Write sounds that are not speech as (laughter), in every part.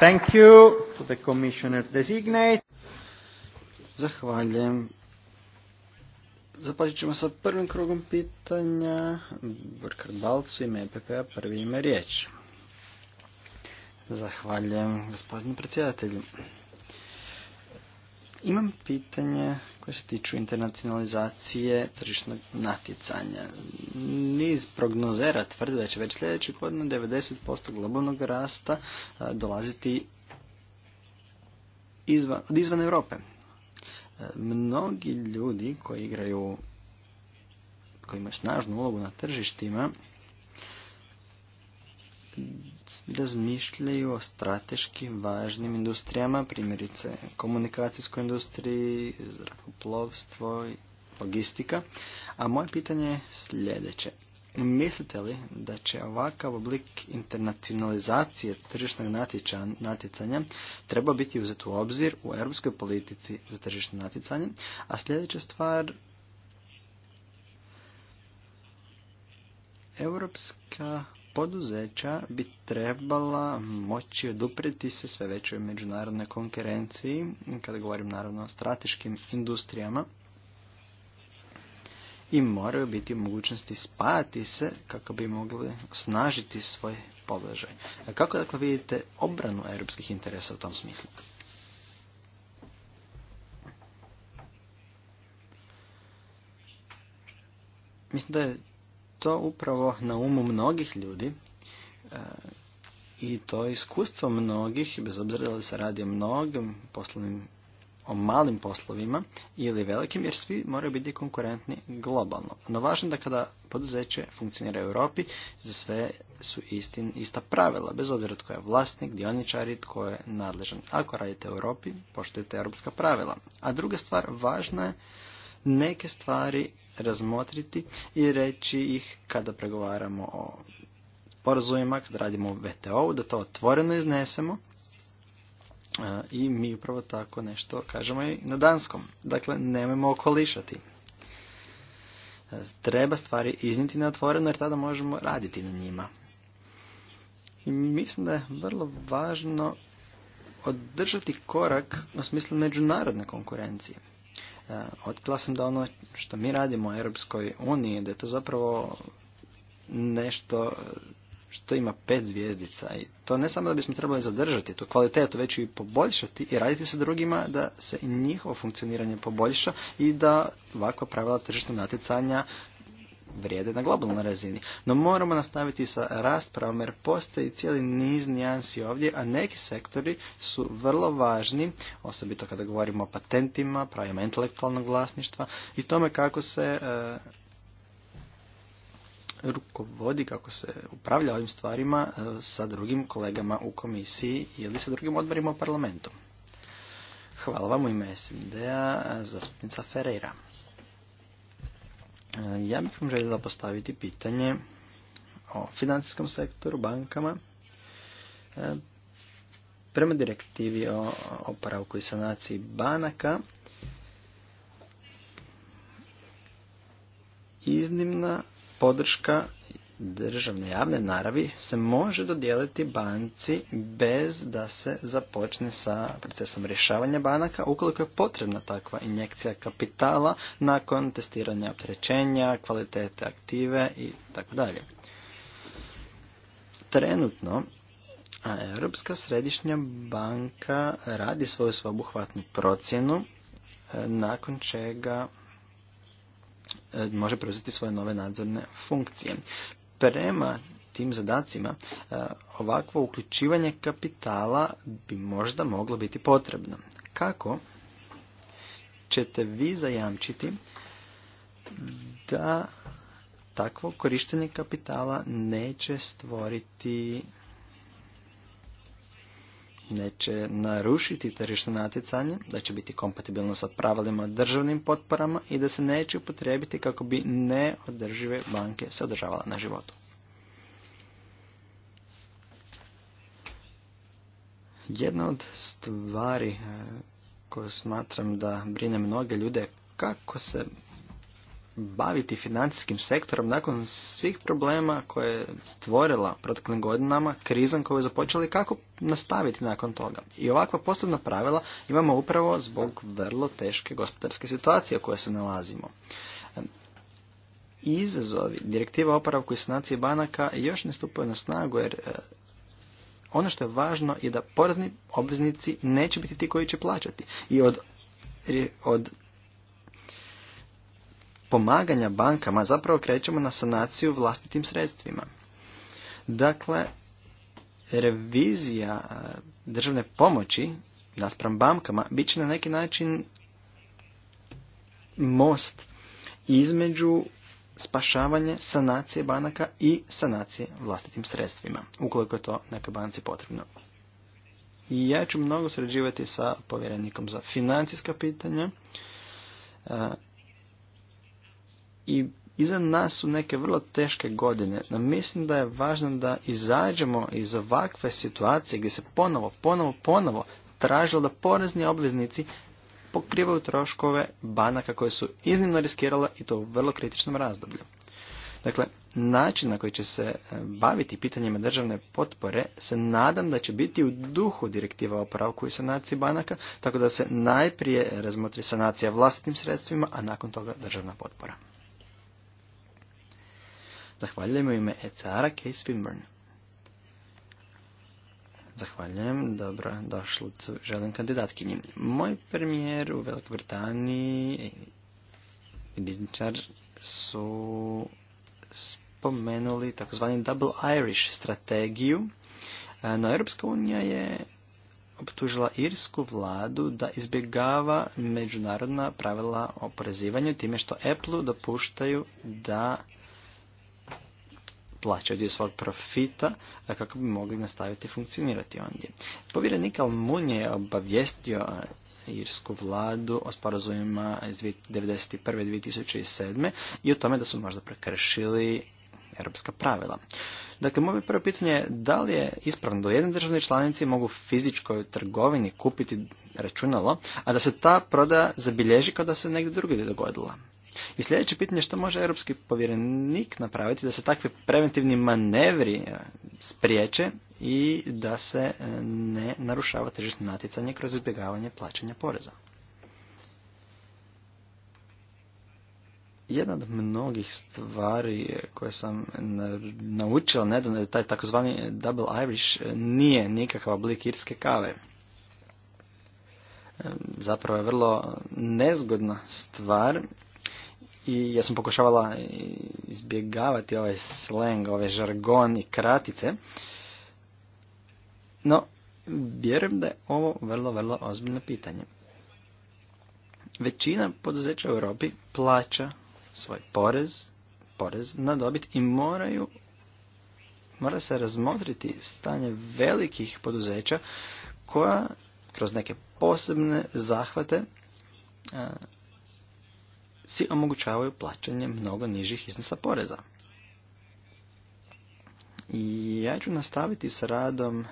Thank you to the commissioner designate. Zahvaljujem. Započet ćemo sa prvim krugom pitanja. Burkard Balcu ime EPP-a prvi ime riječ. Zahvaljujem gospodinu predsjedatelju. Imam pitanje koje se tiču internacionalizacije tržišnog natjecanja. Niz prognozera tvrde da će već sljedeće godine 90% globalnog rasta dolaziti izvan, od izvan Europe. E, mnogi ljudi koji igraju, koji imaju snažnu ulogu na tržištima, razmišljaju o strateški važnim industrijama, primjerice komunikacijskoj industriji, zrakoplovstvo i logistika. A moje pitanje je sljedeće. Mislite li da će ovakav oblik internacionalizacije tržišnog natjecanja treba biti uzet u obzir u europskoj politici za tržišno natjecanje? A sljedeća stvar, europska poduzeća bi trebala moći odupriti se sve većoj međunarodnoj konkurenciji, kada govorim naravno o strateškim industrijama, i moraju biti u mogućnosti spajati se kako bi mogli snažiti svoj položaj. A kako dakle vidite obranu europskih interesa u tom smislu? Mislim da je to upravo na umu mnogih ljudi e, i to iskustvo mnogih, bez obzira da se radi o mnogim poslovnim, o malim poslovima ili velikim, jer svi moraju biti konkurentni globalno. No važno je da kada poduzeće funkcionira u Europi, za sve su istin, ista pravila, bez obzira tko je vlasnik, dioničar i tko je nadležan. Ako radite u Europi, poštujete europska pravila. A druga stvar, važna je neke stvari razmotriti i reći ih kada pregovaramo o porazumima, kada radimo u VTO-u, da to otvoreno iznesemo i mi upravo tako nešto kažemo i na danskom. Dakle, nemojmo okolišati. Treba stvari izniti na otvoreno jer tada možemo raditi na njima. I mislim da je vrlo važno održati korak u smislu međunarodne konkurencije. E, od sam da ono što mi radimo u Europskoj uniji, da je to zapravo nešto što ima pet zvijezdica i to ne samo da bismo trebali zadržati tu kvalitetu, već i poboljšati i raditi sa drugima da se i njihovo funkcioniranje poboljša i da ovakva pravila tržišnog natjecanja vrijede na globalnoj razini. No moramo nastaviti sa raspravom jer postoji cijeli niz nijansi ovdje, a neki sektori su vrlo važni, osobito kada govorimo o patentima, pravima intelektualnog vlasništva i tome kako se e, rukovodi, kako se upravlja ovim stvarima e, sa drugim kolegama u komisiji ili sa drugim odborima u parlamentu. Hvala vam u ime snd a zastupnica Ferreira. E, ja bih vam željela postaviti pitanje o financijskom sektoru, bankama. E, prema direktivi o oporavku i sanaciji banaka, iznimna podrška državne javne naravi se može dodijeliti banci bez da se započne sa procesom rješavanja banaka ukoliko je potrebna takva injekcija kapitala nakon testiranja opterećenja, kvalitete aktive i tako dalje. Trenutno a Europska središnja banka radi svoju svobuhvatnu procjenu e, nakon čega e, može preuzeti svoje nove nadzorne funkcije prema tim zadacima e, ovakvo uključivanje kapitala bi možda moglo biti potrebno. Kako ćete vi zajamčiti da takvo korištenje kapitala neće stvoriti neće narušiti tržišno natjecanje, da će biti kompatibilno sa pravilima državnim potporama i da se neće upotrijebiti kako bi neodržive banke se održavala na životu. Jedna od stvari eh, koju smatram da brine mnoge ljude kako se baviti financijskim sektorom nakon svih problema koje je stvorila proteklim godinama, krizom koju je započela i kako nastaviti nakon toga. I ovakva posebna pravila imamo upravo zbog vrlo teške gospodarske situacije u kojoj se nalazimo. Izazovi direktiva oporavku i sanacije banaka još ne stupaju na snagu jer e, ono što je važno je da porezni obveznici neće biti ti koji će plaćati. I od, od pomaganja bankama zapravo krećemo na sanaciju vlastitim sredstvima. Dakle, revizija e, državne pomoći naspram bankama bit će na neki način most između spašavanje sanacije banaka i sanacije vlastitim sredstvima, ukoliko je to neka banci potrebno. I ja ću mnogo sređivati sa povjerenikom za financijska pitanja e, i iza nas su neke vrlo teške godine, no mislim da je važno da izađemo iz ovakve situacije gdje se ponovo, ponovo, ponovo tražilo da porezni obveznici pokrivaju troškove banaka koje su iznimno riskirale i to u vrlo kritičnom razdoblju. Dakle, način na koji će se e, baviti pitanjima državne potpore se nadam da će biti u duhu direktiva o pravku i sanaciji banaka, tako da se najprije razmotri sanacija vlastitim sredstvima, a nakon toga državna potpora u ime Ecara Case Finburn. Zahvaljujem, dobro došli, želim kandidatkinji. Moj premijer u Velikoj Britaniji i Disneyčar su spomenuli takozvani Double Irish strategiju, no Europska unija je optužila irsku vladu da izbjegava međunarodna pravila o time što Apple dopuštaju da plaća dio svog profita kako bi mogli nastaviti funkcionirati ondje. Povjerenik Almunije je obavijestio e, irsku vladu o sporazumima iz 1991. 2007. i o tome da su možda prekršili europska pravila. Dakle, moje prvo pitanje je da li je ispravno da jedne državne članici mogu fizičkoj trgovini kupiti računalo, a da se ta proda zabilježi kao da se negdje drugdje dogodila. I sljedeće pitanje što može europski povjerenik napraviti da se takvi preventivni manevri e, spriječe i da se e, ne narušava tržišno natjecanje kroz izbjegavanje plaćanja poreza. Jedna od mnogih stvari koje sam naučila nedavno je taj takozvani double Irish e, nije nikakav oblik irske kave. Zapravo je vrlo nezgodna stvar i ja sam pokušavala izbjegavati ovaj sleng, ovaj žargon i kratice. No, vjerujem da je ovo vrlo, vrlo ozbiljno pitanje. Većina poduzeća u Europi plaća svoj porez, porez na dobit i moraju mora se razmotriti stanje velikih poduzeća koja kroz neke posebne zahvate si omogućavaju plaćanje mnogo nižih iznosa poreza. I ja ću nastaviti sa radom eh,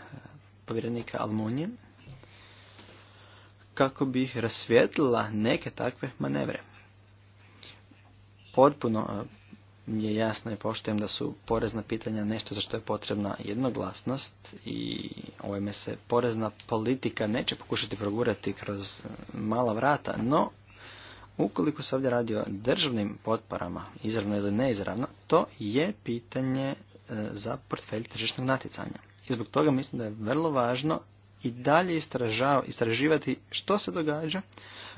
povjerenika Almunije kako bih rasvijetlila neke takve manevre. Potpuno eh, je jasno i poštujem da su porezna pitanja nešto za što je potrebna jednoglasnost i ovime se porezna politika neće pokušati progurati kroz eh, mala vrata, no Ukoliko se ovdje radi o državnim potporama, izravno ili neizravno, to je pitanje e, za portfelj tržišnog natjecanja. I zbog toga mislim da je vrlo važno i dalje istraživati što se događa,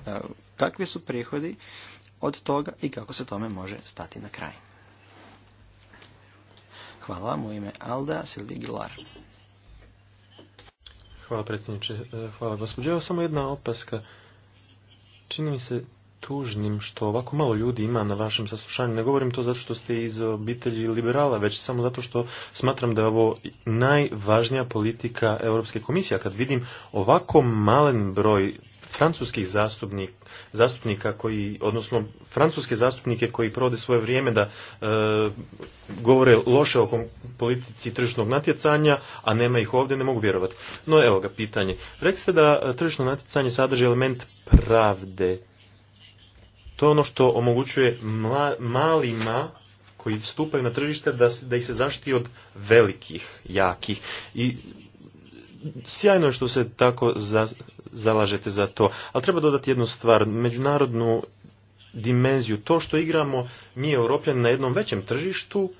e, kakvi su prihodi od toga i kako se tome može stati na kraj. Hvala vam u ime Alda Silvi Gilar. Hvala predsjedniče. E, hvala gospođo. Evo samo jedna opaska. Čini mi se tužnim što ovako malo ljudi ima na vašem saslušanju. Ne govorim to zato što ste iz obitelji liberala, već samo zato što smatram da je ovo najvažnija politika Europske komisije. kad vidim ovako malen broj francuskih zastupnik, zastupnika koji, odnosno francuske zastupnike koji provode svoje vrijeme da e, govore loše o politici tržišnog natjecanja, a nema ih ovdje, ne mogu vjerovati. No evo ga, pitanje. Rekli ste da e, tržišno natjecanje sadrži element pravde. To je ono što omogućuje malima koji stupaju na tržište da, da ih se zaštiti od velikih, jakih. I sjajno je što se tako zalažete za to. Ali treba dodati jednu stvar, međunarodnu dimenziju. To što igramo mi europljani na jednom većem tržištu,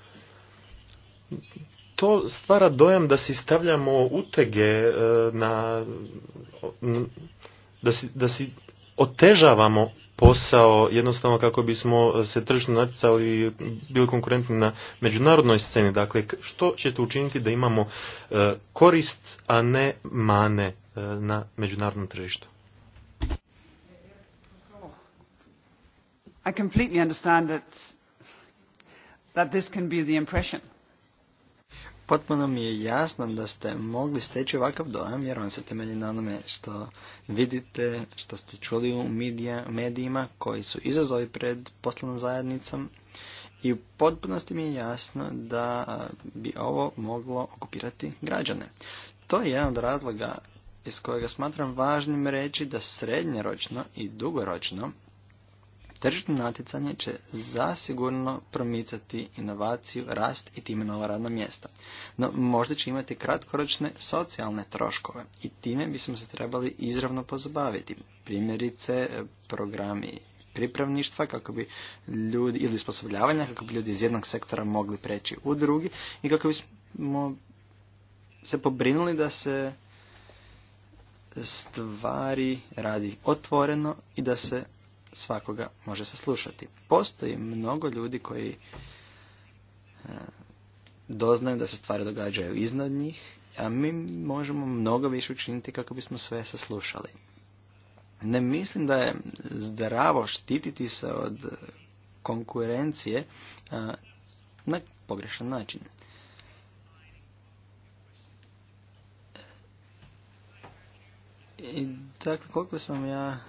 to stvara dojam da si stavljamo utege e, na da si, da si otežavamo posao jednostavno kako bismo e, se tržno natjecali i bili konkurentni na međunarodnoj sceni. Dakle, što ćete učiniti da imamo e, korist, a ne mane e, na međunarodnom tržištu? I completely understand that, that this can be the impression Potpuno mi je jasno da ste mogli steći ovakav dojam jer on se temelji na onome što vidite, što ste čuli u medija, medijima koji su izazovi pred poslovnom zajednicom i u potpunosti mi je jasno da bi ovo moglo okupirati građane. To je jedan od razloga iz kojega smatram važnim reći da srednjoročno i dugoročno Tržno natjecanje će zasigurno promicati inovaciju, rast i time nova radna mjesta. No možda će imati kratkoročne socijalne troškove i time bismo se trebali izravno pozabaviti. Primjerice programi pripravništva kako bi ljudi ili sposobljavanja kako bi ljudi iz jednog sektora mogli preći u drugi i kako bismo se pobrinuli da se stvari radi otvoreno i da se svakoga može saslušati. Postoji mnogo ljudi koji e, doznaju da se stvari događaju iznad njih, a mi možemo mnogo više učiniti kako bismo sve saslušali. Ne mislim da je zdravo štititi se od konkurencije e, na pogrešan način. I dakle, koliko sam ja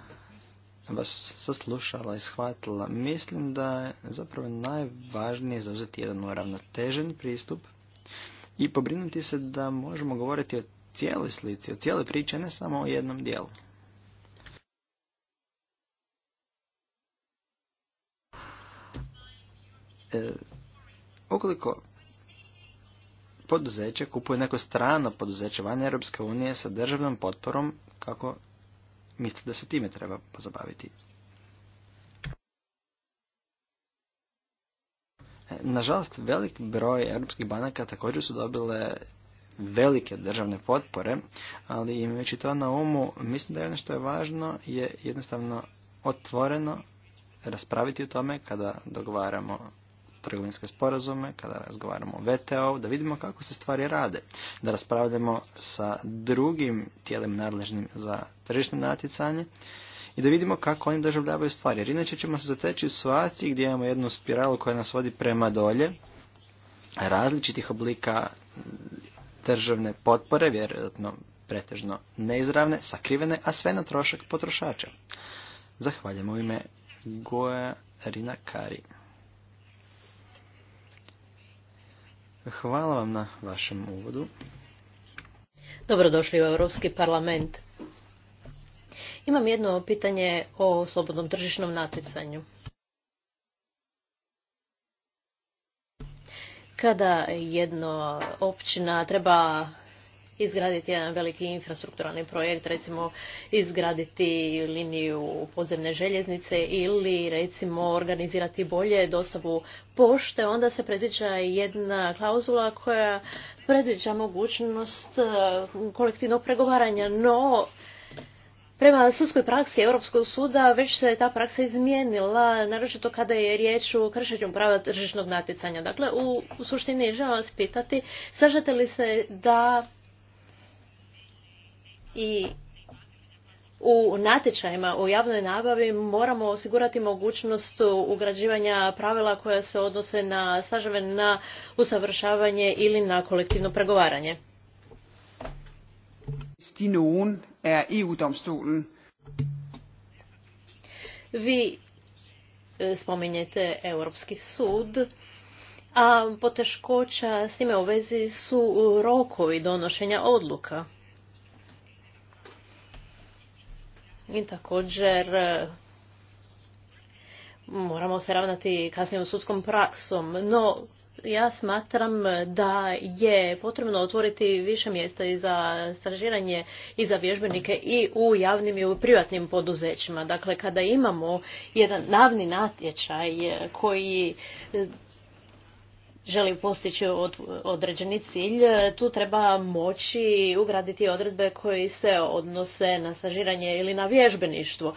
vas saslušala i shvatila, mislim da je zapravo najvažnije zauzeti jedan uravnotežen pristup i pobrinuti se da možemo govoriti o cijeloj slici, o cijeloj priči, ne samo o jednom dijelu. E, ukoliko poduzeće kupuje neko strano poduzeće van Europske unije sa državnom potporom, kako mislim da se time treba pozabaviti. E, nažalost, velik broj europskih banaka također su dobile velike državne potpore, ali imajući to na umu, mislim da je ono što je važno je jednostavno otvoreno raspraviti o tome kada dogovaramo trgovinske sporazume, kada razgovaramo o VTO, da vidimo kako se stvari rade, da raspravljamo sa drugim tijelem nadležnim za tržišno natjecanje i da vidimo kako oni doživljavaju stvari. Jer inače ćemo se zateći u situaciji gdje imamo jednu spiralu koja nas vodi prema dolje, različitih oblika državne potpore, vjerojatno pretežno neizravne, sakrivene, a sve na trošak potrošača. Zahvaljujem u ime Goja Kari. Hvala vam na vašem uvodu. Dobrodošli u Europski parlament. Imam jedno pitanje o slobodnom tržišnom natjecanju. Kada jedna općina treba izgraditi jedan veliki infrastrukturalni projekt, recimo izgraditi liniju podzemne željeznice ili recimo organizirati bolje dostavu pošte, onda se predviđa jedna klauzula koja predviđa mogućnost e, kolektivnog pregovaranja, no Prema sudskoj praksi Europskog suda već se ta praksa izmijenila, naročito kada je riječ o kršenju prava tržišnog natjecanja. Dakle, u, suštini želim vas pitati, slažete li se da i u natječajima u javnoj nabavi moramo osigurati mogućnost ugrađivanja pravila koja se odnose na sažave na usavršavanje ili na kolektivno pregovaranje. Er e Vi e, spominjete Europski sud, a poteškoća s time u vezi su rokovi donošenja odluka. I također e, moramo se ravnati kasnijom sudskom praksom, no ja smatram da je potrebno otvoriti više mjesta i za stažiranje i za vježbenike i u javnim i u privatnim poduzećima. Dakle, kada imamo jedan navni natječaj koji želi postići određeni cilj, tu treba moći ugraditi odredbe koje se odnose na sažiranje ili na vježbeništvo.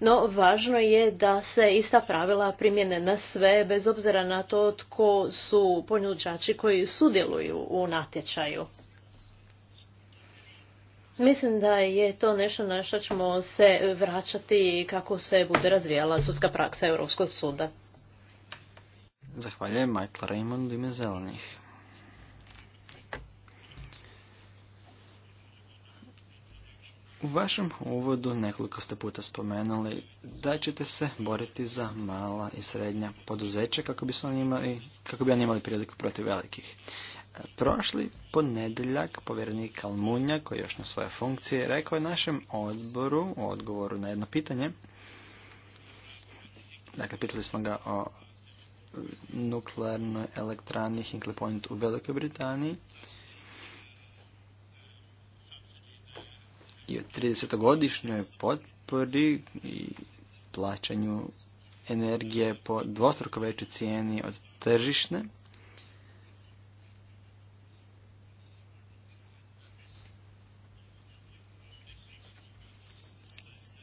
No, važno je da se ista pravila primjene na sve, bez obzira na to tko su ponuđači koji sudjeluju u natječaju. Mislim da je to nešto na što ćemo se vraćati kako se bude razvijala sudska praksa Europskog suda. Zahvaljujem Michael Raymond ime zelenih. U vašem uvodu nekoliko ste puta spomenuli da ćete se boriti za mala i srednja poduzeća kako bi, oni imali, kako bi oni imali priliku protiv velikih. Prošli ponedjeljak povjerenik Almunja, koji je još na svoje funkcije, rekao je našem odboru u odgovoru na jedno pitanje. Dakle, pitali smo ga o nuklearnoj elektrani Hinkley Point u Velikoj Britaniji i o 30-godišnjoj potpori i plaćanju energije po dvostruko većoj cijeni od tržišne.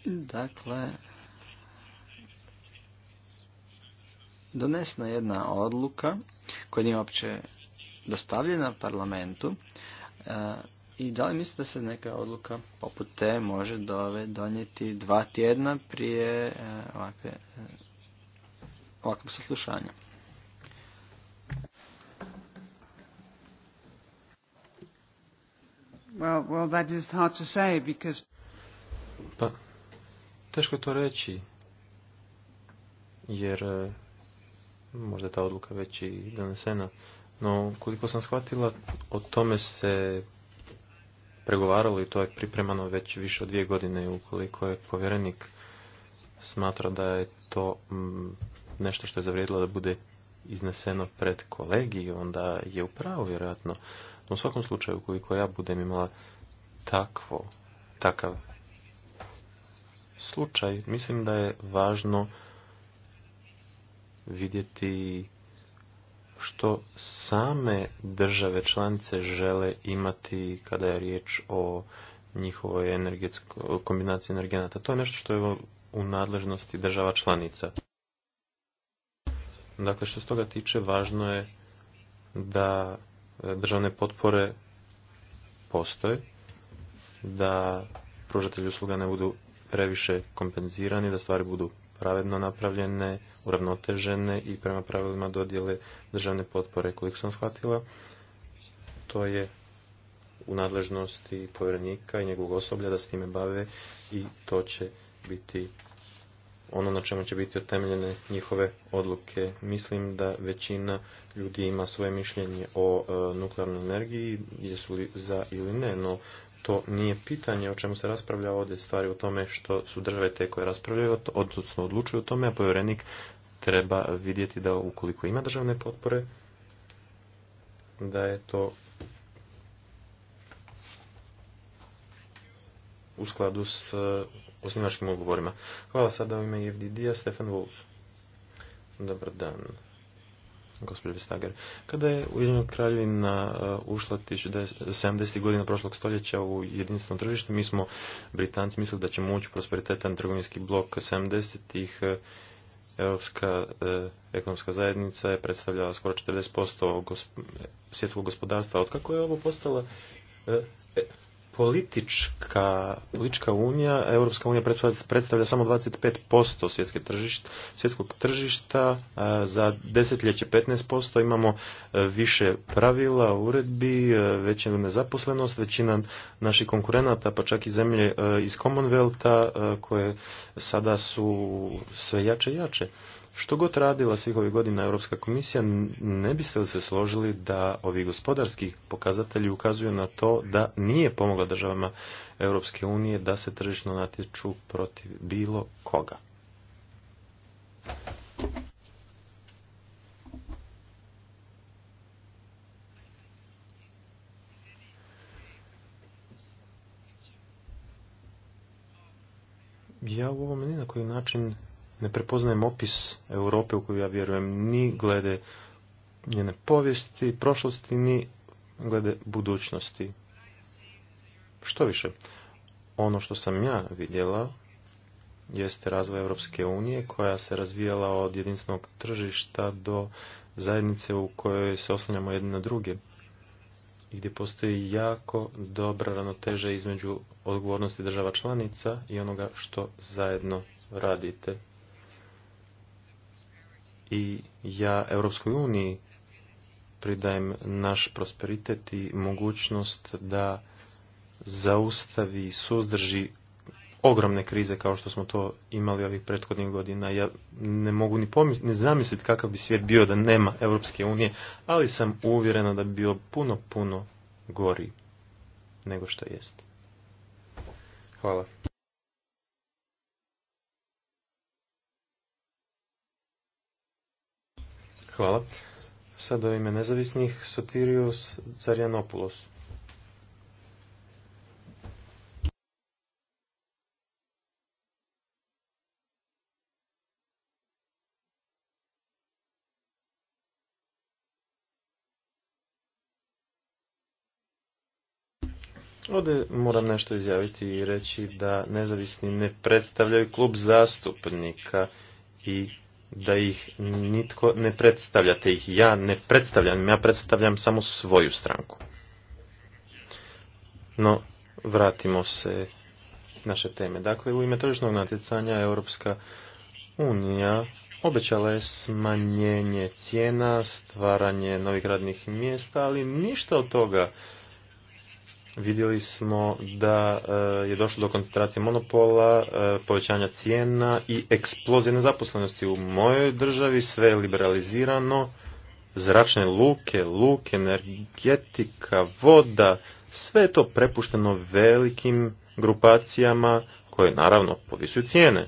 Dakle, donesena jedna odluka koja nije uopće dostavljena parlamentu e, i da li mislite da se neka odluka poput te može donijeti dva tjedna prije e, ovakve, e, ovakvog saslušanja? Well, well, that is hard to say because... Pa, teško to reći, jer možda je ta odluka već i donesena. No, koliko sam shvatila, o tome se pregovaralo i to je pripremano već više od dvije godine. Ukoliko je povjerenik smatra da je to mm, nešto što je zavrijedilo da bude izneseno pred kolegi, onda je u pravu vjerojatno. No, u svakom slučaju, ukoliko ja budem imala takvo, takav slučaj, mislim da je važno vidjeti što same države članice žele imati kada je riječ o njihovoj kombinaciji energenata. To je nešto što je u nadležnosti država članica. Dakle, što se toga tiče, važno je da e, državne potpore postoje, da pružatelji usluga ne budu previše kompenzirani, da stvari budu pravedno napravljene, uravnotežene i prema pravilima dodjele državne potpore. Koliko sam shvatila, to je u nadležnosti povjerenika i njegovog osoblja da s time bave i to će biti ono na čemu će biti otemljene njihove odluke. Mislim da većina ljudi ima svoje mišljenje o e, nuklearnoj energiji, jesu li za ili ne, no to nije pitanje o čemu se raspravlja ovdje, stvari o tome što su države te koje raspravljaju, odnosno odlučuju o tome, a povjerenik treba vidjeti da ukoliko ima državne potpore, da je to u skladu s e, osnivačkim ugovorima. Hvala sada u ime Evdidija, Stefan Wolf. Dobar dan gospođe Vestager. Kada je Ujedinjena kraljevina e, ušla 70. godina prošlog stoljeća u jedinstveno tržište, mi smo, Britanci, mislili da ćemo ući prosperitetan trgovinski blok 70-ih. E, Europska ekonomska zajednica je predstavljala skoro 40% gosp svjetskog gospodarstva. Otkako je ovo postala e, politička, politička unija, Europska unija predstavlja samo 25% svjetske tržišta, svjetskog tržišta, za desetljeće 15% imamo e, više pravila, uredbi, e, većinu nezaposlenost, većina naših konkurenata, pa čak i zemlje e, iz Commonwealtha koje sada su sve jače i jače. Što god radila svih ovih godina Europska komisija, ne biste li se složili da ovi gospodarski pokazatelji ukazuju na to da nije pomogla državama Europske unije da se tržišno natječu protiv bilo koga? Ja u ovome ni na koji način ne prepoznajem opis Europe u koju ja vjerujem ni glede njene povijesti, prošlosti, ni glede budućnosti. Što više, ono što sam ja vidjela jeste razvoj Europske unije koja se razvijala od jedinstvenog tržišta do zajednice u kojoj se oslanjamo jedni na druge i gdje postoji jako dobra ravnoteža između odgovornosti država članica i onoga što zajedno radite i ja Europskoj uniji pridajem naš prosperitet i mogućnost da zaustavi, i suzdrži ogromne krize kao što smo to imali ovih prethodnih godina. Ja ne mogu ni, ni zamisliti kakav bi svijet bio da nema Europske unije, ali sam uvjerena da bi bio puno, puno gori nego što jest. Hvala. Hvala. Sada u ime nezavisnih Sotirius Zarianopoulos. Ovdje moram nešto izjaviti i reći da nezavisni ne predstavljaju klub zastupnika i da ih nitko ne predstavljate ih. Ja ne predstavljam, ja predstavljam samo svoju stranku. No, vratimo se naše teme. Dakle, u ime tržišnog natjecanja Europska unija obećala je smanjenje cijena, stvaranje novih radnih mjesta, ali ništa od toga vidjeli smo da eh, je došlo do koncentracije monopola, eh, povećanja cijena i eksplozije nezaposlenosti u mojoj državi, sve je liberalizirano, zračne luke, luke, energetika, voda, sve je to prepušteno velikim grupacijama koje naravno povisuju cijene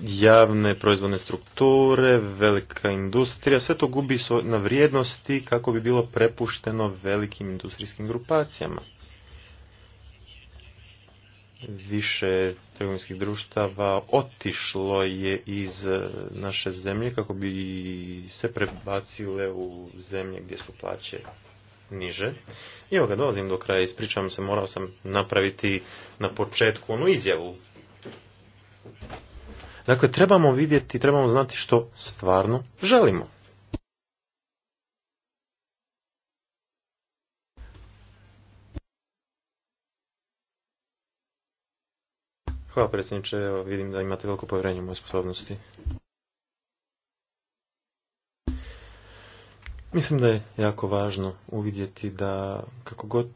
javne proizvodne strukture, velika industrija, sve to gubi na vrijednosti kako bi bilo prepušteno velikim industrijskim grupacijama. Više trgovinskih društava otišlo je iz e, naše zemlje kako bi se prebacile u zemlje gdje su plaće niže. I evo ga, dolazim do kraja, ispričavam se, morao sam napraviti na početku onu izjavu. Dakle, trebamo vidjeti, trebamo znati što stvarno želimo. Hvala predsjedniče, Evo, vidim da imate veliko povjerenje u moje sposobnosti. Mislim da je jako važno uvidjeti da kako god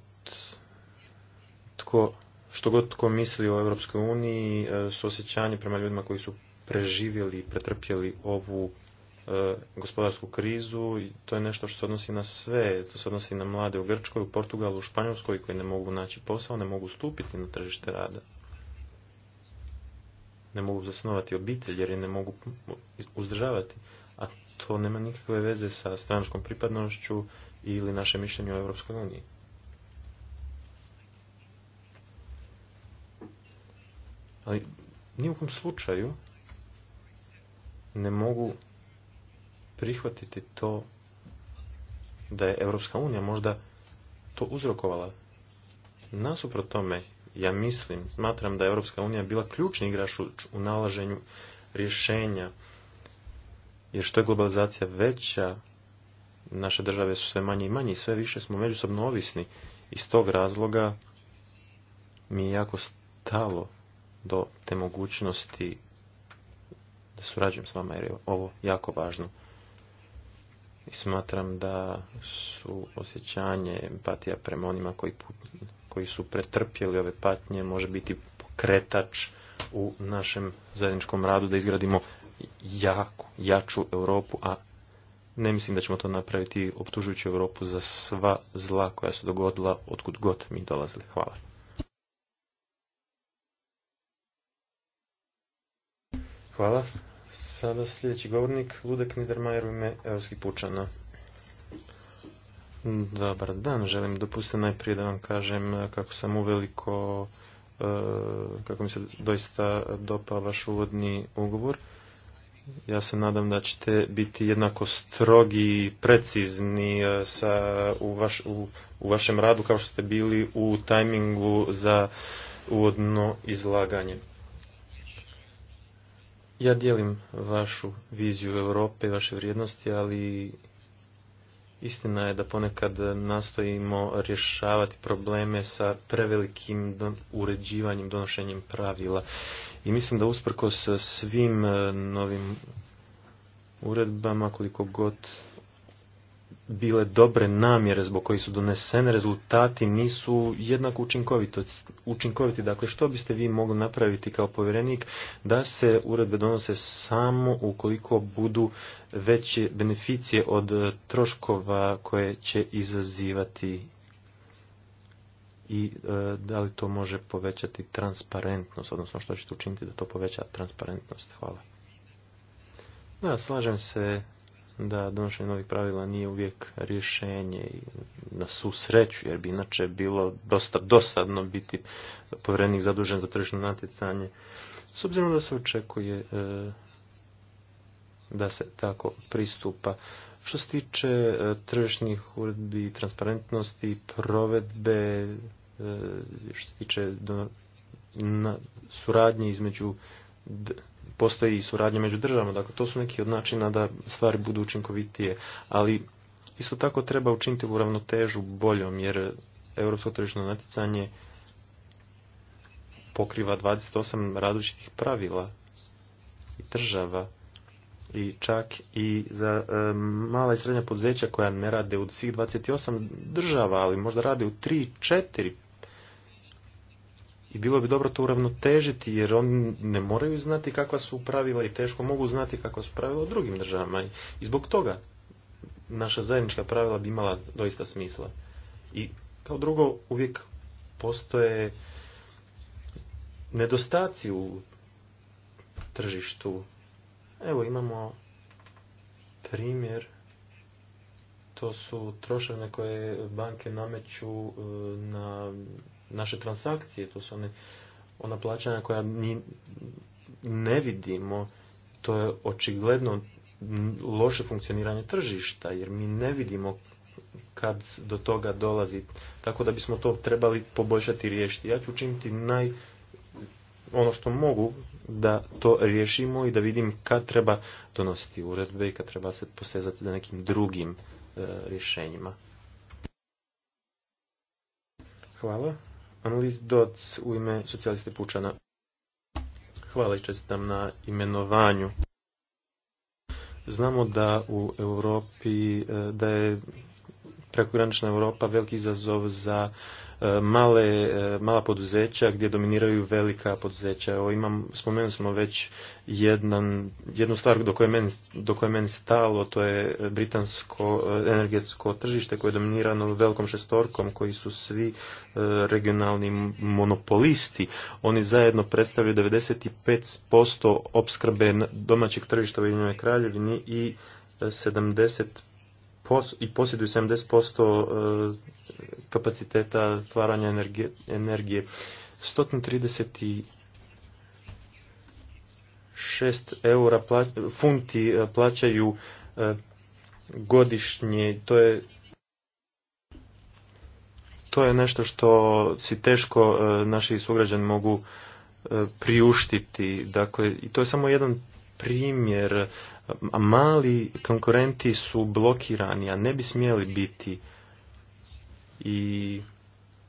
tko što god tko misli o Europskoj uniji, e, osjećanje prema ljudima koji su preživjeli i pretrpjeli ovu e, gospodarsku krizu i to je nešto što se odnosi na sve, to se odnosi na mlade u Grčkoj, u Portugalu, u Španjolskoj koji ne mogu naći posao, ne mogu stupiti na tržište rada. Ne mogu zasnovati obitelj jer je ne mogu uzdržavati, a to nema nikakve veze sa stranačkom pripadnošću ili naše mišljenje o Europskoj uniji. Ali ni u slučaju ne mogu prihvatiti to da je Europska unija možda to uzrokovala. Nasuprot tome, ja mislim, smatram da je Europska unija bila ključni igrač u nalaženju rješenja. Jer što je globalizacija veća, naše države su sve manje i manje i sve više smo međusobno ovisni. Iz tog razloga mi je jako stalo do te mogućnosti da surađujem s vama jer je ovo jako važno. I smatram da su osjećanje, empatija prema onima koji, koji su pretrpjeli ove patnje može biti pokretač u našem zajedničkom radu da izgradimo jaku, jaču Europu, a ne mislim da ćemo to napraviti optužujući Europu za sva zla koja su dogodila otkud god mi dolazili. Hvala. Hvala. Sada sljedeći govornik, Ludek Niedermayer u ime Europskih pučana. Dobar dan, želim dopustiti najprije da vam kažem kako sam uveliko, e, kako mi se doista dopa vaš uvodni ugovor. Ja se nadam da ćete biti jednako strogi i precizni e, sa, u, u vašem radu kao što ste bili u tajmingu za uvodno izlaganje. Ja dijelim vašu viziju Europe i vaše vrijednosti, ali istina je da ponekad nastojimo rješavati probleme sa prevelikim uređivanjem, donošenjem pravila. I mislim da usprkos svim eh, novim uredbama, koliko god bile dobre namjere zbog kojih su donesene, rezultati nisu jednako učinkoviti. Dakle, što biste vi mogli napraviti kao povjerenik da se uredbe donose samo ukoliko budu veće beneficije od e, troškova koje će izazivati i e, da li to može povećati transparentnost, odnosno što ćete učiniti da to poveća transparentnost. Hvala. Da, slažem se da donošenje novih pravila nije uvijek rješenje na svu sreću, jer bi inače bilo dosta dosadno biti povrednik zadužen za tržišno natjecanje. S obzirom da se očekuje e, da se tako pristupa. Što se tiče e, tržišnih uredbi, transparentnosti, provedbe, e, što se tiče suradnje između postoji i suradnja među državama. Dakle, to su neki od načina da stvari budu učinkovitije. Ali isto tako treba učiniti u ravnotežu boljom, jer europsko tržišno natjecanje pokriva 28 različitih pravila i država i čak i za e, mala i srednja poduzeća koja ne rade u svih 28 država, ali možda rade u 3, 4, i bilo bi dobro to uravnotežiti jer oni ne moraju znati kakva su pravila i teško mogu znati kakva su pravila u drugim državama i zbog toga naša zajednička pravila bi imala doista smisla. I kao drugo uvijek postoje nedostaci u tržištu. Evo imamo primjer to su trošene koje banke nameću e, na naše transakcije, to su one, ona plaćanja koja mi ne vidimo, to je očigledno loše funkcioniranje tržišta, jer mi ne vidimo kad do toga dolazi. Tako da bismo to trebali poboljšati i riješiti. Ja ću učiniti naj ono što mogu da to riješimo i da vidim kad treba donositi uredbe i kad treba se posezati za nekim drugim e, rješenjima. Hvala. Annelies Doc u ime socijaliste Pučana. Hvala i čestitam na imenovanju. Znamo da u Europi, eh, da je prekogranična Europa veliki izazov za male, e, mala poduzeća gdje dominiraju velika poduzeća. Evo imam, spomenuli smo već jedan, jednu stvar do koje, meni, do koje meni stalo, to je britansko e, energetsko tržište koje je dominirano velikom šestorkom koji su svi e, regionalni monopolisti. Oni zajedno predstavljaju 95% opskrbe domaćeg tržišta u Ujedinjenoj kraljevini i 70 pos, i posjeduju 70% e, kapaciteta stvaranja energije. 136 eura funti e, plaćaju e, godišnje. To je to je nešto što si teško naši sugrađani mogu priuštiti. Dakle, i to je samo jedan primjer mali konkurenti su blokirani, a ne bi smjeli biti. I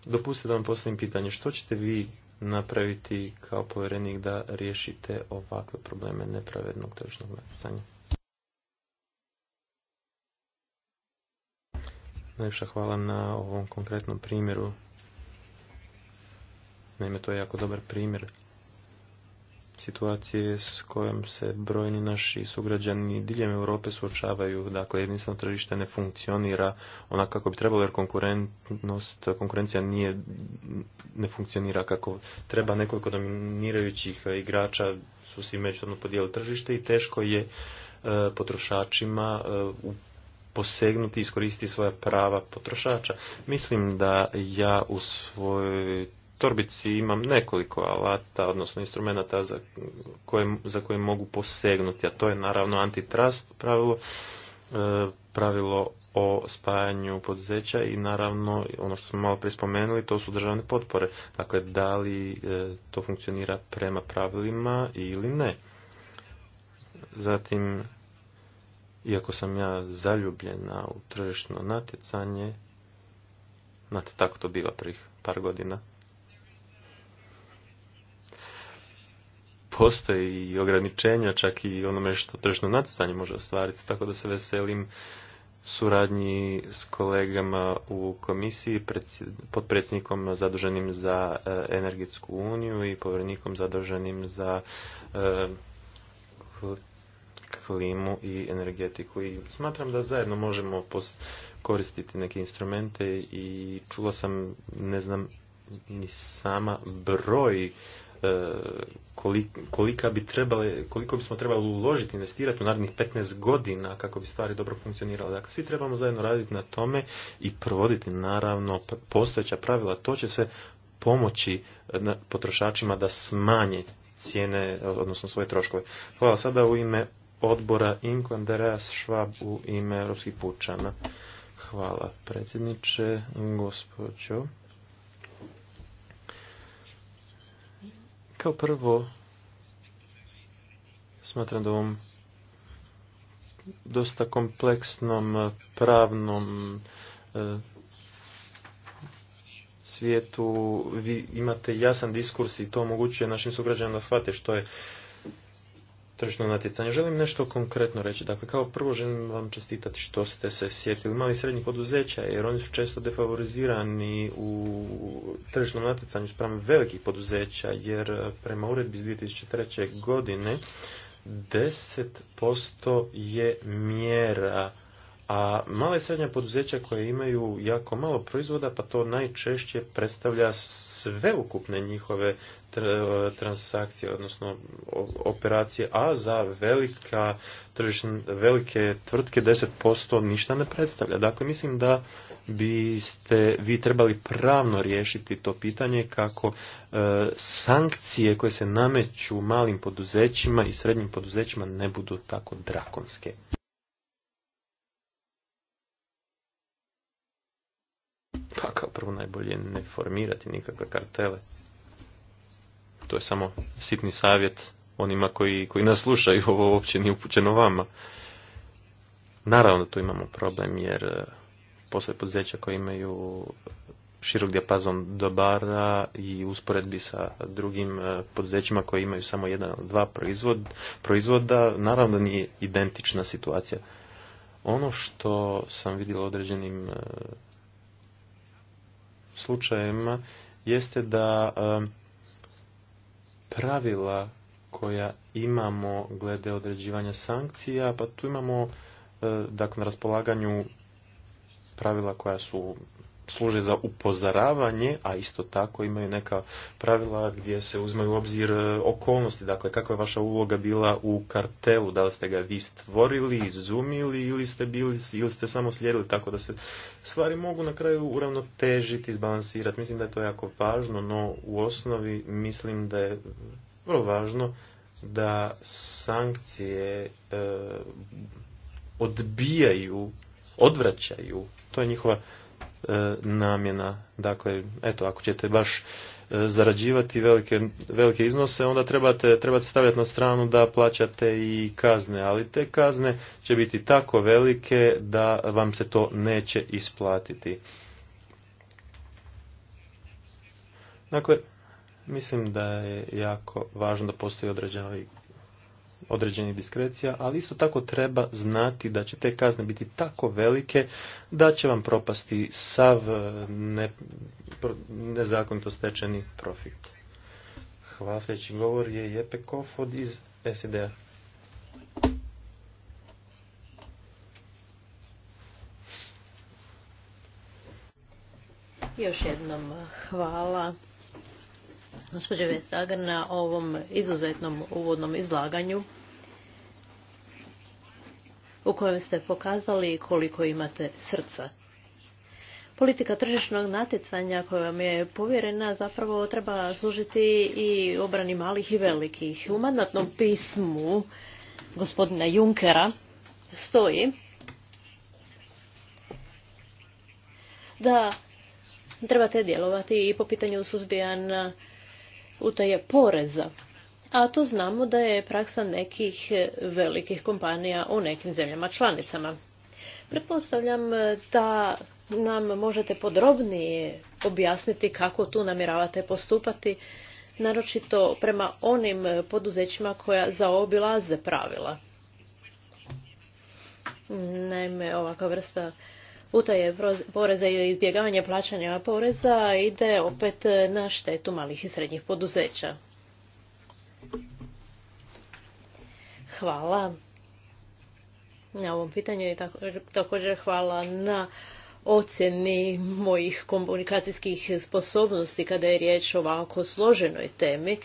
dopustite da vam postavim pitanje, što ćete vi napraviti kao povjerenik da riješite ovakve probleme nepravednog tržišnog natjecanja? Najviše hvala na ovom konkretnom primjeru. Naime, to je jako dobar primjer situacije s kojom se brojni naši sugrađani diljem Europe suočavaju. Dakle, jedinstveno tržište ne funkcionira onako kako bi trebalo jer konkurentnost, konkurencija nije, ne funkcionira kako treba. Nekoliko dominirajućih igrača su svi međutno podijeli tržište i teško je e, potrošačima e, u posegnuti i iskoristiti svoja prava potrošača. Mislim da ja u svojoj torbici imam nekoliko alata, odnosno instrumenta za koje, za koje mogu posegnuti, a to je naravno antitrust pravilo, e, pravilo o spajanju poduzeća i naravno ono što smo malo prije spomenuli, to su državne potpore. Dakle, da li e, to funkcionira prema pravilima ili ne. Zatim, iako sam ja zaljubljena u tržišno natjecanje, znate, tako to biva prvih par godina, postoje i ograničenja, čak i onome što tržno natjecanje može ostvariti, tako da se veselim suradnji s kolegama u komisiji, potpredsjednikom zaduženim za e, energetsku uniju i povjerenikom zaduženim za e, klimu i energetiku. I smatram da zajedno možemo koristiti neke instrumente i čula sam, ne znam, ni sama broj E, kolika bi trebali, koliko bismo trebali uložiti, investirati u narednih 15 godina kako bi stvari dobro funkcionirale. Dakle, svi trebamo zajedno raditi na tome i provoditi naravno postojeća pravila. To će se pomoći e, potrošačima da smanje cijene, odnosno svoje troškove. Hvala sada u ime odbora Inko Andreas Švab u ime Europskih pučana. Hvala predsjedniče, gospođo. Kao prvo, smatram da ovom dosta kompleksnom eh, pravnom eh, svijetu vi imate jasan diskurs i to omogućuje našim sugrađanima da shvate što je tržno natjecanje. Želim nešto konkretno reći. Dakle, kao prvo želim vam čestitati što ste se sjetili mali srednjih poduzeća, jer oni su često defavorizirani u tržnom natjecanju spram velikih poduzeća, jer prema uredbi iz 2003. godine 10% je mjera a male i srednja poduzeća koje imaju jako malo proizvoda, pa to najčešće predstavlja ukupne njihove transakcije, odnosno operacije, a za velika, velike tvrtke 10% ništa ne predstavlja. Dakle, mislim da biste vi trebali pravno riješiti to pitanje kako e, sankcije koje se nameću malim poduzećima i srednjim poduzećima ne budu tako drakonske. najbolje ne formirati nikakve kartele. To je samo sitni savjet onima koji, koji nas slušaju, ovo uopće nije upućeno vama. Naravno tu imamo problem jer e, postoje poduzeća koji imaju širok dijapazon dobara i usporedbi sa drugim e, poduzećima koji imaju samo jedan ili dva proizvod, proizvoda, naravno da nije identična situacija. Ono što sam vidio određenim e, slučajevima jeste da pravila koja imamo glede određivanja sankcija, pa tu imamo e, dakle na raspolaganju pravila koja su služe za upozoravanje, a isto tako imaju neka pravila gdje se uzmaju u obzir e, okolnosti. Dakle, kakva je vaša uloga bila u kartelu? Da li ste ga vi stvorili, izumili ili ste, bili, ili ste samo slijedili? Tako da se stvari mogu na kraju uravnotežiti, izbalansirati. Mislim da je to jako važno, no u osnovi mislim da je vrlo važno da sankcije e, odbijaju, odvraćaju. To je njihova E, namjena. Dakle, eto, ako ćete baš e, zarađivati velike, velike iznose, onda trebate, trebate stavljati na stranu da plaćate i kazne, ali te kazne će biti tako velike da vam se to neće isplatiti. Dakle, mislim da je jako važno da postoji određeni određenih diskrecija, ali isto tako treba znati da će te kazne biti tako velike da će vam propasti sav e, ne, nezakonito stečeni profit. Hvala, sljedeći govor je Jepe Kofod iz SED-a. Još jednom hvala gospođe vesagr na ovom izuzetnom uvodnom izlaganju u kojem ste pokazali koliko imate srca. Politika tržišnog natjecanja koja vam je povjerena zapravo treba služiti i obrani malih i velikih. U mandatnom pismu gospodina Junkera stoji da trebate djelovati i po pitanju suzbijanja utaje poreza. A to znamo da je praksa nekih velikih kompanija u nekim zemljama članicama. Pretpostavljam da nam možete podrobnije objasniti kako tu namjeravate postupati, naročito prema onim poduzećima koja zaobilaze pravila. Naime, ovakva vrsta utaje poreza i izbjegavanje plaćanja poreza ide opet na štetu malih i srednjih poduzeća. Hvala na ovom pitanju i također hvala na ocjeni mojih komunikacijskih sposobnosti kada je riječ o ovako složenoj temi.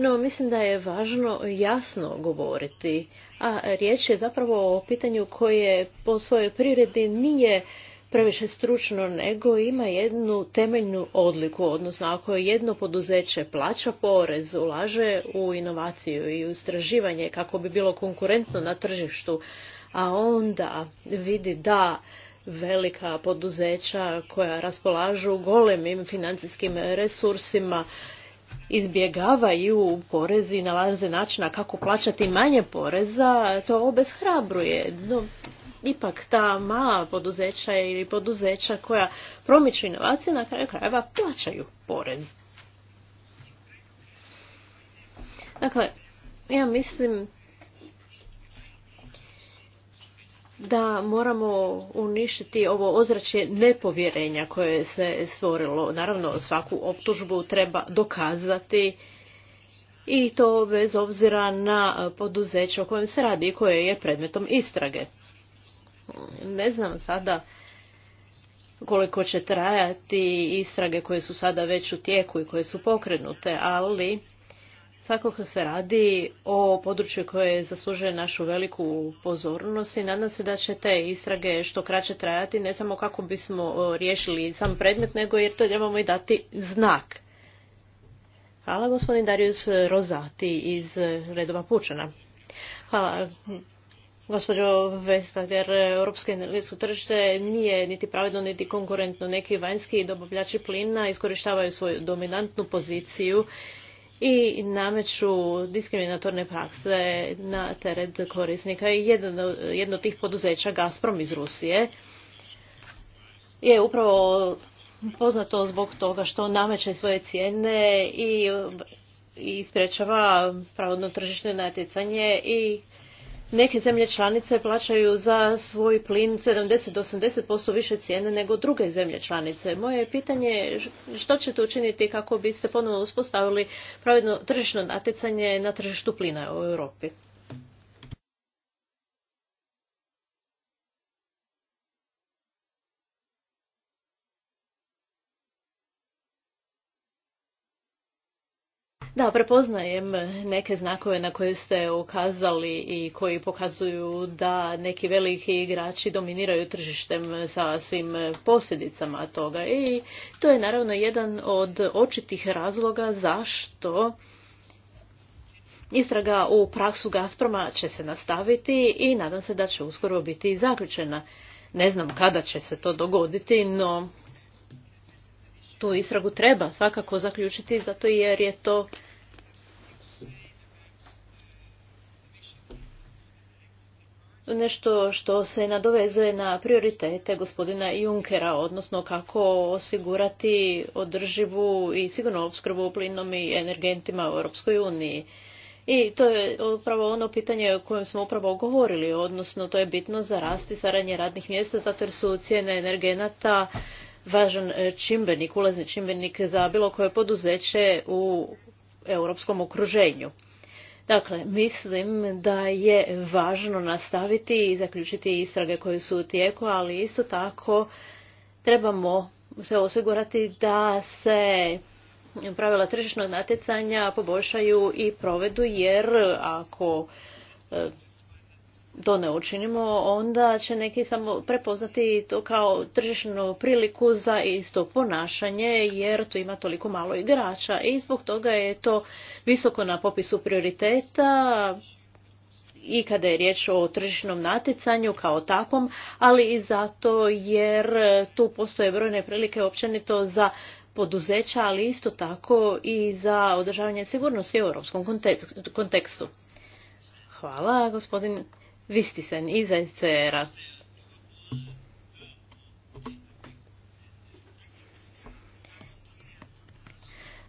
No, mislim da je važno jasno govoriti, a riječ je zapravo o pitanju koje po svojoj priredi nije previše stručno, nego ima jednu temeljnu odliku, odnosno ako jedno poduzeće plaća porez, ulaže u inovaciju i u istraživanje kako bi bilo konkurentno na tržištu, a onda vidi da velika poduzeća koja raspolažu golemim financijskim resursima izbjegavaju porezi, nalaze načina kako plaćati manje poreza, to obeshrabruje. No, ipak ta mala poduzeća ili poduzeća koja promiču inovacije na kraju krajeva plaćaju porez. Dakle, ja mislim da moramo uništiti ovo ozračje nepovjerenja koje se stvorilo. Naravno, svaku optužbu treba dokazati i to bez obzira na poduzeće o kojem se radi i koje je predmetom istrage. Ne znam sada koliko će trajati istrage koje su sada već u tijeku i koje su pokrenute, ali kako se radi o području koje zaslužuje našu veliku pozornost i nadam se da će te istrage što kraće trajati, ne samo kako bismo riješili sam predmet, nego jer to trebamo i dati znak. Hvala gospodin Darius Rozati iz redova Pučana. Hvala gospođo jer europsko energetsko tržište nije niti pravedno niti konkurentno. Neki vanjski dobavljači plina iskorištavaju svoju dominantnu poziciju i nameću diskriminatorne prakse na teret korisnika. I jedno, od tih poduzeća, Gazprom iz Rusije, je upravo poznato zbog toga što nameće svoje cijene i, i pravodno tržišno natjecanje i Neke zemlje članice plaćaju za svoj plin 70 do 80% više cijene nego druge zemlje članice. Moje pitanje je što ćete učiniti kako biste ponovno uspostavili pravedno tržišno natjecanje na tržištu plina u Europi? Da, prepoznajem neke znakove na koje ste ukazali i koji pokazuju da neki veliki igrači dominiraju tržištem sa svim posljedicama toga. I to je naravno jedan od očitih razloga zašto istraga u praksu Gazproma će se nastaviti i nadam se da će uskoro biti zaključena. Ne znam kada će se to dogoditi, no tu istragu treba svakako zaključiti zato jer je to nešto što se nadovezuje na prioritete gospodina Junkera, odnosno kako osigurati održivu i sigurnu opskrbu plinom i energentima u Europskoj uniji. I to je upravo ono pitanje o kojem smo upravo govorili, odnosno to je bitno za rast i saranje radnih mjesta, zato jer su cijene energenata važan čimbenik, ulazni čimbenik za bilo koje poduzeće u europskom okruženju. Dakle, mislim da je važno nastaviti i zaključiti istrage koje su u tijeku, ali isto tako trebamo se osigurati da se pravila tržišnog natjecanja poboljšaju i provedu, jer ako e, to ne učinimo, onda će neki samo prepoznati to kao tržišnu priliku za isto ponašanje, jer tu ima toliko malo igrača i zbog toga je to visoko na popisu prioriteta i kada je riječ o tržišnom natjecanju kao takvom, ali i zato jer tu postoje brojne prilike općenito za poduzeća, ali isto tako i za održavanje sigurnosti u europskom kontekstu. Hvala, gospodin visti iz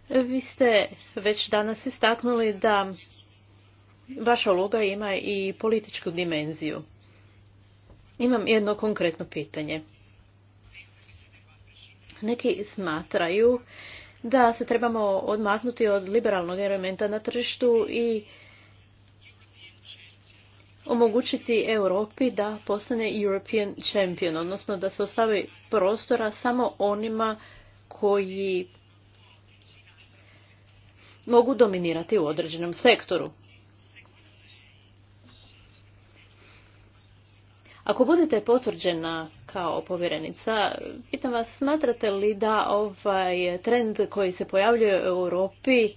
Vi ste već danas istaknuli da vaša uloga ima i političku dimenziju. Imam jedno konkretno pitanje. Neki smatraju da se trebamo odmaknuti od liberalnog elementa na tržištu i omogućiti Europi da postane European champion, odnosno da se ostavi prostora samo onima koji mogu dominirati u određenom sektoru. Ako budete potvrđena kao povjerenica, pitam vas, smatrate li da ovaj trend koji se pojavljuje u Europi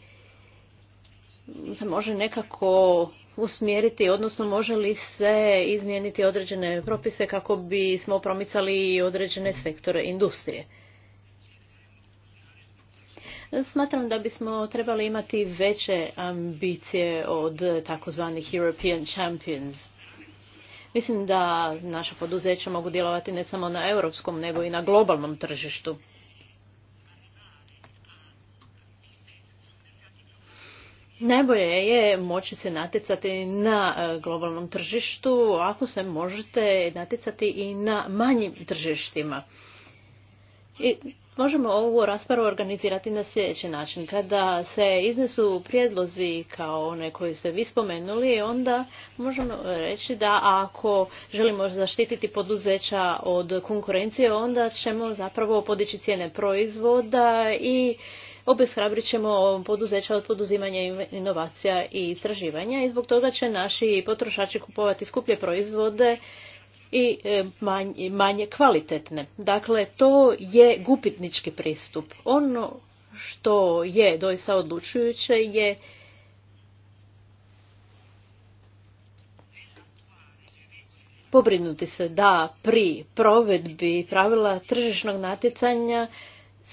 se može nekako usmjeriti, odnosno može li se izmijeniti određene propise kako bi smo promicali određene sektore industrije. Smatram da bismo trebali imati veće ambicije od takozvanih European Champions. Mislim da naša poduzeća mogu djelovati ne samo na europskom, nego i na globalnom tržištu. Najbolje je moći se natjecati na e, globalnom tržištu ako se možete natjecati i na manjim tržištima. I možemo ovu raspravu organizirati na sljedeći način. Kada se iznesu prijedlozi kao one koje ste vi spomenuli, onda možemo reći da ako želimo zaštititi poduzeća od konkurencije, onda ćemo zapravo podići cijene proizvoda i obeshrabrit ćemo poduzeća od poduzimanja inovacija i istraživanja i zbog toga će naši potrošači kupovati skuplje proizvode i e, manje, manje kvalitetne. Dakle, to je gupitnički pristup. Ono što je doista odlučujuće je pobrinuti se da pri provedbi pravila tržišnog natjecanja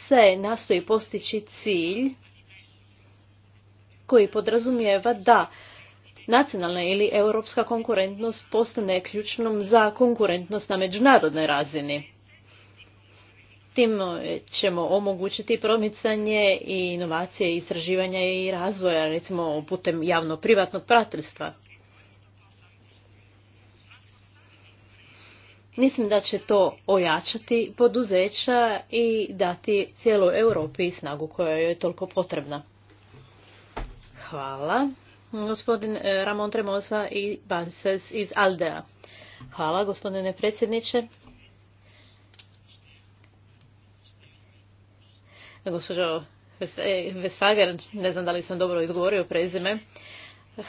se nastoji postići cilj koji podrazumijeva da nacionalna ili europska konkurentnost postane ključnom za konkurentnost na međunarodnoj razini. Tim e, ćemo omogućiti promicanje i inovacije, istraživanja i razvoja, recimo putem javno-privatnog prateljstva. Mislim da će to ojačati poduzeća i dati cijeloj Europi snagu koja joj je toliko potrebna. Hvala. Gospodin eh, Ramon Tremosa i Banses iz Aldea. Hvala, gospodine predsjedniče. Gospođo eh, Vesager, ne znam da li sam dobro izgovorio prezime.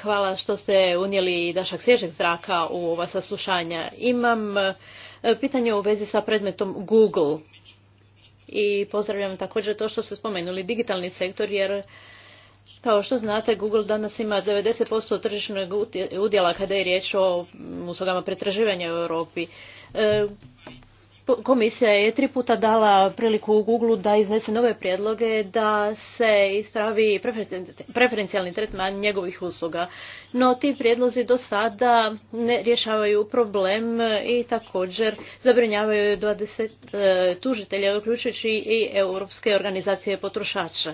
Hvala što ste unijeli dašak svježeg zraka u ova saslušanja. Imam e, pitanje u vezi sa predmetom Google i pozdravljam također to što ste spomenuli digitalni sektor jer kao što znate, Google danas ima 90% tržišnog udjela kada je riječ o uslugama pretraživanja u Europi. E, Komisija je tri puta dala priliku u Google da iznese nove prijedloge da se ispravi preferencijalni tretman njegovih usluga. No ti prijedlozi do sada ne rješavaju problem i također zabrinjavaju 20 e, tužitelja, uključujući i europske organizacije potrošača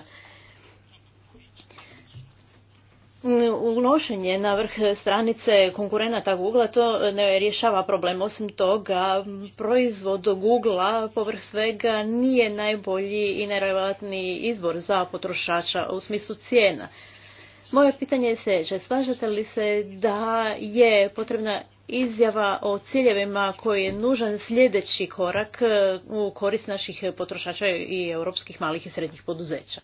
unošenje na vrh stranice konkurenata Google to ne rješava problem. Osim toga, proizvod Google povrh svega nije najbolji i najrelevantniji izbor za potrošača u smislu cijena. Moje pitanje je sljedeće. Slažete li se da je potrebna izjava o ciljevima koji je nužan sljedeći korak u korist naših potrošača i europskih malih i srednjih poduzeća?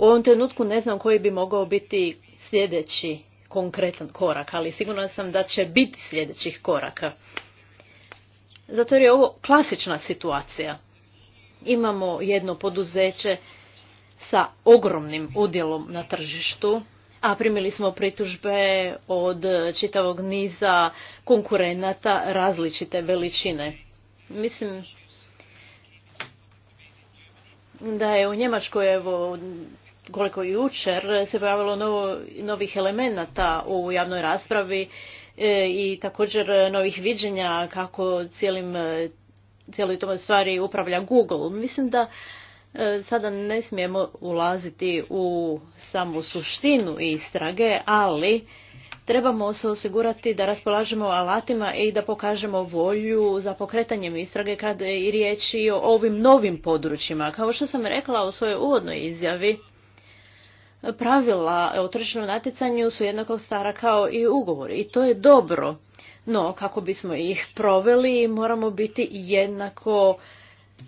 U ovom trenutku ne znam koji bi mogao biti sljedeći konkretan korak, ali sigurno sam da će biti sljedećih koraka. Zato jer je ovo klasična situacija. Imamo jedno poduzeće sa ogromnim udjelom na tržištu, a primili smo pritužbe od čitavog niza konkurenata različite veličine. Mislim da je u Njemačkoj evo koliko jučer se pojavilo novo, novih elemenata u javnoj raspravi e, i također novih viđenja kako cijelim, e, cijeloj tome stvari upravlja Google. Mislim da e, sada ne smijemo ulaziti u samu suštinu istrage, ali trebamo se osigurati da raspolažemo alatima i da pokažemo volju za pokretanjem istrage kada je i riječ i o ovim novim područjima. Kao što sam rekla u svojoj uvodnoj izjavi, pravila o tržišnom natjecanju su jednako stara kao i ugovori i to je dobro. No, kako bismo ih proveli, moramo biti jednako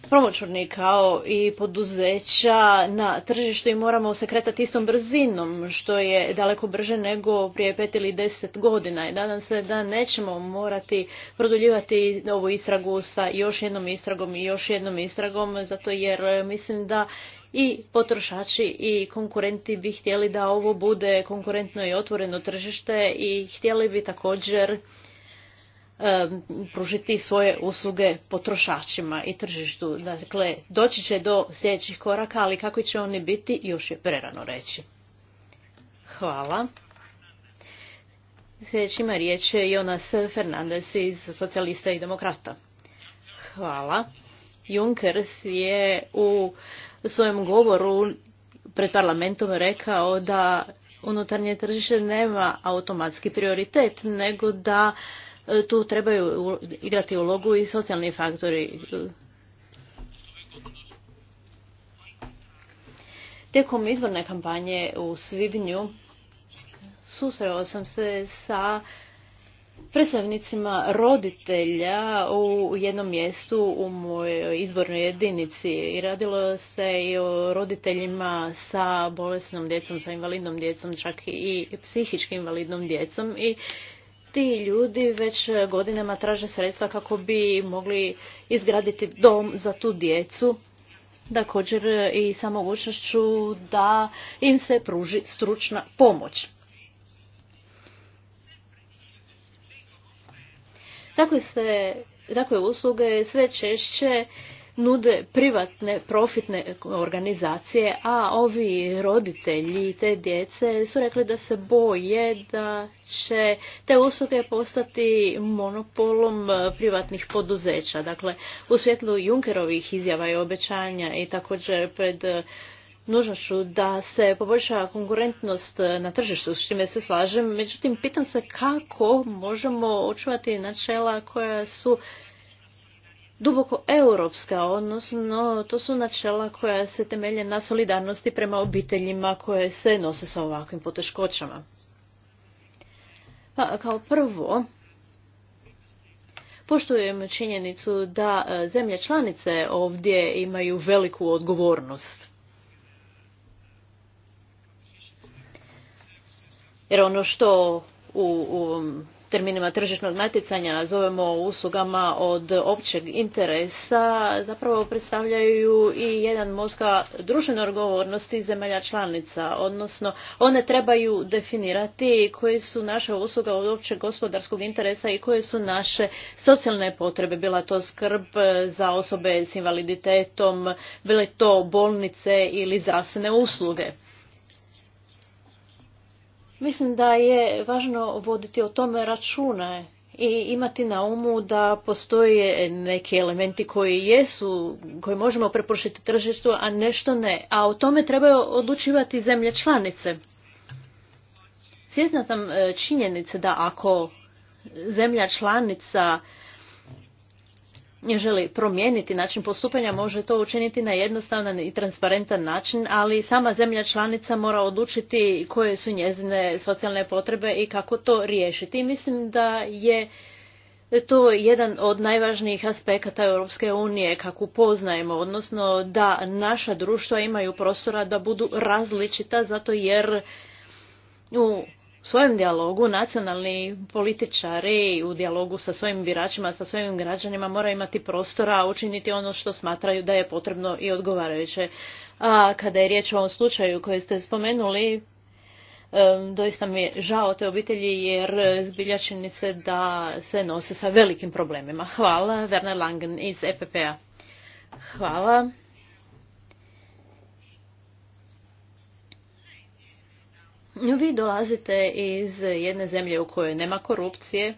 promočurni kao i poduzeća na tržištu i moramo se kretati istom brzinom, što je daleko brže nego prije pet ili deset godina. I nadam se da nećemo morati produljivati ovu istragu sa još jednom istragom i još jednom istragom, zato jer eh, mislim da i potrošači i konkurenti bi htjeli da ovo bude konkurentno i otvoreno tržište i htjeli bi također pružiti svoje usluge potrošačima i tržištu. Dakle, doći će do sljedećih koraka, ali kako će oni biti, još je prerano reći. Hvala. Sljedećima riječ je Jonas Fernandez iz Socijalista i Demokrata. Hvala. Junkers je u svojem govoru pred parlamentom rekao da unutarnje tržište nema automatski prioritet, nego da e, tu trebaju igrati ulogu i socijalni faktori. Tijekom izborne kampanje u Svibnju susreo sam se sa predstavnicima roditelja u jednom mjestu u mojoj izbornoj jedinici. I radilo se i o roditeljima sa bolesnom djecom, sa invalidnom djecom, čak i psihički invalidnom djecom. I ti ljudi već godinama traže sredstva kako bi mogli izgraditi dom za tu djecu također i sa mogućnošću da im se pruži stručna pomoć. Takve, se, takve usluge sve češće nude privatne profitne organizacije, a ovi roditelji te djece su rekli da se boje da će te usluge postati monopolom privatnih poduzeća. Dakle, u svjetlu Junkerovih izjava i obećanja i također pred nužnošću da se poboljša konkurentnost eh, na tržištu, s čime se slažem. Međutim, pitam se kako možemo očuvati načela koja su duboko europska, odnosno to su načela koja se temelje na solidarnosti prema obiteljima koje se nose sa ovakvim poteškoćama. Pa, kao prvo, poštujem činjenicu da eh, zemlje članice ovdje imaju veliku odgovornost. Jer ono što u, terminima tržišnog natjecanja zovemo uslugama od općeg interesa zapravo predstavljaju i jedan mozga društvene odgovornosti zemalja članica, odnosno one trebaju definirati koje su naše usluge od općeg gospodarskog interesa i koje su naše socijalne potrebe, bila to skrb za osobe s invaliditetom, bile to bolnice ili zdravstvene usluge. Mislim da je važno voditi o tome račune i imati na umu da postoje neki elementi koji jesu, koji možemo prepušiti tržištu, a nešto ne. A o tome trebaju odlučivati zemlje članice. Svjesna sam e, činjenice da ako zemlja članica želi promijeniti način postupanja može to učiniti na jednostavan i transparentan način, ali sama zemlja članica mora odlučiti koje su njezine socijalne potrebe i kako to riješiti. Mislim da je to jedan od najvažnijih aspekata Europske unije kako poznajemo, odnosno da naša društva imaju prostora da budu različita zato jer u u svojem dijalogu nacionalni političari u dijalogu sa svojim biračima, sa svojim građanima moraju imati prostora učiniti ono što smatraju da je potrebno i odgovarajuće. A kada je riječ o ovom slučaju koji ste spomenuli, doista mi je žao te obitelji jer zbilja čini se da se nose sa velikim problemima. Hvala, Werner Langen iz EPP-a. Hvala. Vi dolazite iz jedne zemlje u kojoj nema korupcije,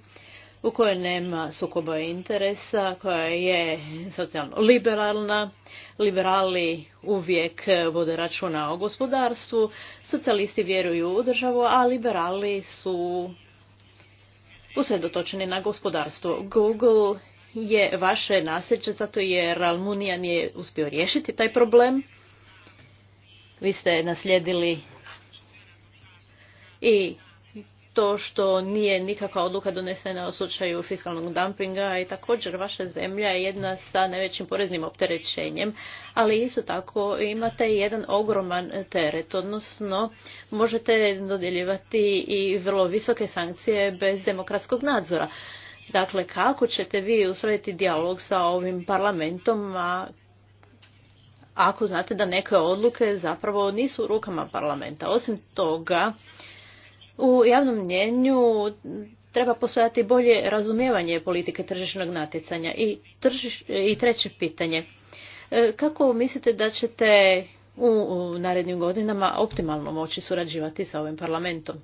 u kojoj nema sukoba interesa, koja je socijalno liberalna. Liberali uvijek vode računa o gospodarstvu, socijalisti vjeruju u državu, a liberali su usredotočeni na gospodarstvo. Google je vaše nasjeđe zato jer Almunija nije uspio riješiti taj problem. Vi ste naslijedili i to što nije nikakva odluka donesena u slučaju fiskalnog dumpinga i također vaša zemlja je jedna sa najvećim poreznim opterećenjem, ali isto tako imate jedan ogroman teret, odnosno možete dodjeljivati i vrlo visoke sankcije bez demokratskog nadzora. Dakle, kako ćete vi usvojiti dijalog sa ovim parlamentom, ako znate da neke odluke zapravo nisu u rukama parlamenta. Osim toga, u javnom mnjenju treba postojati bolje razumijevanje politike tržišnog natjecanja. I, i treće pitanje. E, kako mislite da ćete u, u narednim godinama optimalno moći surađivati sa ovim parlamentom?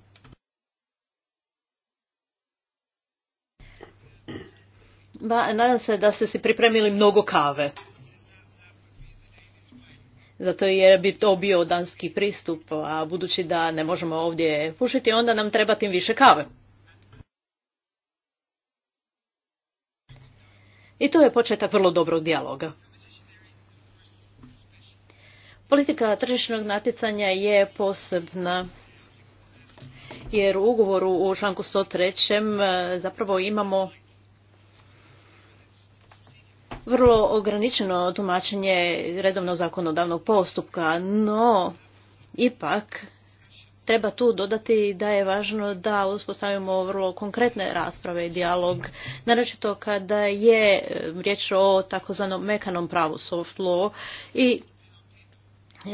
Ba, nadam se da ste si pripremili mnogo kave zato jer bi to bio danski pristup, a budući da ne možemo ovdje pušiti, onda nam treba tim više kave. I to je početak vrlo dobrog dijaloga. Politika tržišnog natjecanja je posebna jer u ugovoru u članku 103. Eh, zapravo imamo vrlo ograničeno tumačenje redovnog zakonodavnog postupka, no ipak treba tu dodati da je važno da uspostavimo vrlo konkretne rasprave i dijalog, naročito kada je e, riječ o takozvanom mekanom pravu soft law i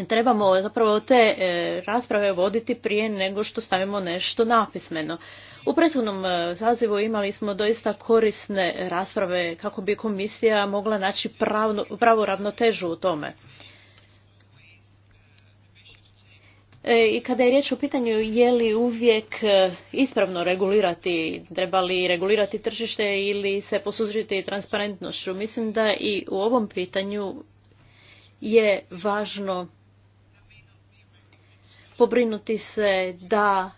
trebamo zapravo te e, rasprave voditi prije nego što stavimo nešto napismeno. U prethodnom zazivu e, imali smo doista korisne rasprave kako bi komisija mogla naći pravu ravnotežu u tome. E, I kada je riječ o pitanju je li uvijek e, ispravno regulirati, treba li regulirati tržište ili se poslužiti transparentnošću, mislim da i u ovom pitanju je važno pobrinuti se da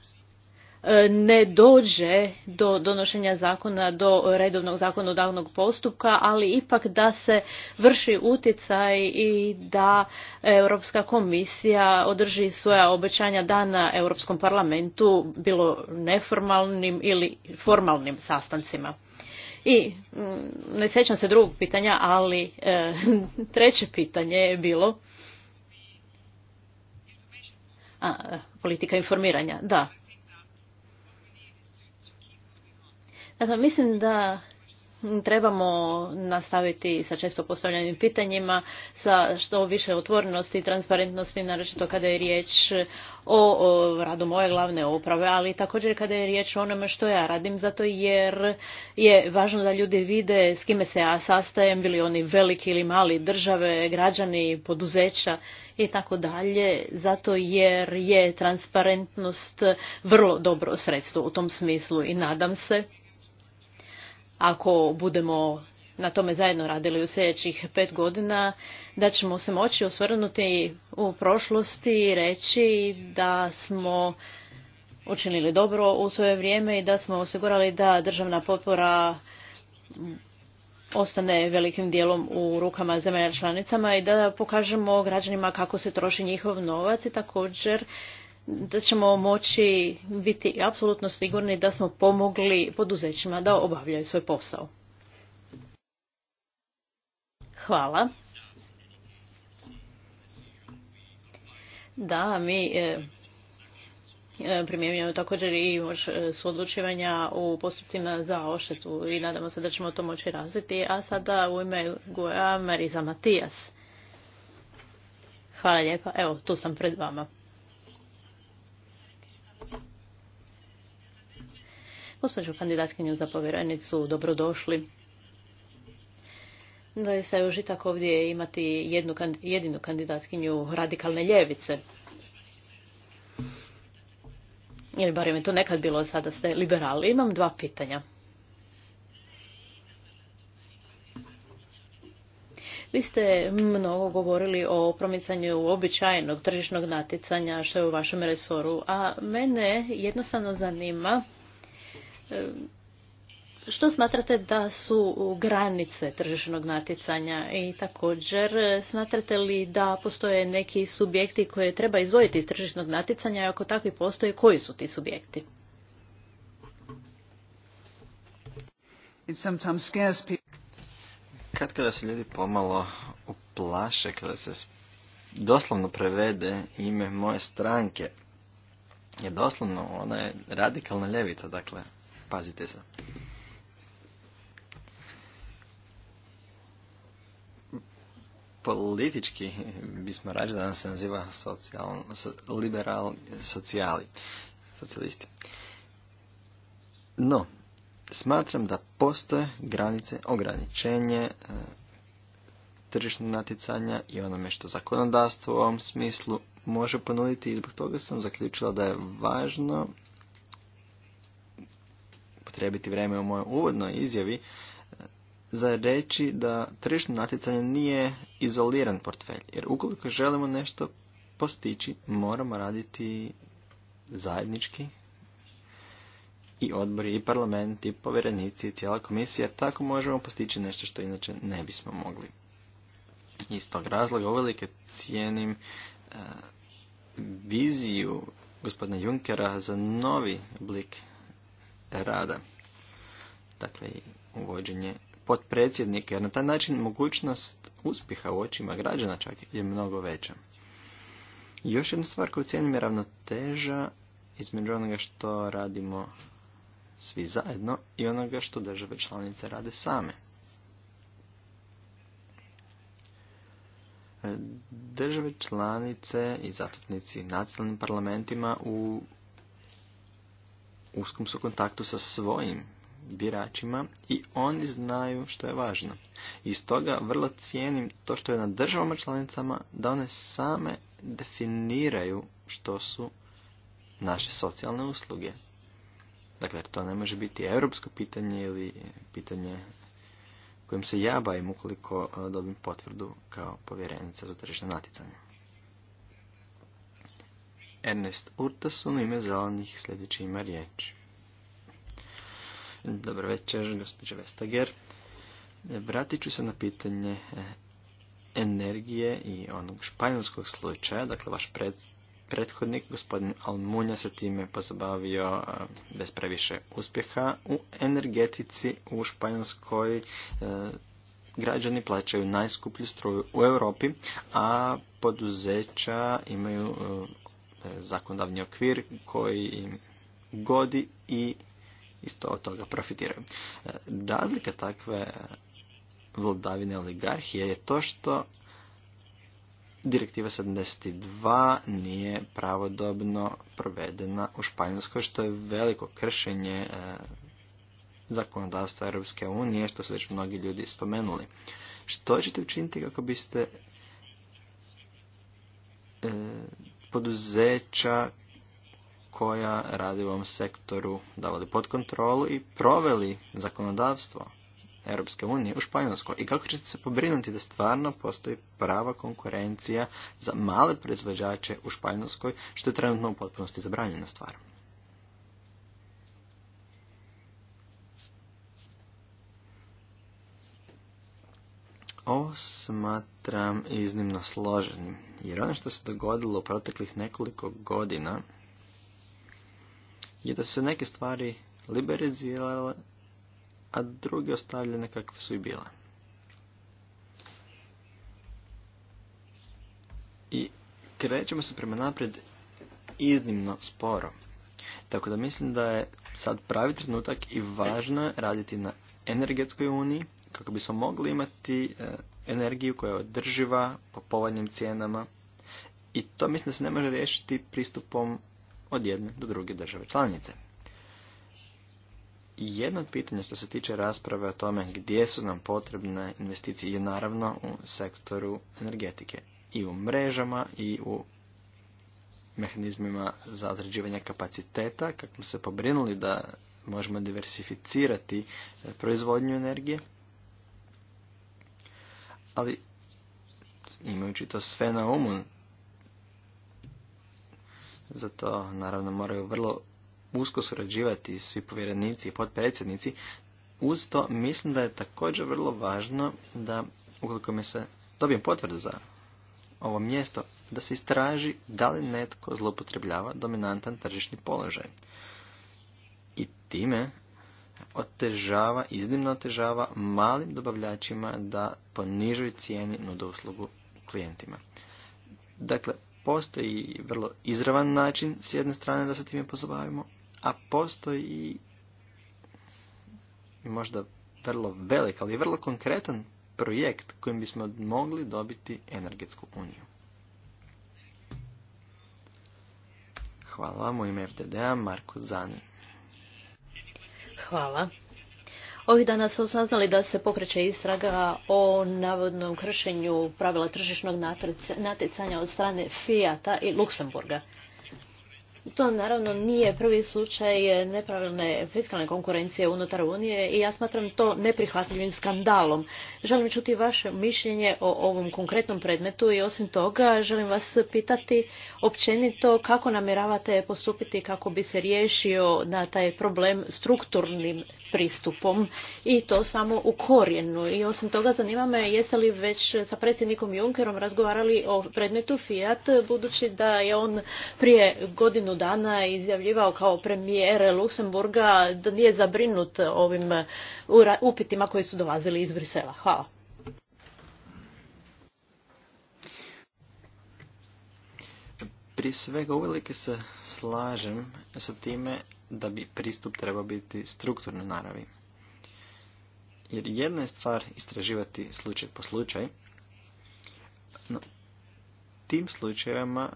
E, ne dođe do donošenja zakona, do redovnog zakonodavnog postupka, ali ipak da se vrši utjecaj i da Europska komisija održi svoja obećanja dana Europskom parlamentu, bilo neformalnim ili formalnim sastancima. I mm, ne sjećam se drugog pitanja, ali e, (laughs) treće pitanje je bilo a, e, politika informiranja. Da, Dakle, mislim da trebamo nastaviti sa često postavljenim pitanjima, sa što više otvorenosti i transparentnosti, naročito kada je riječ o, radu moje glavne uprave, ali također kada je riječ o onome što ja radim, zato jer je važno da ljudi vide s kime se ja sastajem, bili oni veliki ili mali države, građani, poduzeća i tako dalje, zato jer je transparentnost vrlo dobro sredstvo u tom smislu i nadam se ako budemo na tome zajedno radili u sljedećih pet godina, da ćemo se moći osvrnuti u prošlosti i reći da smo učinili dobro u svoje vrijeme i da smo osigurali da državna potpora ostane velikim dijelom u rukama zemalja članicama i da pokažemo građanima kako se troši njihov novac i također da ćemo moći biti apsolutno sigurni da smo pomogli poduzećima da obavljaju svoj posao. Hvala. Da, mi e, e, primjenjujemo također i moć e, suodlučivanja u postupcima za oštetu i nadamo se da ćemo to moći razviti. A sada u ime Goja Marisa Matijas. Hvala lijepa. Evo, tu sam pred vama. Gospođu kandidatkinju za povjerenicu, dobrodošli. Da je se užitak ovdje imati jednu, jedinu kandidatkinju radikalne ljevice. Ili barem je to nekad bilo, sada ste liberali. Imam dva pitanja. Vi ste mnogo govorili o promicanju običajnog tržišnog natjecanja što je u vašem resoru, a mene jednostavno zanima E, što smatrate da su granice tržišnog natjecanja i također smatrate li da postoje neki subjekti koje treba izvojiti iz tržišnog natjecanja i ako takvi postoje koji su ti subjekti? Kad kada se ljudi pomalo uplaše, kada se doslovno prevede ime moje stranke, je doslovno ona je radikalna ljevica, dakle Pazite se. Politički bismo rađe da nas se naziva liberal socijali, socijalisti. No, smatram da postoje granice, ograničenje e, tržišnog natjecanja i onome što zakonodavstvo u ovom smislu može ponuditi i zbog toga sam zaključila da je važno upotrijebiti vrijeme u mojoj uvodnoj izjavi, e, za reći da tržišno natjecanje nije izoliran portfelj. Jer ukoliko želimo nešto postići, moramo raditi zajednički i odbori, i parlament, i povjerenici, i cijela komisija, tako možemo postići nešto što inače ne bismo mogli. Iz tog razloga uvelike cijenim e, viziju gospodina Junkera za novi oblik rada. Dakle, uvođenje potpredsjednika, jer na taj način mogućnost uspjeha u očima građana čak je mnogo veća. I još jedna stvar koju cijenim je ravnoteža između onoga što radimo svi zajedno i onoga što države članice rade same. Države članice i zastupnici nacionalnim parlamentima u uskom su kontaktu sa svojim biračima i oni znaju što je važno. I stoga vrlo cijenim to što je na državama članicama da one same definiraju što su naše socijalne usluge. Dakle, to ne može biti europsko pitanje ili pitanje kojim se ja bavim ukoliko e, dobim potvrdu kao povjerenica za tržišno natjecanje. Ernest Urtasun, ime zelenih, sljedeći ima riječ. Dobar večer, gospođa Vestager. Vratit ću se na pitanje eh, energije i onog španjolskog slučaja, dakle vaš prethodnik, gospodin Almunja, se time pozabavio eh, bez previše uspjeha u energetici u Španjolskoj. Eh, građani plaćaju najskuplju struju u Europi, a poduzeća imaju zakonodavni okvir koji im godi i isto od toga profitiraju. E, razlika takve vladavine oligarhije je to što direktiva 72 nije pravodobno provedena u Španjolskoj, što je veliko kršenje e, zakonodavstva Europske unije, što su već mnogi ljudi spomenuli. Što ćete učiniti kako biste e, poduzeća koja radi u ovom sektoru davali pod kontrolu i proveli zakonodavstvo Europske unije u Španjolskoj i kako ćete se pobrinuti da stvarno postoji prava konkurencija za male proizvođače u Španjolskoj što je trenutno u potpunosti zabranjena stvar. ovo smatram iznimno složenim. Jer ono što se dogodilo u proteklih nekoliko godina je da su se neke stvari liberizirale, a druge ostavljene kakve su i bile. I krećemo se prema naprijed iznimno sporo. Tako da mislim da je sad pravi trenutak i važno je raditi na energetskoj uniji, kako bismo mogli imati e, energiju koja je održiva po povoljnim cijenama i to mislim da se ne može riješiti pristupom od jedne do druge države članice. Jedno od pitanja što se tiče rasprave o tome gdje su nam potrebne investicije je naravno u sektoru energetike i u mrežama i u mehanizmima za određivanje kapaciteta kako smo se pobrinuli da možemo diversificirati e, proizvodnju energije ali imajući to sve na umu, zato naravno moraju vrlo usko surađivati svi povjerenici i potpredsjednici. Uz to mislim da je također vrlo važno da ukoliko mi se dobijem potvrdu za ovo mjesto, da se istraži da li netko zloupotrebljava dominantan tržišni položaj. I time otežava, iznimno otežava malim dobavljačima da po cijeni nude uslugu klijentima. Dakle, postoji vrlo izravan način s jedne strane da se time pozabavimo, a postoji i možda vrlo velik, ali vrlo konkretan projekt kojim bismo mogli dobiti energetsku uniju. Hvala vam u ime FDD-a Marko Zani. Hvala. Ovih dana smo saznali da se pokreće istraga o navodnom kršenju pravila tržišnog natjecanja od strane Fijata i Luksemburga. To naravno nije prvi slučaj nepravilne fiskalne konkurencije unutar Unije i ja smatram to neprihvatljivim skandalom. Želim čuti vaše mišljenje o ovom konkretnom predmetu i osim toga želim vas pitati općenito kako namjeravate postupiti kako bi se riješio na taj problem strukturnim pristupom i to samo u korijenu. I osim toga zanima me jeste li već sa predsjednikom Junckerom razgovarali o predmetu Fiat budući da je on prije godinu dana izjavljivao kao premijer Luksemburga da nije zabrinut ovim upitima koji su dolazili iz Brisela. Hvala. Prije svega uvelike se slažem sa time da bi pristup trebao biti strukturno, naravi. Jer jedna je stvar istraživati slučaj po slučaj, no, tim slučajevima,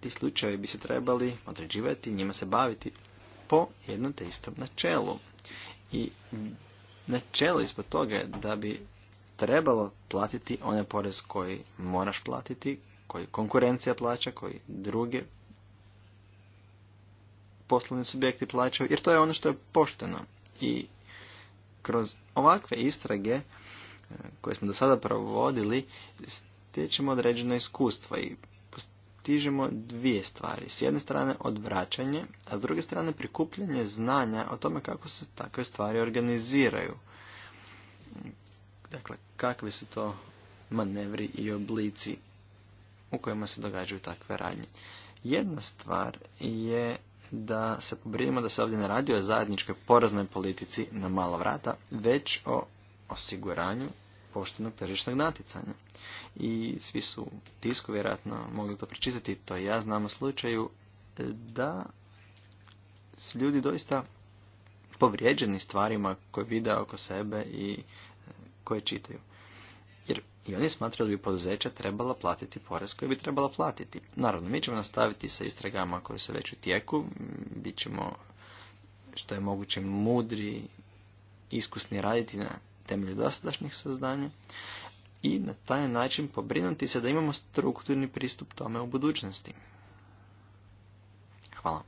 ti slučajevi bi se trebali određivati, njima se baviti po jednom te istom načelu. I načelo ispod toga je da bi trebalo platiti onaj porez koji moraš platiti, koji konkurencija plaća, koji druge poslovni subjekti plaćaju, jer to je ono što je pošteno. I kroz ovakve istrage e, koje smo do sada provodili, stječemo određeno iskustvo i postižemo dvije stvari. S jedne strane odvraćanje, a s druge strane prikupljanje znanja o tome kako se takve stvari organiziraju. Dakle, kakvi su to manevri i oblici u kojima se događaju takve radnje. Jedna stvar je da se pobrinimo da se ovdje ne radi o zajedničkoj poraznoj politici na malo vrata, već o osiguranju poštenog tržišnog naticanja. I svi su tisku vjerojatno mogli to pročitati, to ja znam u slučaju da su ljudi doista povrijeđeni stvarima koje vide oko sebe i e, koje čitaju. I oni smatraju da bi poduzeća trebala platiti porez koji bi trebala platiti. Naravno, mi ćemo nastaviti sa istragama koje su već u tijeku, Bićemo, ćemo što je moguće mudri, iskusni raditi na temelju dosadašnjih saznanja i na taj način pobrinuti se da imamo strukturni pristup tome u budućnosti. Hvala.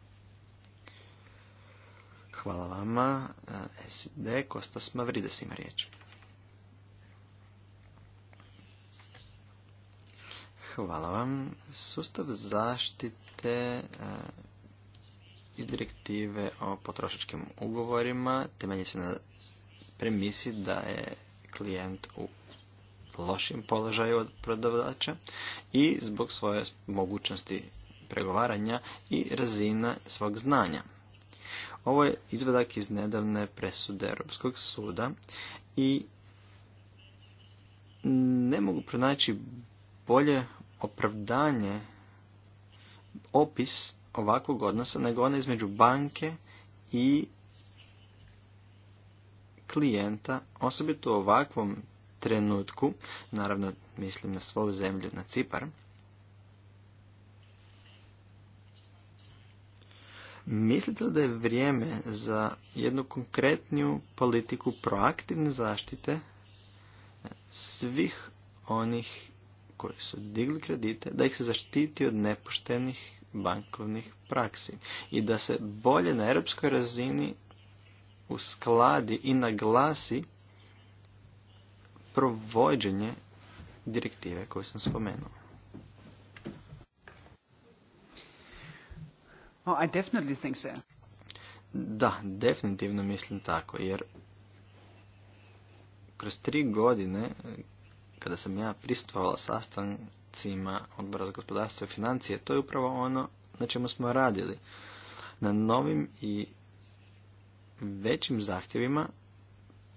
Hvala vama. Eh, SID Kostas Mavrides ima riječ. Hvala vam. Sustav zaštite e, iz direktive o potrošačkim ugovorima temelji se na premisi da je klijent u lošim položaju od prodavača i zbog svoje mogućnosti pregovaranja i razina svog znanja. Ovo je izvedak iz nedavne presude Europskog suda i ne mogu pronaći bolje opravdanje opis ovakvog odnosa nego ona između banke i klijenta, osobito u ovakvom trenutku, naravno mislim na svoju zemlju, na Cipar, Mislite li da je vrijeme za jednu konkretniju politiku proaktivne zaštite svih onih koji su digli kredite, da ih se zaštiti od nepoštenih bankovnih praksi i da se bolje na europskoj razini uskladi i naglasi provođenje direktive koju sam spomenuo. Oh, I definitely think so. Da, definitivno mislim tako, jer kroz tri godine kada sam ja pristupovala sastancima odbora za gospodarstvo i financije, to je upravo ono na čemu smo radili. Na novim i većim zahtjevima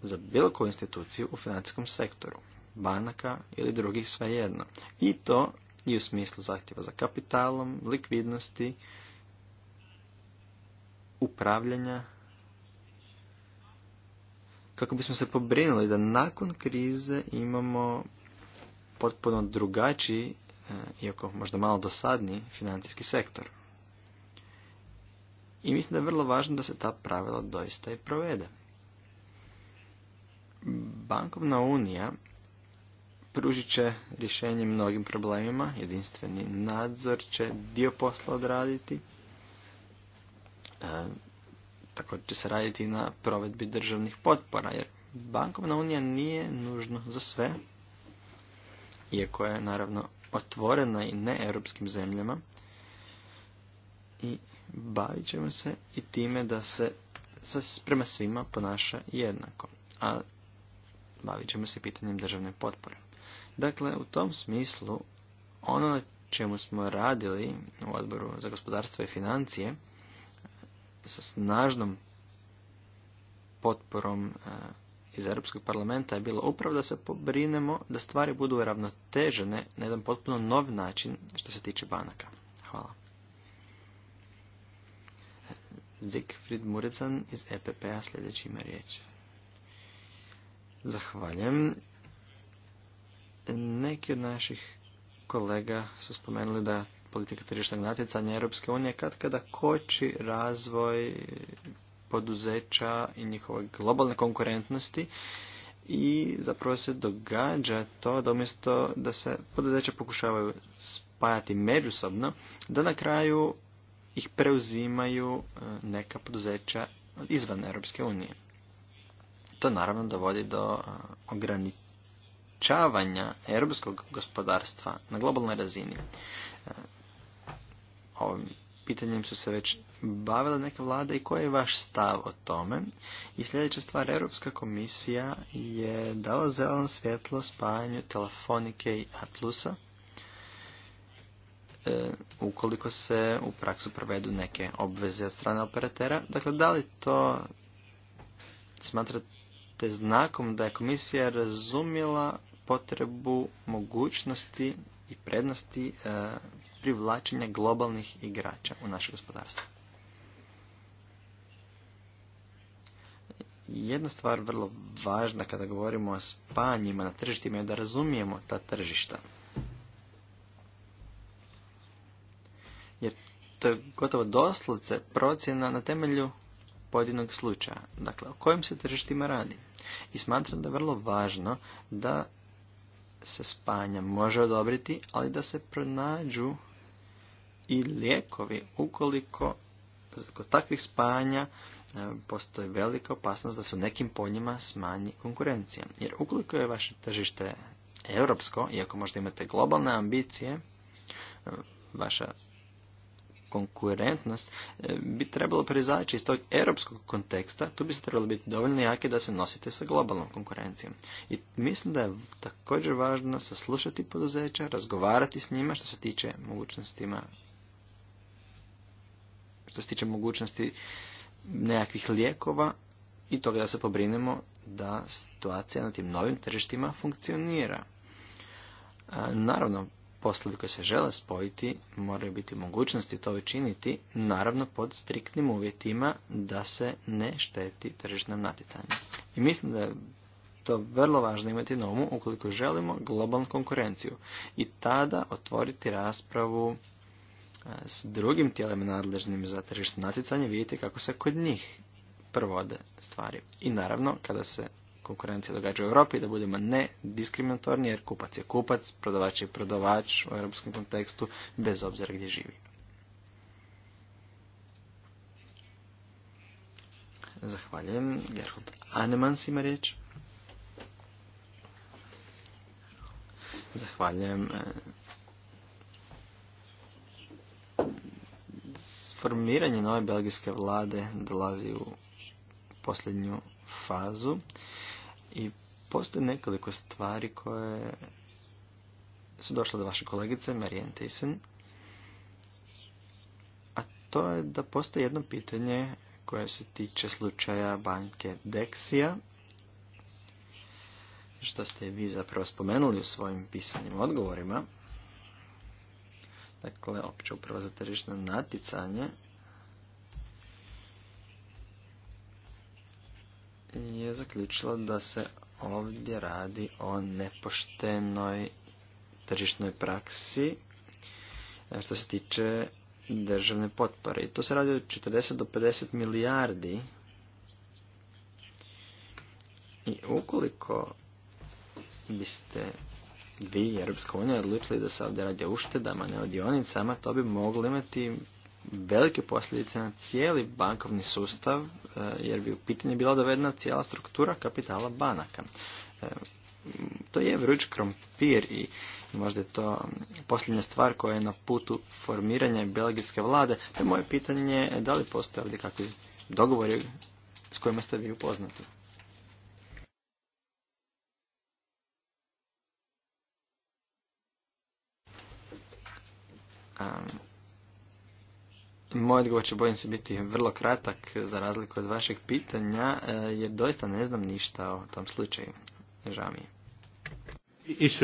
za bilo koju instituciju u financijskom sektoru, banaka ili drugih svejedno. I to i u smislu zahtjeva za kapitalom, likvidnosti, upravljanja, kako bismo se pobrinuli da nakon krize imamo potpuno drugačiji, e, iako možda malo dosadni financijski sektor. I mislim da je vrlo važno da se ta pravila doista i provede. Bankovna unija pružit će rješenje mnogim problemima, jedinstveni nadzor će dio posla odraditi, e, tako će se raditi na provedbi državnih potpora, jer bankovna unija nije nužno za sve, iako je naravno otvorena i ne europskim zemljama. I bavit ćemo se i time da se prema svima ponaša jednako. A bavit ćemo se pitanjem državne potpore. Dakle, u tom smislu, ono na čemu smo radili u odboru za gospodarstvo i financije, sa snažnom potporom e, iz Europskog parlamenta je bilo upravo da se pobrinemo da stvari budu ravnotežene na jedan potpuno nov način što se tiče banaka. Hvala. fried Murecan iz EPP-a sljedeći ima riječ. Zahvaljujem. Neki od naših kolega su spomenuli da politika tržišnog natjecanja Europske unije kad kada koči razvoj poduzeća i njihove globalne konkurentnosti i zapravo se događa to da umjesto da se poduzeća pokušavaju spajati međusobno, da na kraju ih preuzimaju e, neka poduzeća izvan Europske unije. To naravno dovodi do e, ograničavanja europskog gospodarstva na globalnoj razini. E, ovim pitanjem su se već bavile neke vlade i koji je vaš stav o tome? I sljedeća stvar, Europska komisija je dala zeleno svjetlo spajanju telefonike i Atlusa e, ukoliko se u praksu provedu neke obveze od strane operatera. Dakle, da li to smatrate znakom da je komisija razumjela potrebu mogućnosti i prednosti e, privlačenja globalnih igrača u naše gospodarstvo. Jedna stvar vrlo važna kada govorimo o spanjima na tržištima je da razumijemo ta tržišta. Jer to je gotovo doslovce procjena na temelju pojedinog slučaja. Dakle, o kojim se tržištima radi. I smatram da je vrlo važno da se spanja može odobriti, ali da se pronađu i lijekovi ukoliko kod takvih spajanja e, postoji velika opasnost da se u nekim njima smanji konkurencija. Jer ukoliko je vaše tržište europsko, iako možda imate globalne ambicije, e, vaša konkurentnost e, bi trebalo prizaći iz tog europskog konteksta, tu bi se trebalo biti dovoljno jake da se nosite sa globalnom konkurencijom. I mislim da je također važno saslušati poduzeća, razgovarati s njima što se tiče mogućnostima što se tiče mogućnosti nekakvih lijekova i toga da se pobrinemo da situacija na tim novim tržištima funkcionira. Naravno, poslovi koji se žele spojiti moraju biti mogućnosti to učiniti, naravno pod striktnim uvjetima da se ne šteti tržišnom natjecanju. I mislim da je to vrlo važno imati na umu ukoliko želimo globalnu konkurenciju i tada otvoriti raspravu s drugim tijelima nadležnim za tržišno natjecanje vidite kako se kod njih provode stvari. I naravno, kada se konkurencija događa u Europi, da budemo ne diskriminatorni, jer kupac je kupac, prodavač je prodavač u europskom kontekstu, bez obzira gdje živi. Zahvaljujem. Gerhard Anemans ima riječ. Zahvaljujem. E, formiranje nove belgijske vlade dolazi u posljednju fazu i postoje nekoliko stvari koje su došle do vaše kolegice Marijan Thyssen, a to je da postoji jedno pitanje koje se tiče slučaja banke Dexia, što ste vi zapravo spomenuli u svojim pisanim odgovorima. Dakle, opće uprava za tržišno natjecanje je zaključila da se ovdje radi o nepoštenoj tržišnoj praksi e, što se tiče državne potpore. I to se radi od 40 do 50 milijardi i ukoliko biste vi i Europska unija odlučili da se ovdje radi o uštedama, ne o dionicama, to bi moglo imati velike posljedice na cijeli bankovni sustav, e, jer bi u pitanje bila dovedena cijela struktura kapitala banaka. E, to je vruć krompir i možda je to posljednja stvar koja je na putu formiranja belgijske vlade. moje pitanje je da li postoje ovdje kakvi dogovori s kojima ste vi upoznati. moj odgovor će bojim se biti vrlo kratak za razliku od vašeg pitanja e, jer doista ne znam ništa o tom slučaju. Žao mi je. if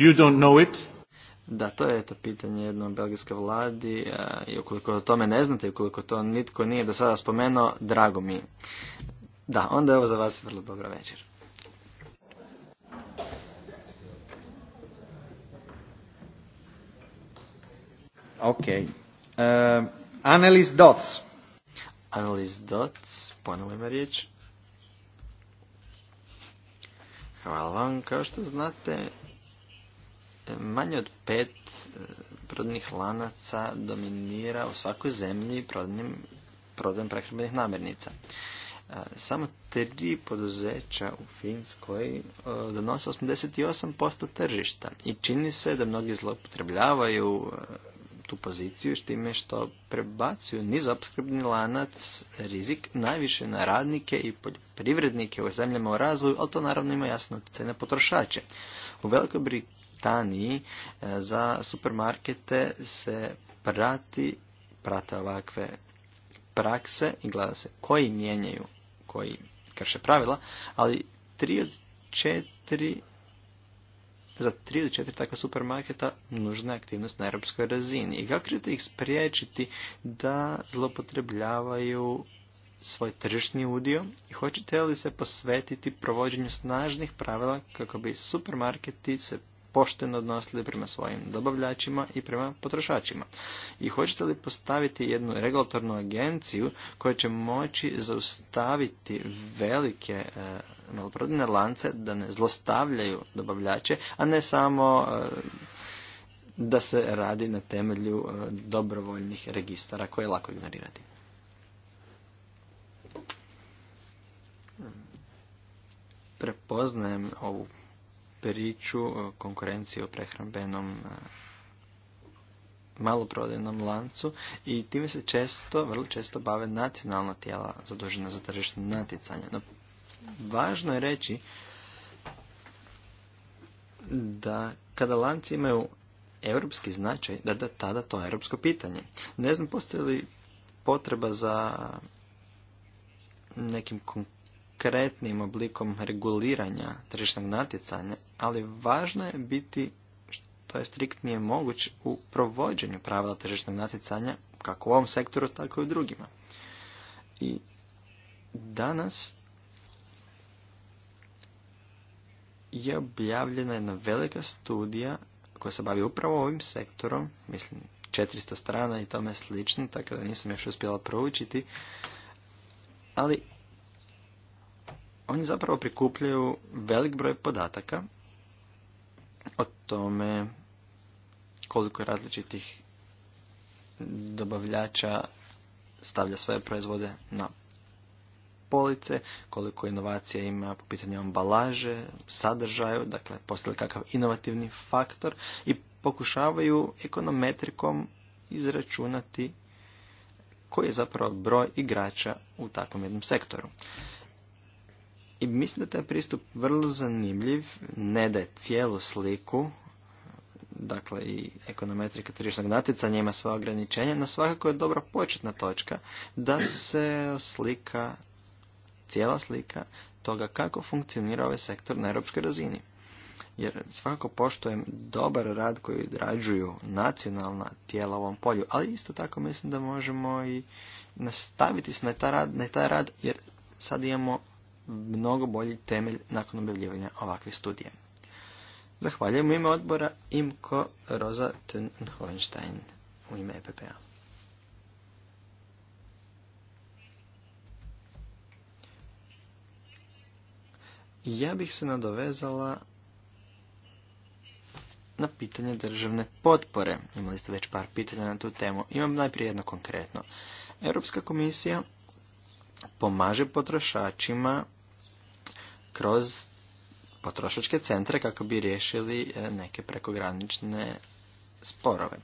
you don't know it da, to je to pitanje jednom belgijske vladi e, i ukoliko o tome ne znate i ukoliko to nitko nije do sada spomenuo, drago mi. Da, onda je ovo za vas vrlo dobra večer. Ok. Uh, Annelies Dots. Annelies Dots, ponovno riječ. Hvala vam. Kao što znate, manje od pet e, prodnih lanaca dominira u svakoj zemlji prodnim, prodan prehrambenih namirnica. E, samo tri poduzeća u Finskoj donose 88% tržišta i čini se da mnogi zloupotrebljavaju tu poziciju s time što prebacuju nizopskrbni lanac rizik najviše na radnike i poljoprivrednike u zemljama u razvoju, ali to naravno ima jasno utjecaj potrošače. U Velikoj Britaniji e, za supermarkete se prati, prate ovakve prakse i gleda se koji mijenjaju, koji krše pravila, ali tri od četiri za tri ili četiri takva supermarketa nužna je aktivnost na europskoj razini. I kako ćete ih spriječiti da zlopotrebljavaju svoj tržišni udio i hoćete li se posvetiti provođenju snažnih pravila kako bi supermarketi se pošteno odnosili prema svojim dobavljačima i prema potrošačima. I hoćete li postaviti jednu regulatornu agenciju koja će moći zaustaviti velike eh, maloprodajne lance da ne zlostavljaju dobavljače, a ne samo e, da se radi na temelju e, dobrovoljnih registara koje je lako ignorirati. Prepoznajem ovu priču e, konkurencije u prehrambenom maloprodajnom lancu i time se često, vrlo često bave nacionalna tijela zadužena za tržišno natjecanje. Važno je reći da kada lanci imaju europski značaj, da, da tada to europsko pitanje. Ne znam postoji li potreba za nekim konkretnim oblikom reguliranja tržišnog natjecanja, ali važno je biti što je striktnije moguć u provođenju pravila tržišnog natjecanja kako u ovom sektoru, tako i u drugima. I danas je objavljena jedna velika studija koja se bavi upravo ovim sektorom, mislim 400 strana i tome slično, tako da nisam još uspjela proučiti, ali oni zapravo prikupljaju velik broj podataka o tome koliko različitih dobavljača stavlja svoje proizvode na police, koliko inovacija ima po pitanju ambalaže, sadržaju, dakle postoji kakav inovativni faktor i pokušavaju ekonometrikom izračunati koji je zapravo broj igrača u takvom jednom sektoru. I mislim da je taj pristup vrlo zanimljiv, ne da je cijelu sliku, dakle i ekonometrika tržišnog natjecanja ima sva ograničenja, na svakako je dobra početna točka da se slika cijela slika toga kako funkcionira ovaj sektor na europskoj razini. Jer svakako poštojem dobar rad koji odrađuju nacionalna tijela u ovom polju, ali isto tako mislim da možemo i nastaviti se na taj rad, rad jer sad imamo mnogo bolji temelj nakon objavljivanja ovakve studije. Zahvaljujem u ime odbora Imko Roza thun u ime EPP-a. Ja bih se nadovezala na pitanje državne potpore. Imali ste već par pitanja na tu temu. Imam najprije jedno konkretno. Europska komisija pomaže potrošačima kroz potrošačke centre kako bi riješili e, neke prekogranične sporove.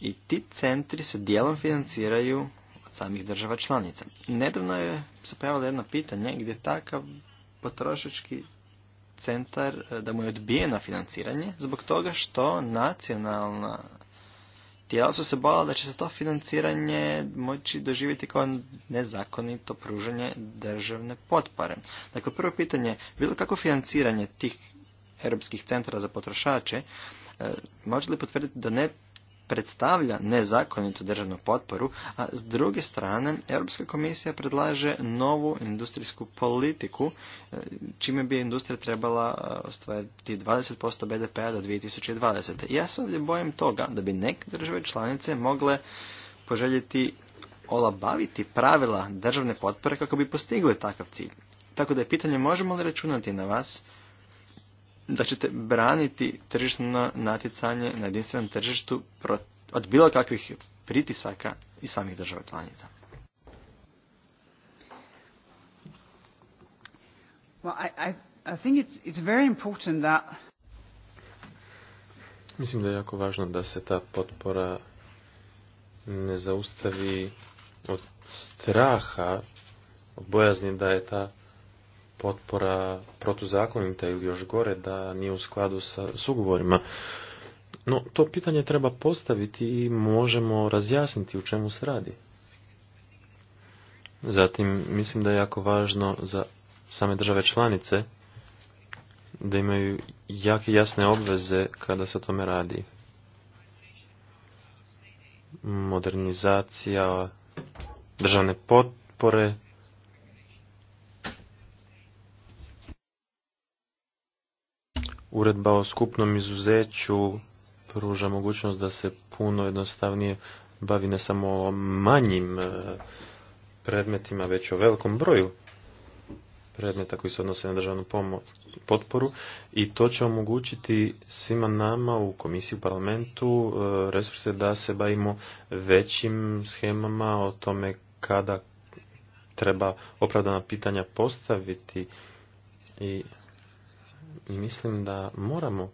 I ti centri se dijelom financiraju od samih država članica. Nedavno je se pojavilo jedno pitanje gdje takav potrošački centar e, da mu je odbijeno financiranje zbog toga što nacionalna tijela su se bojala da će se to financiranje moći doživjeti kao nezakonito pružanje državne potpore. Dakle, prvo pitanje, bilo kako financiranje tih europskih centara za potrošače, e, može li potvrditi da ne predstavlja nezakonitu državnu potporu, a s druge strane Europska komisija predlaže novu industrijsku politiku, e, čime bi industrija trebala e, ostvariti 20% BDP-a do 2020. Ja se ovdje bojem toga da bi neke države članice mogle poželjeti olabaviti pravila državne potpore kako bi postigli takav cilj. Tako da je pitanje možemo li računati na vas da ćete braniti tržišno natjecanje na jedinstvenom tržištu od bilo kakvih pritisaka i samih država članica. Mislim da je jako važno da se ta potpora ne zaustavi od straha, od bojazni da je ta potpora protuzakonita ili još gore da nije u skladu sa sugovorima. No, to pitanje treba postaviti i možemo razjasniti u čemu se radi. Zatim, mislim da je jako važno za same države članice da imaju jake jasne obveze kada se o tome radi. Modernizacija, državne potpore, uredba o skupnom izuzeću pruža mogućnost da se puno jednostavnije bavi ne samo o manjim e, predmetima, već o velikom broju predmeta koji se odnose na državnu potporu i to će omogućiti svima nama u komisiji, u parlamentu e, resurse da se bavimo većim schemama o tome kada treba opravdana pitanja postaviti i mislim da moramo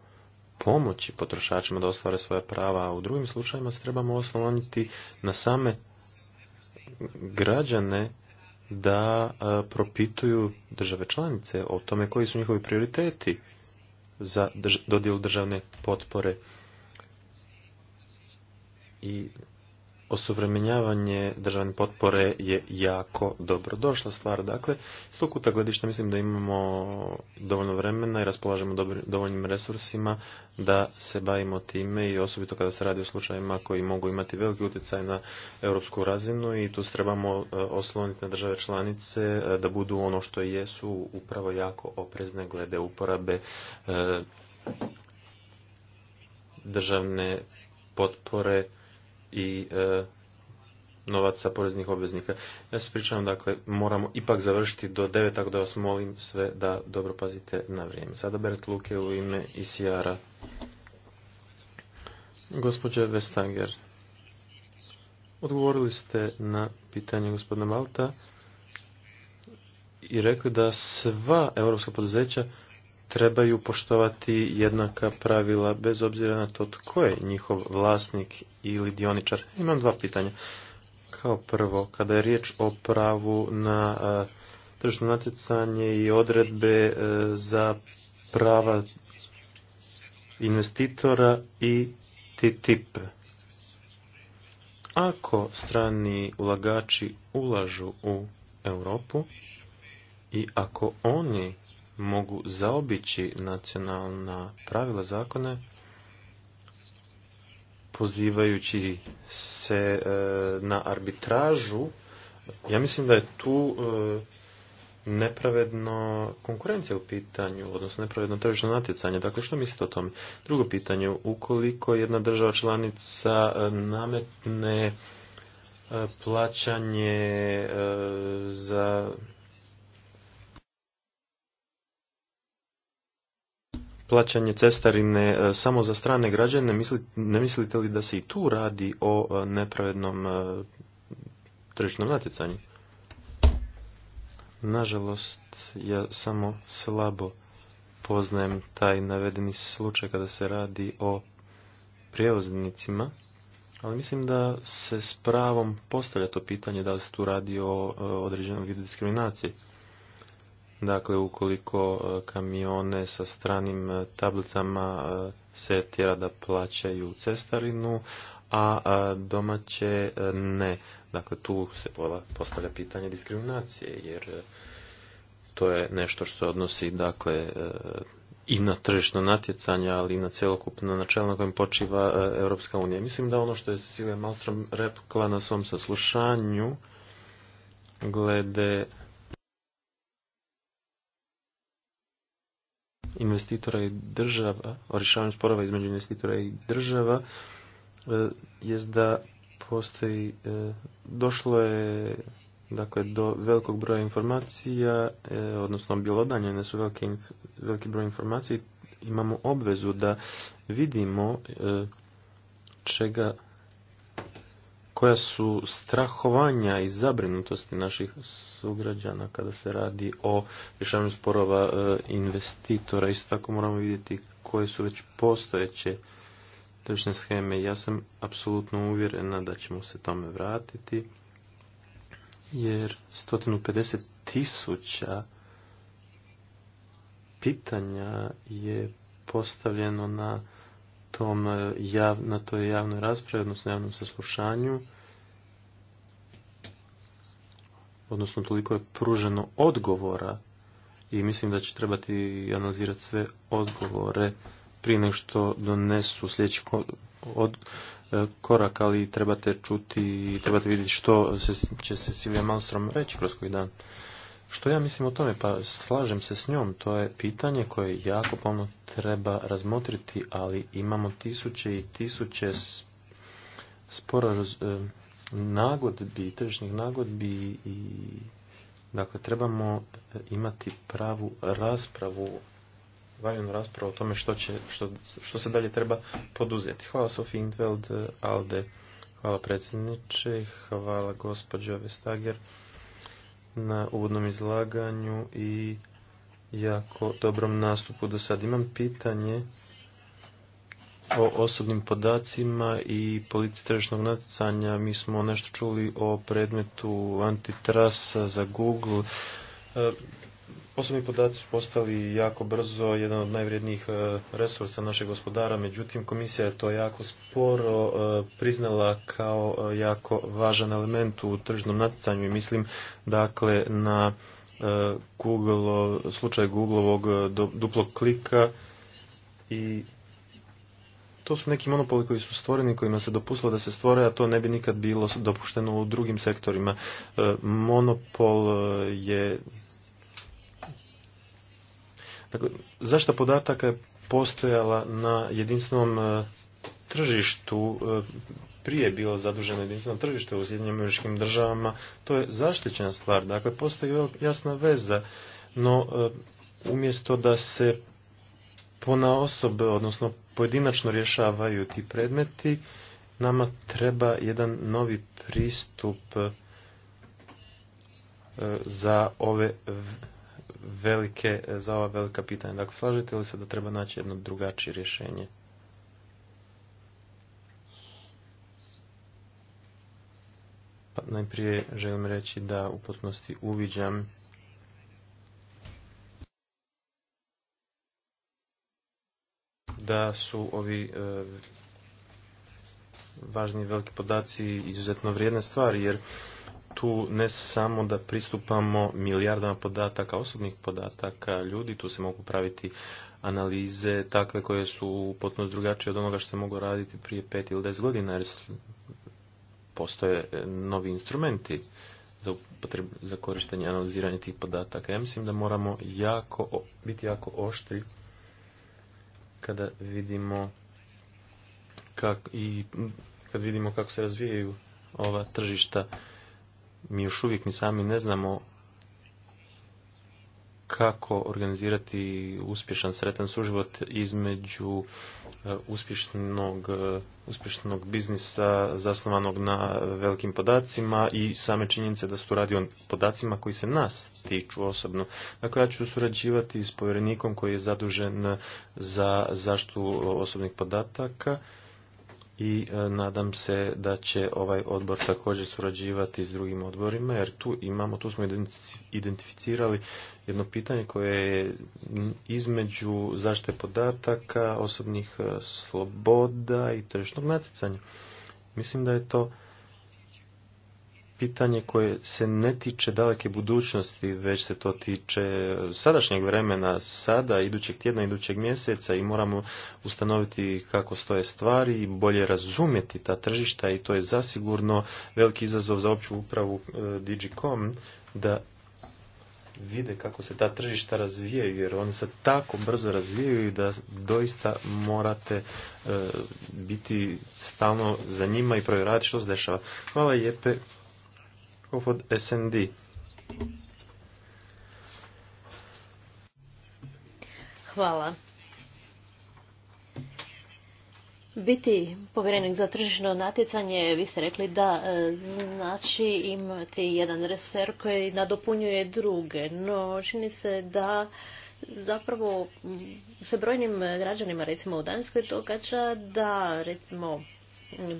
pomoći potrošačima da ostvare svoja prava, a u drugim slučajima se trebamo osloniti na same građane da e, propituju države članice o tome koji su njihovi prioriteti za dodjelu državne potpore i osuvremenjavanje državne potpore je jako dobro došla stvar. Dakle, s gledišta mislim da imamo dovoljno vremena i raspolažemo dovoljnim resursima da se bavimo time i osobito kada se radi o slučajima koji mogu imati veliki utjecaj na europsku razinu i tu se trebamo e, osloniti na države članice e, da budu ono što jesu upravo jako oprezne glede uporabe e, državne potpore i e, novaca poreznih obveznika. Ja se pričam, dakle, moramo ipak završiti do devet tako da vas molim sve da dobro pazite na vrijeme. Sada Beret Luke u ime ICR-a. Gospodje Vestanger, odgovorili ste na pitanje gospodina Malta i rekli da sva europska poduzeća trebaju poštovati jednaka pravila bez obzira na to tko je njihov vlasnik ili dioničar. Imam dva pitanja. Kao prvo, kada je riječ o pravu na e, tržno natjecanje i odredbe e, za prava investitora i TTIP. Ako strani ulagači ulažu u Europu i ako oni mogu zaobići nacionalna pravila zakone pozivajući se e, na arbitražu ja mislim da je tu e, nepravedno konkurencija u pitanju, odnosno nepravedno tržišno natjecanje. Dakle, što mislite o tome? Drugo pitanje, ukoliko jedna država članica e, nametne plaćanje za plaćanje cestarine e, samo za strane građane, ne mislite li da se i tu radi o e, nepravednom e, tržišnom natjecanju? Nažalost, ja samo slabo poznajem taj navedeni slučaj kada se radi o prijevoznicima, ali mislim da se s pravom postavlja to pitanje da li se tu radi o određenom vidu diskriminacije. Dakle, ukoliko e, kamione sa stranim e, tablicama e, se tjera da plaćaju cestarinu, a domaće ne. Dakle, tu se postavlja pitanje diskriminacije, jer to je nešto što se odnosi dakle, i na tržišno natjecanje, ali i na cjelokupno načelo na kojem počiva Europska unija. Mislim da ono što je Cecilia Malstrom rekla na svom saslušanju glede investitora i država, o rješavanju sporova između investitora i država, e, je da postoji, e, došlo je dakle, do velikog broja informacija, e, odnosno ne su velike, veliki broj informacija, imamo obvezu da vidimo čega koja su strahovanja i zabrinutosti naših sugrađana kada se radi o rješavanju sporova e, investitora. Isto tako moramo vidjeti koje su već postojeće tržne scheme. Ja sam apsolutno uvjerena da ćemo se tome vratiti jer 150 tisuća pitanja je postavljeno na tom, e, na toj javnoj raspravi, odnosno javnom saslušanju, odnosno toliko je pruženo odgovora i mislim da će trebati analizirati sve odgovore prije nego što donesu sljedeći od, e, korak, ali trebate čuti i trebate vidjeti što će se Silvija Malstrom reći kroz koji dan. Što ja mislim o tome? Pa slažem se s njom. To je pitanje koje jako pomno treba razmotriti, ali imamo tisuće i tisuće sporaz, nagodbi, tržišnih nagodbi i dakle trebamo e, imati pravu raspravu valjenu raspravu o tome što, će, što, što se dalje treba poduzeti. Hvala Sofie Intveld, Alde, hvala predsjedniče, hvala gospođo Vestager na uvodnom izlaganju i jako dobrom nastupu do sad. Imam pitanje o osobnim podacima i politici tržišnog natjecanja. Mi smo nešto čuli o predmetu antitrasa za Google. E, Osobni podaci su postali jako brzo jedan od najvrijednijih e, resursa našeg gospodara, međutim komisija je to jako sporo e, priznala kao e, jako važan element u tržnom natjecanju i mislim dakle na Google, slučaj Googleovog duplog klika i to su neki monopoli koji su stvoreni, kojima se dopustilo da se stvore, a to ne bi nikad bilo dopušteno u drugim sektorima. Monopol je Dakle, zašta podataka je postojala na jedinstvenom e, tržištu, e, prije je bilo zaduženo jedinstveno tržište u Sjedinjim američkim državama, to je zaštićena stvar, dakle postoji jasna veza, no e, umjesto da se pona osobe, odnosno pojedinačno rješavaju ti predmeti, nama treba jedan novi pristup za ove velike, e, za ova velika pitanja. Dakle, slažete li se da treba naći jedno drugačije rješenje? Pa najprije želim reći da u potpunosti uviđam da su ovi e, važni veliki podaci izuzetno vrijedne stvari, jer tu ne samo da pristupamo milijardama podataka, osobnih podataka ljudi, tu se mogu praviti analize takve koje su potpuno drugačije od onoga što se mogu raditi prije pet ili deset godina, jer postoje e, novi instrumenti za, za korištenje i analiziranje tih podataka. Ja mislim da moramo jako, biti jako oštri kada vidimo i kad vidimo kako se razvijaju ova tržišta mi još uvijek mi sami ne znamo kako organizirati uspješan sretan suživot između e, uspješnog, e, uspješnog biznisa zasnovanog na velikim podacima i same činjenice da se tu radi o podacima koji se nas tiču osobno. Dakle, ja ću surađivati s povjerenikom koji je zadužen za zaštu osobnih podataka i e, nadam se da će ovaj odbor također surađivati s drugim odborima jer tu imamo, tu smo identificirali jedno pitanje koje je između zaštite podataka, osobnih e, sloboda i tržišnog natjecanja. Mislim da je to pitanje koje se ne tiče daleke budućnosti, već se to tiče sadašnjeg vremena, sada, idućeg tjedna, idućeg mjeseca i moramo ustanoviti kako stoje stvari i bolje razumjeti ta tržišta i to je zasigurno veliki izazov za opću upravu e, Digicom da vide kako se ta tržišta razvijaju, jer oni se tako brzo razvijaju da doista morate e, biti stalno za njima i provjerati što se dešava. Hvala Jepe od SND. Hvala. Biti povjerenik za tržišno natjecanje, vi ste rekli da e, znači imati jedan reser koji nadopunjuje druge, no čini se da zapravo se brojnim građanima recimo u Danskoj događa da recimo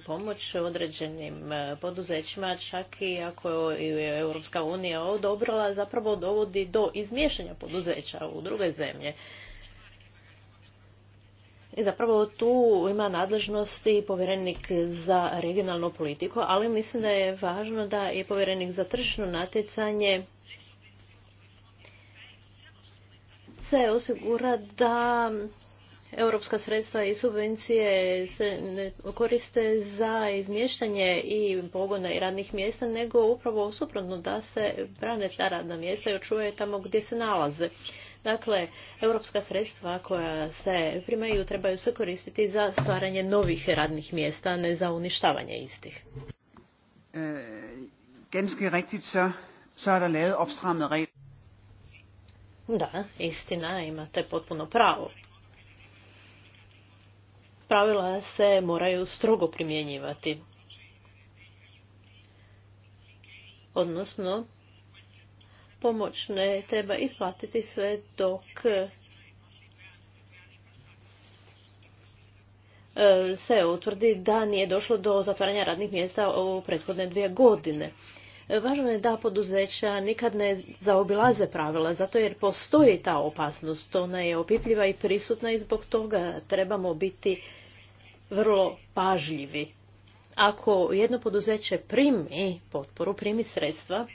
pomoć određenim e, poduzećima, čak i ako je Europska unija odobrila, zapravo dovodi do izmješanja poduzeća u druge zemlje. I zapravo tu ima nadležnosti povjerenik za regionalnu politiku, ali mislim da je važno da i povjerenik za tržišno natjecanje se osigura da europska sredstva i subvencije se ne koriste za izmještanje i pogona i radnih mjesta, nego upravo suprotno da se brane ta radna mjesta i očuvaju tamo gdje se nalaze. Dakle, europska sredstva koja se primaju trebaju se koristiti za stvaranje novih radnih mjesta, ne za uništavanje istih. E, er da, istina, imate potpuno pravo pravila se moraju strogo primjenjivati. Odnosno, pomoć ne treba isplatiti sve dok e, se utvrdi da nije došlo do zatvaranja radnih mjesta u prethodne dvije godine. Važno je da poduzeća nikad ne zaobilaze pravila, zato jer postoji ta opasnost. Ona je opipljiva i prisutna i zbog toga trebamo biti vrlo pažljivi. Ako jedno poduzeće primi potporu, primi sredstva,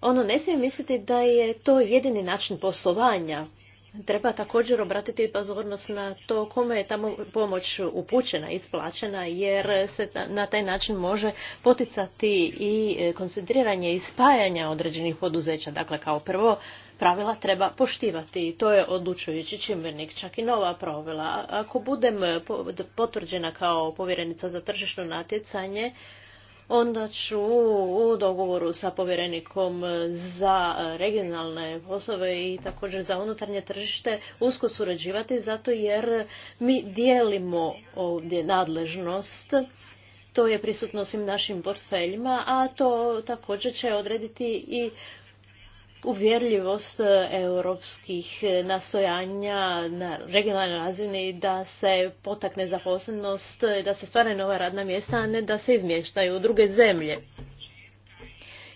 ono ne smije misliti da je to jedini način poslovanja. Treba također obratiti pozornost na to kome je tamo pomoć upućena, isplaćena, jer se na taj način može poticati i e, koncentriranje i spajanja određenih poduzeća. Dakle, kao prvo, pravila treba poštivati i to je odlučujući čimbenik, čak i nova pravila. Ako budem potvrđena kao povjerenica za tržišno natjecanje, onda ću u dogovoru sa povjerenikom za regionalne poslove i također za unutarnje tržište usko surađivati zato jer mi dijelimo ovdje nadležnost to je prisutno svim našim portfeljima, a to također će odrediti i uvjerljivost e, europskih e, nastojanja na regionalnoj razini da se potakne zaposlenost, e, da se stvare nova radna mjesta, a ne da se izmještaju u druge zemlje.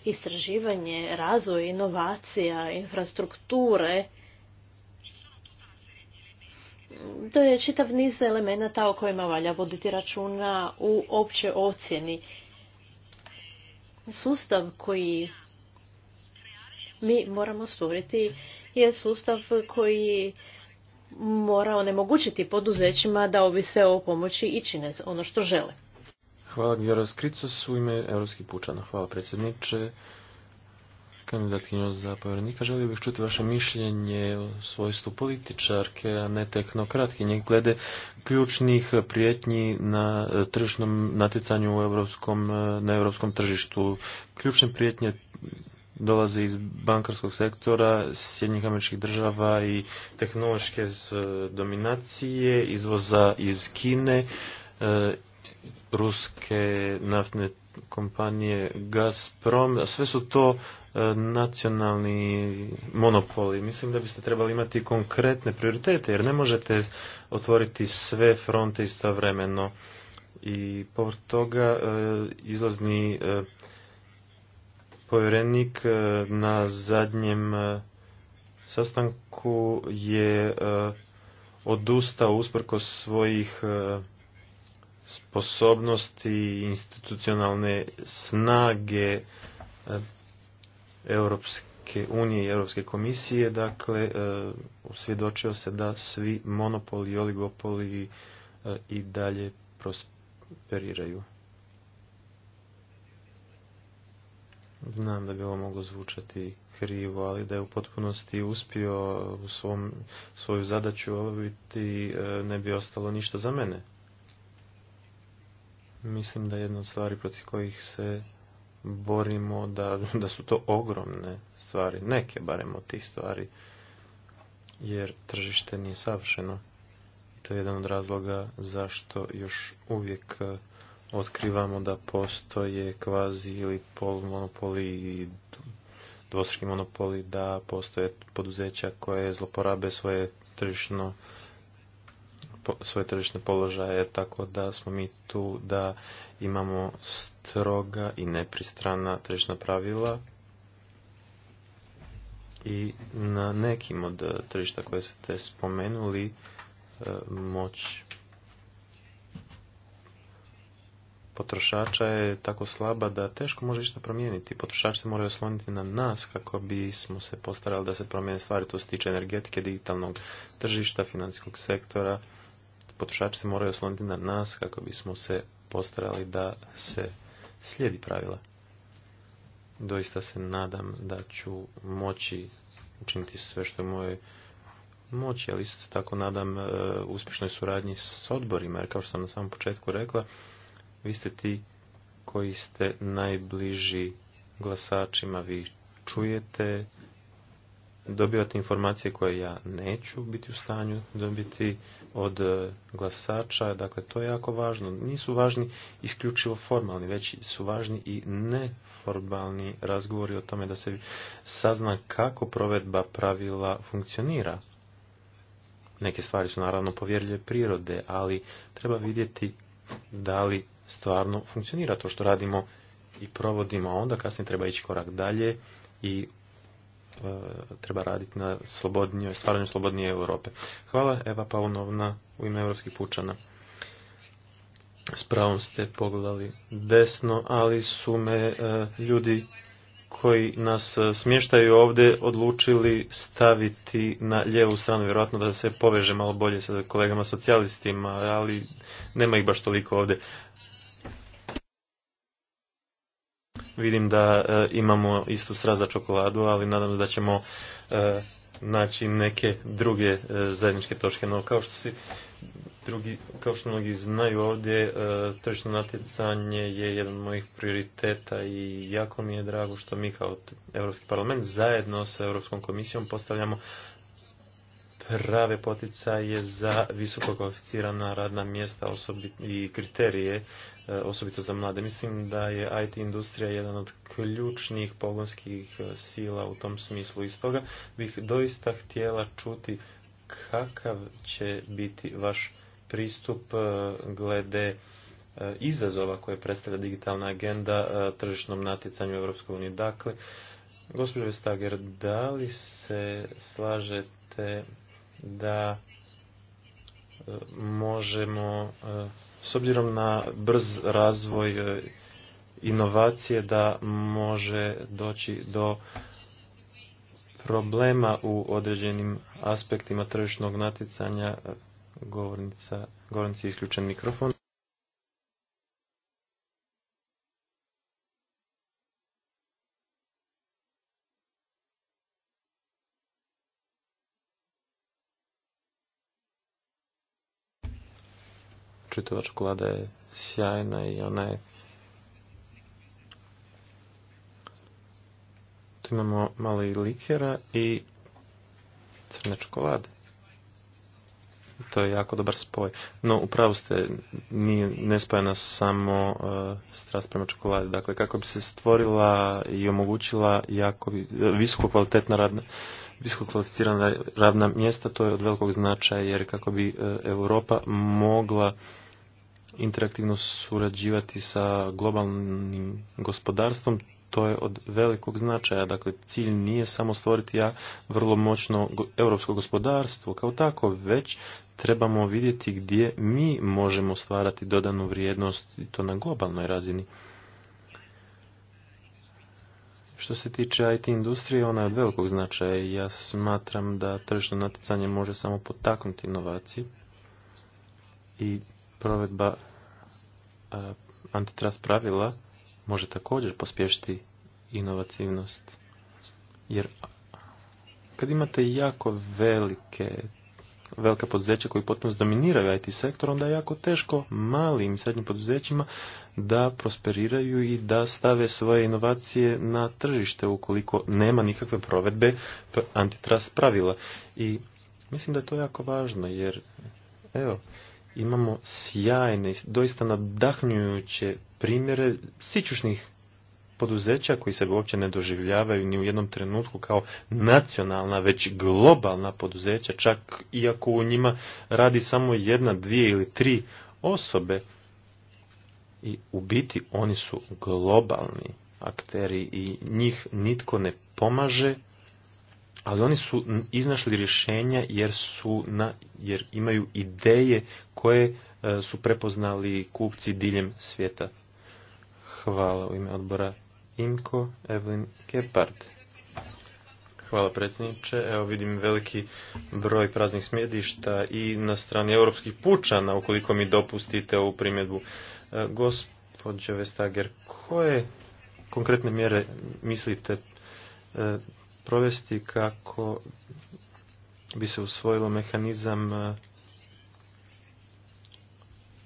Istraživanje, razvoj, inovacija, infrastrukture, to je čitav niz elemenata o kojima valja voditi računa u opće ocjeni. Sustav koji mi moramo stvoriti je sustav koji mora onemogućiti poduzećima da ovise o pomoći i čine ono što žele. Hvala Geros u ime Europskih pučana. Hvala predsjedniče. Kandidatkinjo za povjerenika, želio bih čuti vaše mišljenje o svojstvu političarke, a ne tehnokratkinje, glede ključnih prijetnji na tržišnom natjecanju na europskom tržištu. Ključne prijetnje dolaze iz bankarskog sektora Sjednjih američkih država i tehnološke dominacije, izvoza iz Kine, e, ruske naftne kompanije Gazprom, sve su to e, nacionalni monopoli. Mislim da biste trebali imati konkretne prioritete, jer ne možete otvoriti sve fronte istovremeno. I povrt toga e, izlazni povjerenik e, na zadnjem e, sastanku je e, odustao usprko svojih sposobnosti institucionalne snage Europske unije i Europske komisije, dakle, usvjedočio se da svi monopoli i oligopoli i dalje prosperiraju. Znam da bi ovo moglo zvučati krivo, ali da je u potpunosti uspio u svom, svoju zadaću obaviti, e, ne bi ostalo ništa za mene. Mislim da je jedna od stvari protiv kojih se borimo, da, da su to ogromne stvari, neke barem od tih stvari, jer tržište nije savršeno. I to je jedan od razloga zašto još uvijek otkrivamo da postoje kvazi ili monopoli i dvostruki monopoli, da postoje poduzeća koje zloporabe svoje tržišno svoje tržišne položaje, tako da smo mi tu da imamo stroga i nepristrana tržišna pravila i na nekim od tržišta koje ste spomenuli e, moć potrošača je tako slaba da teško može išta promijeniti. Potrošači se moraju osloniti na nas kako bismo se postarali da se promijene stvari. To se tiče energetike, digitalnog tržišta, financijskog sektora. Potrošači se moraju osloniti na nas kako bismo se postarali da se slijedi pravila. Doista se nadam da ću moći učiniti sve što je moje moći, ali isto se tako nadam e, uspješnoj suradnji s odborima, jer kao što sam na samom početku rekla, vi ste ti koji ste najbliži glasačima, vi čujete, dobivate informacije koje ja neću biti u stanju dobiti od e, glasača, dakle to je jako važno. Nisu važni isključivo formalni, već su važni i neformalni razgovori o tome da se sazna kako provedba pravila funkcionira. Neke stvari su naravno povjerljive prirode, ali treba vidjeti da li stvarno funkcionira to što radimo i provodimo, a onda kasnije treba ići korak dalje i e, treba raditi na stvaranju slobodnije Europe. Hvala Eva Paunovna u ime Europskih pučana. S pravom ste pogledali desno, ali su me e, ljudi koji nas e, smještaju ovdje odlučili staviti na lijevu stranu, vjerojatno da se poveže malo bolje sa kolegama socijalistima, ali nema ih baš toliko ovdje. Vidim da e, imamo istu strast za čokoladu, ali nadam se da ćemo e, naći neke druge e, zajedničke točke. No, kao što si drugi, kao što mnogi znaju ovdje, tržišno natjecanje je jedan od mojih prioriteta i jako mi je drago što mi kao Europski parlament zajedno sa Europskom komisijom postavljamo prave poticaje za visoko kvalificirana radna mjesta i kriterije, e, osobito za mlade. Mislim da je IT industrija jedan od ključnih pogonskih e, sila u tom smislu. I stoga bih doista htjela čuti kakav će biti vaš pristup e, glede izazova koje predstavlja digitalna agenda tržišnom natjecanju u EU. Dakle, gospođo Vestager, da li se slažete da e, možemo, e, s obzirom na brz razvoj e, inovacije, da može doći do problema u određenim aspektima tržišnog natjecanja. Govornica, govornici isključen mikrofon. čitava čokolada je sjajna i ona je tu imamo malo i likera i crne čokolade to je jako dobar spoj. No, upravo ste, nije, ne spojena samo stras e, strast prema čokoladi. Dakle, kako bi se stvorila i omogućila jako visoko kvalitetna radna, visokokvalificirana ravna mjesta, to je od velikog značaja jer kako bi e, Europa mogla interaktivno surađivati sa globalnim gospodarstvom, to je od velikog značaja. Dakle, cilj nije samo stvoriti ja vrlo moćno europsko gospodarstvo kao tako, već trebamo vidjeti gdje mi možemo stvarati dodanu vrijednost i to na globalnoj razini. Što se tiče IT industrije, ona je od velikog značaja i ja smatram da tržišno natjecanje može samo potaknuti inovacije i provedba antitrust pravila može također pospješiti inovativnost. Jer kad imate jako velike velika poduzeća koji potpuno dominiraju IT sektor, onda je jako teško malim i srednjim poduzećima da prosperiraju i da stave svoje inovacije na tržište ukoliko nema nikakve provedbe antitrust pravila. I mislim da je to jako važno jer evo, imamo sjajne, doista nadahnjujuće primjere sičušnih poduzeća koji se uopće ne doživljavaju ni u jednom trenutku kao nacionalna, već globalna poduzeća, čak iako u njima radi samo jedna, dvije ili tri osobe. I u biti oni su globalni akteri i njih nitko ne pomaže, ali oni su iznašli rješenja jer su na, jer imaju ideje koje e, su prepoznali kupci diljem svijeta. Hvala u ime odbora Imko Evelyn Gepard. Hvala predsjedniče. Evo vidim veliki broj praznih smjedišta i na strani europskih pučana, ukoliko mi dopustite ovu primjedbu. E, Gospodje Vestager, koje konkretne mjere mislite e, provesti kako bi se usvojilo mehanizam e,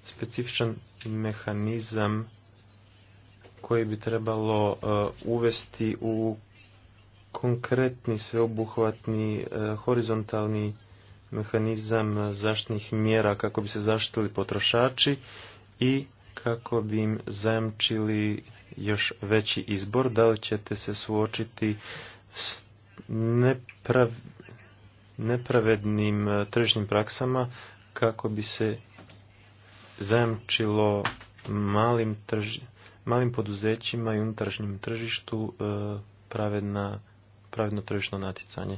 specifičan mehanizam koje bi trebalo e, uvesti u konkretni, sveobuhvatni, e, horizontalni mehanizam zaštitnih mjera kako bi se zaštitili potrošači i kako bi im zajamčili još veći izbor. Da li ćete se suočiti s nepravednim e, tržišnim praksama kako bi se zajamčilo malim tržišnim malim poduzećima i unutrašnjem tržištu e, pravedna, pravedno tržišno natjecanje?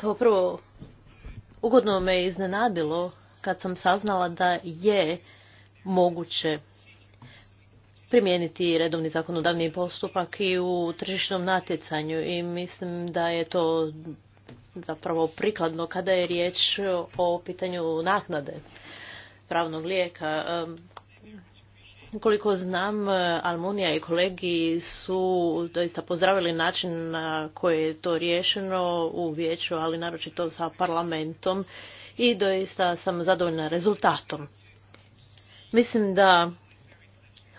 Kao prvo, ugodno me iznenadilo kad sam saznala da je moguće primijeniti redovni zakonodavni postupak i u tržišnom natjecanju i mislim da je to zapravo prikladno kada je riječ o pitanju naknade pravnog lijeka. Koliko znam, Almunija i kolegi su doista pozdravili način na koji je to riješeno u vijeću, ali naročito sa parlamentom i doista sam zadovoljna rezultatom. Mislim da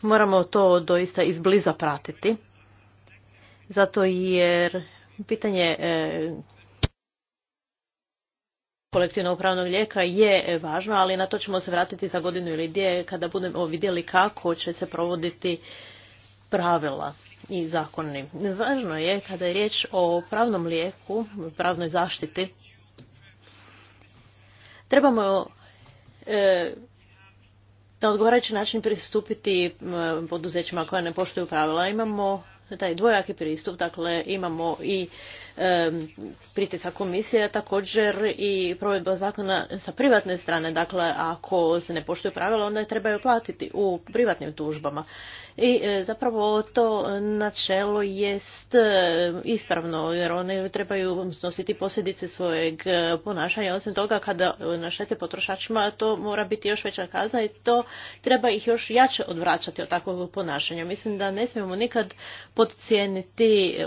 moramo to doista izbliza pratiti, zato jer pitanje e, kolektivnog pravnog lijeka je važno, ali na to ćemo se vratiti za godinu ili dvije kada budemo vidjeli kako će se provoditi pravila i zakoni. Važno je kada je riječ o pravnom lijeku, pravnoj zaštiti, trebamo e, na odgovarajući način pristupiti e, poduzećima koja ne poštuju pravila. Imamo taj dvojaki pristup, dakle imamo i pritisak komisije, a također i provedba zakona sa privatne strane. Dakle, ako se ne poštuju pravila, onda je trebaju platiti u privatnim tužbama. I e, zapravo to načelo jest e, ispravno, jer one trebaju snositi posljedice svojeg e, ponašanja. Osim toga, kada našete potrošačima, to mora biti još veća kazna i to treba ih još jače odvraćati od takvog ponašanja. Mislim da ne smijemo nikad podcijeniti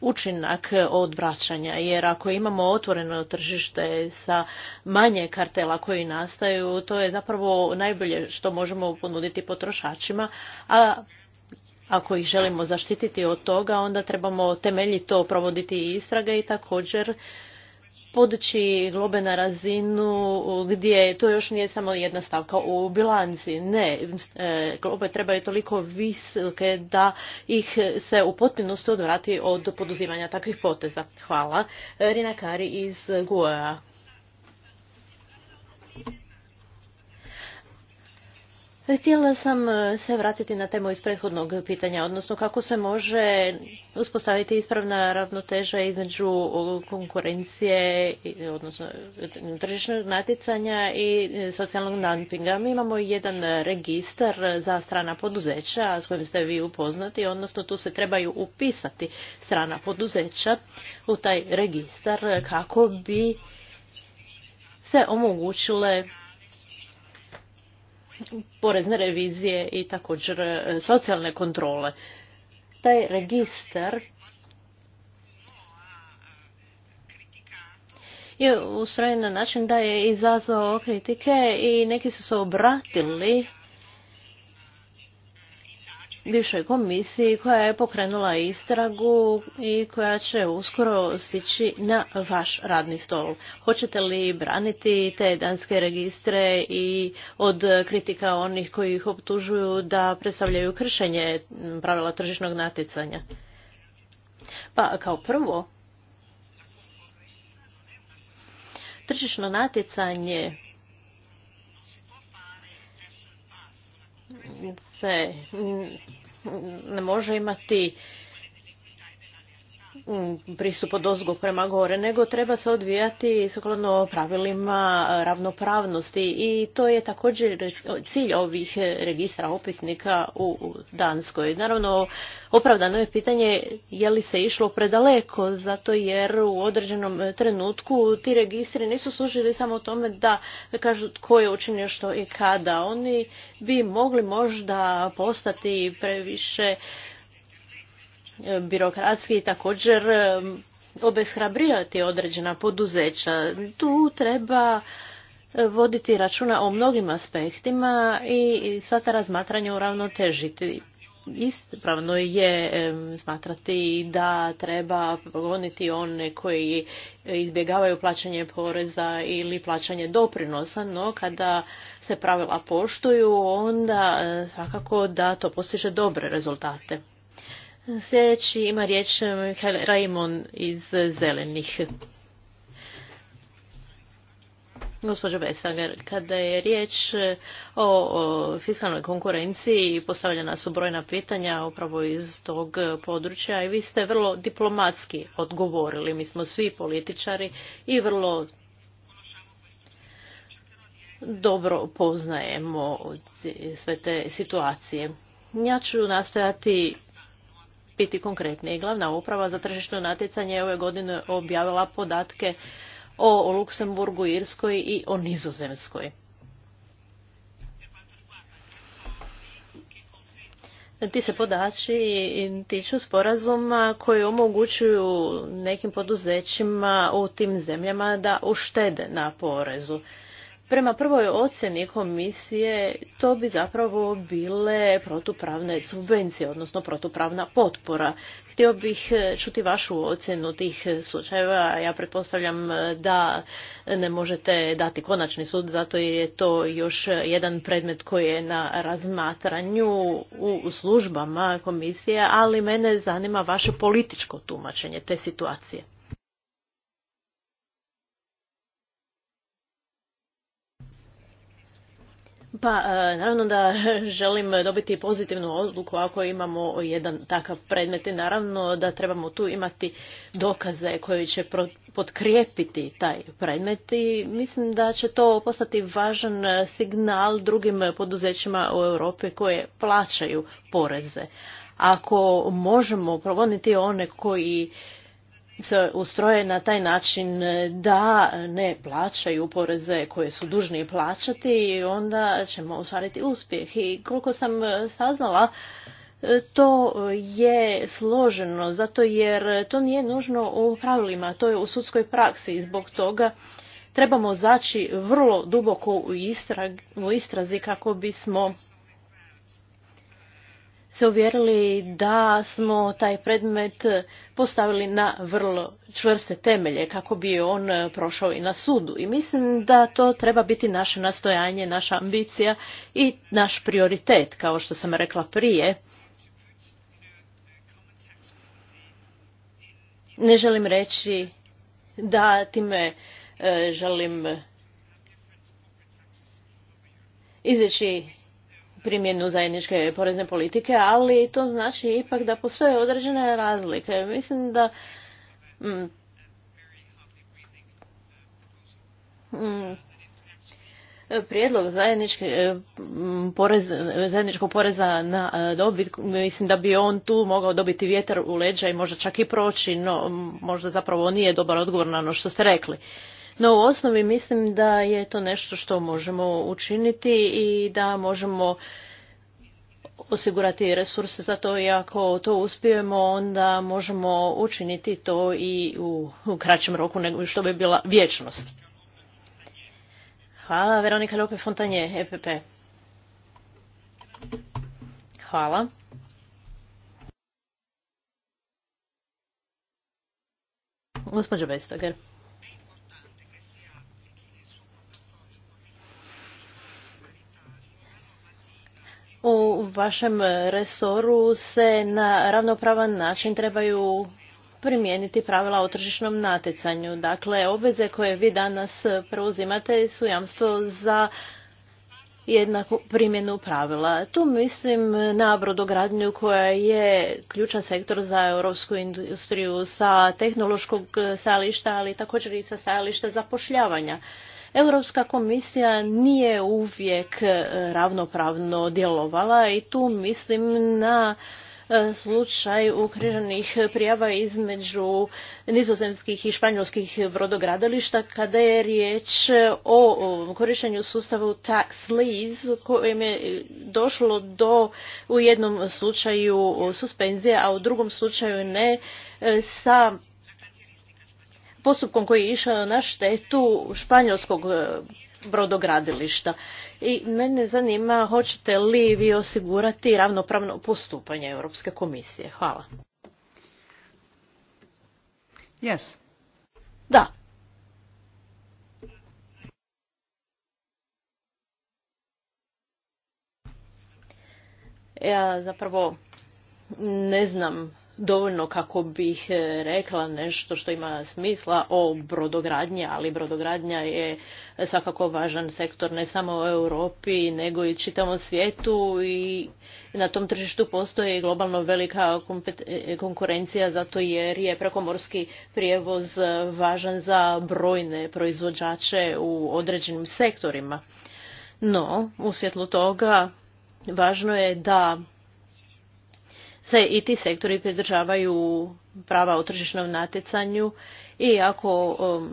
učinak odvraćanja jer ako imamo otvoreno tržište sa manje kartela koji nastaju to je zapravo najbolje što možemo ponuditi potrošačima a ako ih želimo zaštititi od toga onda trebamo temeljito provoditi istrage i također podići globe na razinu gdje to još nije samo jedna stavka u bilanci. Ne, e, globe trebaju toliko visoke da ih se u potpunosti odvrati od poduzimanja takvih poteza. Hvala. E, Rina Kari iz Guaja. Htjela sam e, se vratiti na temu iz prethodnog pitanja, odnosno kako se može uspostaviti ispravna ravnoteža između konkurencije, odnosno tržišnog natjecanja i e, socijalnog dumpinga. Mi imamo jedan registar za strana poduzeća s kojim ste vi upoznati, odnosno tu se trebaju upisati strana poduzeća u taj registar kako bi se omogućile porezne revizije i također e, socijalne kontrole. Taj registar je ustrojen na način da je izazvao kritike i neki su se obratili bivšoj komisiji koja je pokrenula istragu i koja će uskoro stići na vaš radni stol. Hoćete li braniti te danske registre i od kritika onih koji ih optužuju da predstavljaju kršenje pravila tržišnog natjecanja? Pa kao prvo, tržišno natjecanje se ne može imati pristup od ozgo prema gore, nego treba se odvijati sukladno pravilima e, ravnopravnosti i to je također cilj ovih e, registra opisnika u Danskoj. Naravno, opravdano je pitanje je li se išlo predaleko, zato jer u određenom trenutku ti registri nisu služili samo o tome da kažu tko je učinio što i kada. Oni bi mogli možda postati previše birokratski također obeshrabrivati određena poduzeća. Tu treba e, voditi računa o mnogim aspektima i sva ta razmatranja uravnotežiti. Ispravno je smatrati da treba pogoniti one koji izbjegavaju plaćanje poreza ili plaćanje doprinosa, no kada se pravila poštuju, onda e, svakako da to postiže dobre rezultate. Sljedeći ima riječ eh, Raimon iz Zelenih. Gospođo Vesager, kada je riječ eh, o fiskalnoj konkurenciji, postavljena su brojna pitanja upravo iz tog područja i vi ste vrlo diplomatski odgovorili. Mi smo svi političari i vrlo dobro poznajemo sve te situacije. Ja ću nastojati biti konkretniji. Glavna uprava za tržišno natjecanje ove godine objavila podatke o Luksemburgu, Irskoj i o Nizozemskoj. Ti se podači tiču sporazuma koji omogućuju nekim poduzećima u tim zemljama da uštede na porezu. Prema prvoj ocjeni komisije to bi zapravo bile protupravne subvencije, odnosno protupravna potpora. Htio bih e, čuti vašu ocjenu tih slučajeva. Ja pretpostavljam e, da ne možete dati konačni sud, zato je to još jedan predmet koji je na razmatranju u službama komisije, ali mene zanima vaše političko tumačenje te situacije. Pa, e, naravno da (laughs) želim dobiti pozitivnu odluku ako imamo jedan takav predmet i naravno da trebamo tu imati dokaze koji će potkrijepiti taj predmet i mislim da će to postati važan signal drugim poduzećima u Europi koje plaćaju poreze. Ako možemo progoniti one koji se ustroje na taj način e, da ne plaćaju poreze koje su dužni plaćati i onda ćemo ostvariti uspjeh. I koliko sam e, saznala, e, to je složeno, zato jer to nije nužno u pravilima, to je u sudskoj praksi i zbog toga trebamo zaći vrlo duboko u istrazi kako bismo se uvjerili da smo taj predmet postavili na vrlo čvrste temelje kako bi on prošao i na sudu. I mislim da to treba biti naše nastojanje, naša ambicija i naš prioritet, kao što sam rekla prije. Ne želim reći da time e, želim izreći primjenu zajedničke porezne politike, ali to znači ipak da postoje određene razlike. Mislim da mm, mm, prijedlog e, mm, zajedničkog poreza na e, dobit, mislim da bi on tu mogao dobiti vjetar u leđa i možda čak i proći, no možda zapravo nije dobar odgovor na ono što ste rekli. No u osnovi mislim da je to nešto što možemo učiniti i da možemo osigurati resurse za to i ako to uspijemo onda možemo učiniti to i u, u kraćem roku nego što bi bila vječnost. Hvala, Veronika Ljope Fontanje, EPP. Hvala. Gospodin Bestager. u vašem resoru se na ravnopravan način trebaju primijeniti pravila o tržišnom natjecanju. Dakle, obveze koje vi danas preuzimate su jamstvo za jednaku primjenu pravila. Tu mislim na brodogradnju koja je ključan sektor za europsku industriju sa tehnološkog stajališta, ali također i sa stajališta zapošljavanja. Europska komisija nije uvijek e, ravnopravno djelovala i tu mislim na e, slučaj ukriženih prijava između nizozemskih i španjolskih brodogradilišta kada je riječ o korištenju sustavu tax lease kojem je došlo do u jednom slučaju suspenzije, a u drugom slučaju ne e, sa postupkom koji je išao na štetu španjolskog e, brodogradilišta. I mene zanima hoćete li vi osigurati ravnopravno postupanje Europske komisije. Hvala. Yes. Da. Ja zapravo ne znam dovoljno kako bih e, rekla nešto što ima smisla o brodogradnji, ali brodogradnja je svakako važan sektor ne samo u Europi nego i čitavom svijetu i na tom tržištu postoji globalno velika e, konkurencija zato jer je prekomorski prijevoz važan za brojne proizvođače u određenim sektorima. No, u svjetlu toga važno je da se i ti sektori pridržavaju prava o tržišnom natjecanju i ako um,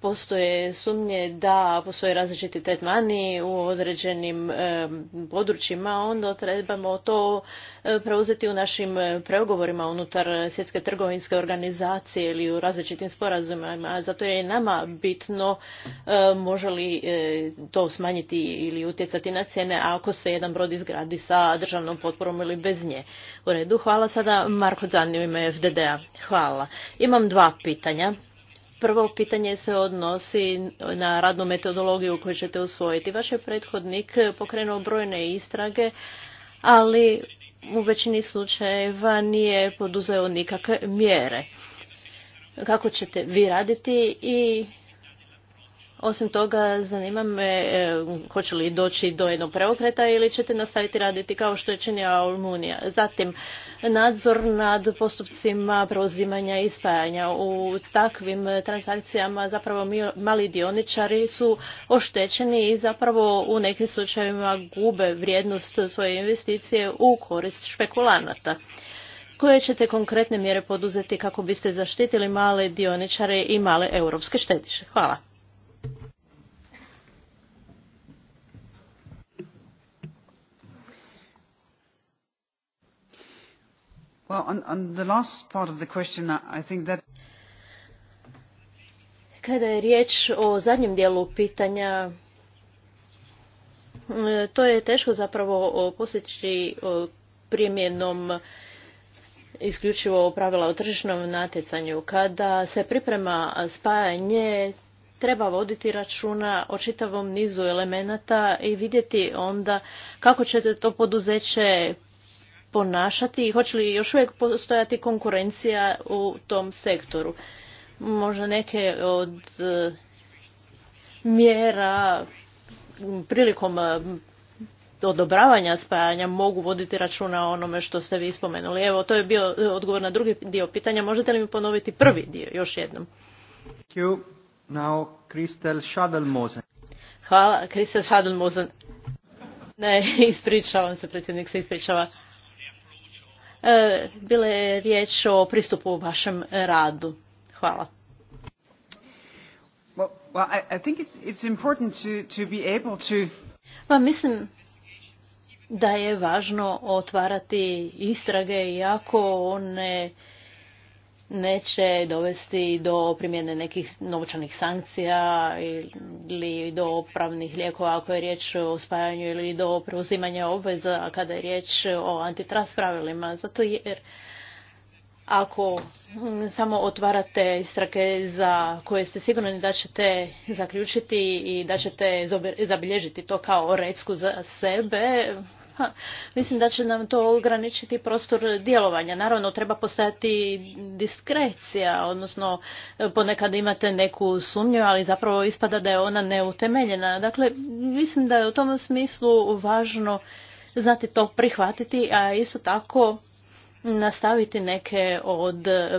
postoje sumnje da postoje različiti tretmani u određenim e, područjima, onda trebamo to e, preuzeti u našim pregovorima unutar svjetske trgovinske organizacije ili u različitim sporazumima. Zato je nama bitno e, može li to smanjiti ili utjecati na cijene ako se jedan brod izgradi sa državnom potporom ili bez nje. U redu, hvala sada Marko Zani u ime FDD-a. Hvala. Imam dva pitanja. Prvo pitanje se odnosi na radnu metodologiju koju ćete usvojiti. Vaš je prethodnik pokrenuo brojne istrage, ali u većini slučajeva nije poduzeo nikakve mjere. Kako ćete vi raditi i osim toga, zanima me, e, hoće li doći do jednog preokreta ili ćete nastaviti raditi kao što je činila Almunija. Zatim, nadzor nad postupcima preuzimanja i spajanja. U takvim transakcijama zapravo mali dioničari su oštećeni i zapravo u nekim slučajevima gube vrijednost svoje investicije u korist špekulanata. Koje ćete konkretne mjere poduzeti kako biste zaštitili male dioničare i male europske štediše? Hvala. Kada je riječ o zadnjem dijelu pitanja, e, to je teško zapravo e, postići e, primjenom isključivo pravila o tržišnom natjecanju. Kada se priprema spajanje, treba voditi računa o čitavom nizu elemenata i vidjeti onda kako će se to poduzeće ponašati i hoće li još uvijek postojati konkurencija u tom sektoru. Možda neke od e, mjera prilikom e, odobravanja spajanja mogu voditi računa o onome što ste vi spomenuli. Evo, to je bio e, odgovor na drugi dio pitanja. Možete li mi ponoviti prvi dio još jednom? Hvala, Kristel Schadelmosen. Ne, (laughs) ispričavam se, predsjednik se ispričava. E, bile je riječ o pristupu u vašem radu. Hvala. Pa mislim da je važno otvarati istrage iako one neće dovesti do primjene nekih novčanih sankcija ili do pravnih lijekova ako je riječ o spajanju ili do preuzimanja obveza kada je riječ o antitrust pravilima. Zato jer ako samo otvarate istrake za koje ste sigurni da ćete zaključiti i da ćete zabilježiti to kao recku za sebe, mislim da će nam to ograničiti prostor djelovanja. Naravno, treba postojati diskrecija, odnosno e, ponekad imate neku sumnju, ali zapravo ispada da je ona neutemeljena. Dakle, mislim da je u tom smislu važno znati to prihvatiti, a isto tako nastaviti neke od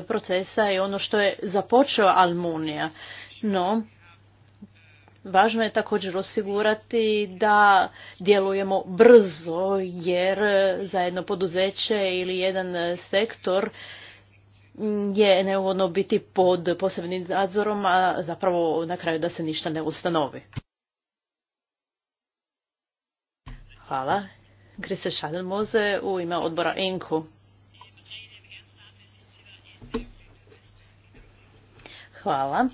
procesa i ono što je započeo Almunija. No, Važno je također osigurati da djelujemo brzo jer za jedno poduzeće ili jedan sektor je neugodno biti pod posebnim nadzorom, a zapravo na kraju da se ništa ne ustanovi. Hvala. Grise Šadlmoze u ime odbora INKU. Hvala.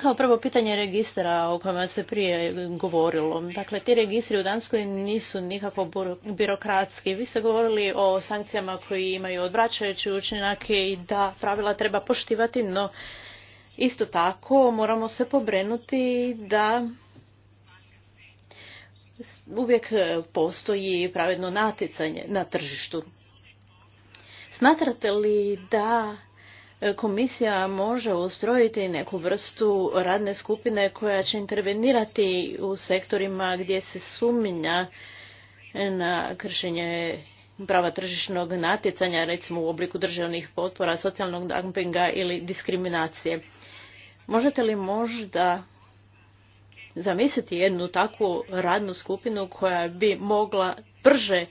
Kao prvo pitanje registra o kojima se prije govorilo. Dakle, ti registri u Danskoj nisu nikako birokratski. Vi ste govorili o sankcijama koji imaju odvraćajući učinake i da pravila treba poštivati, no isto tako moramo se pobrenuti da uvijek postoji pravedno natjecanje na tržištu. Smatrate li da E, komisija može ustrojiti neku vrstu radne skupine koja će intervenirati u sektorima gdje se sumnja na kršenje prava tržišnog natjecanja, recimo u obliku državnih potpora, socijalnog dumpinga ili diskriminacije. Možete li možda zamisliti jednu takvu radnu skupinu koja bi mogla brže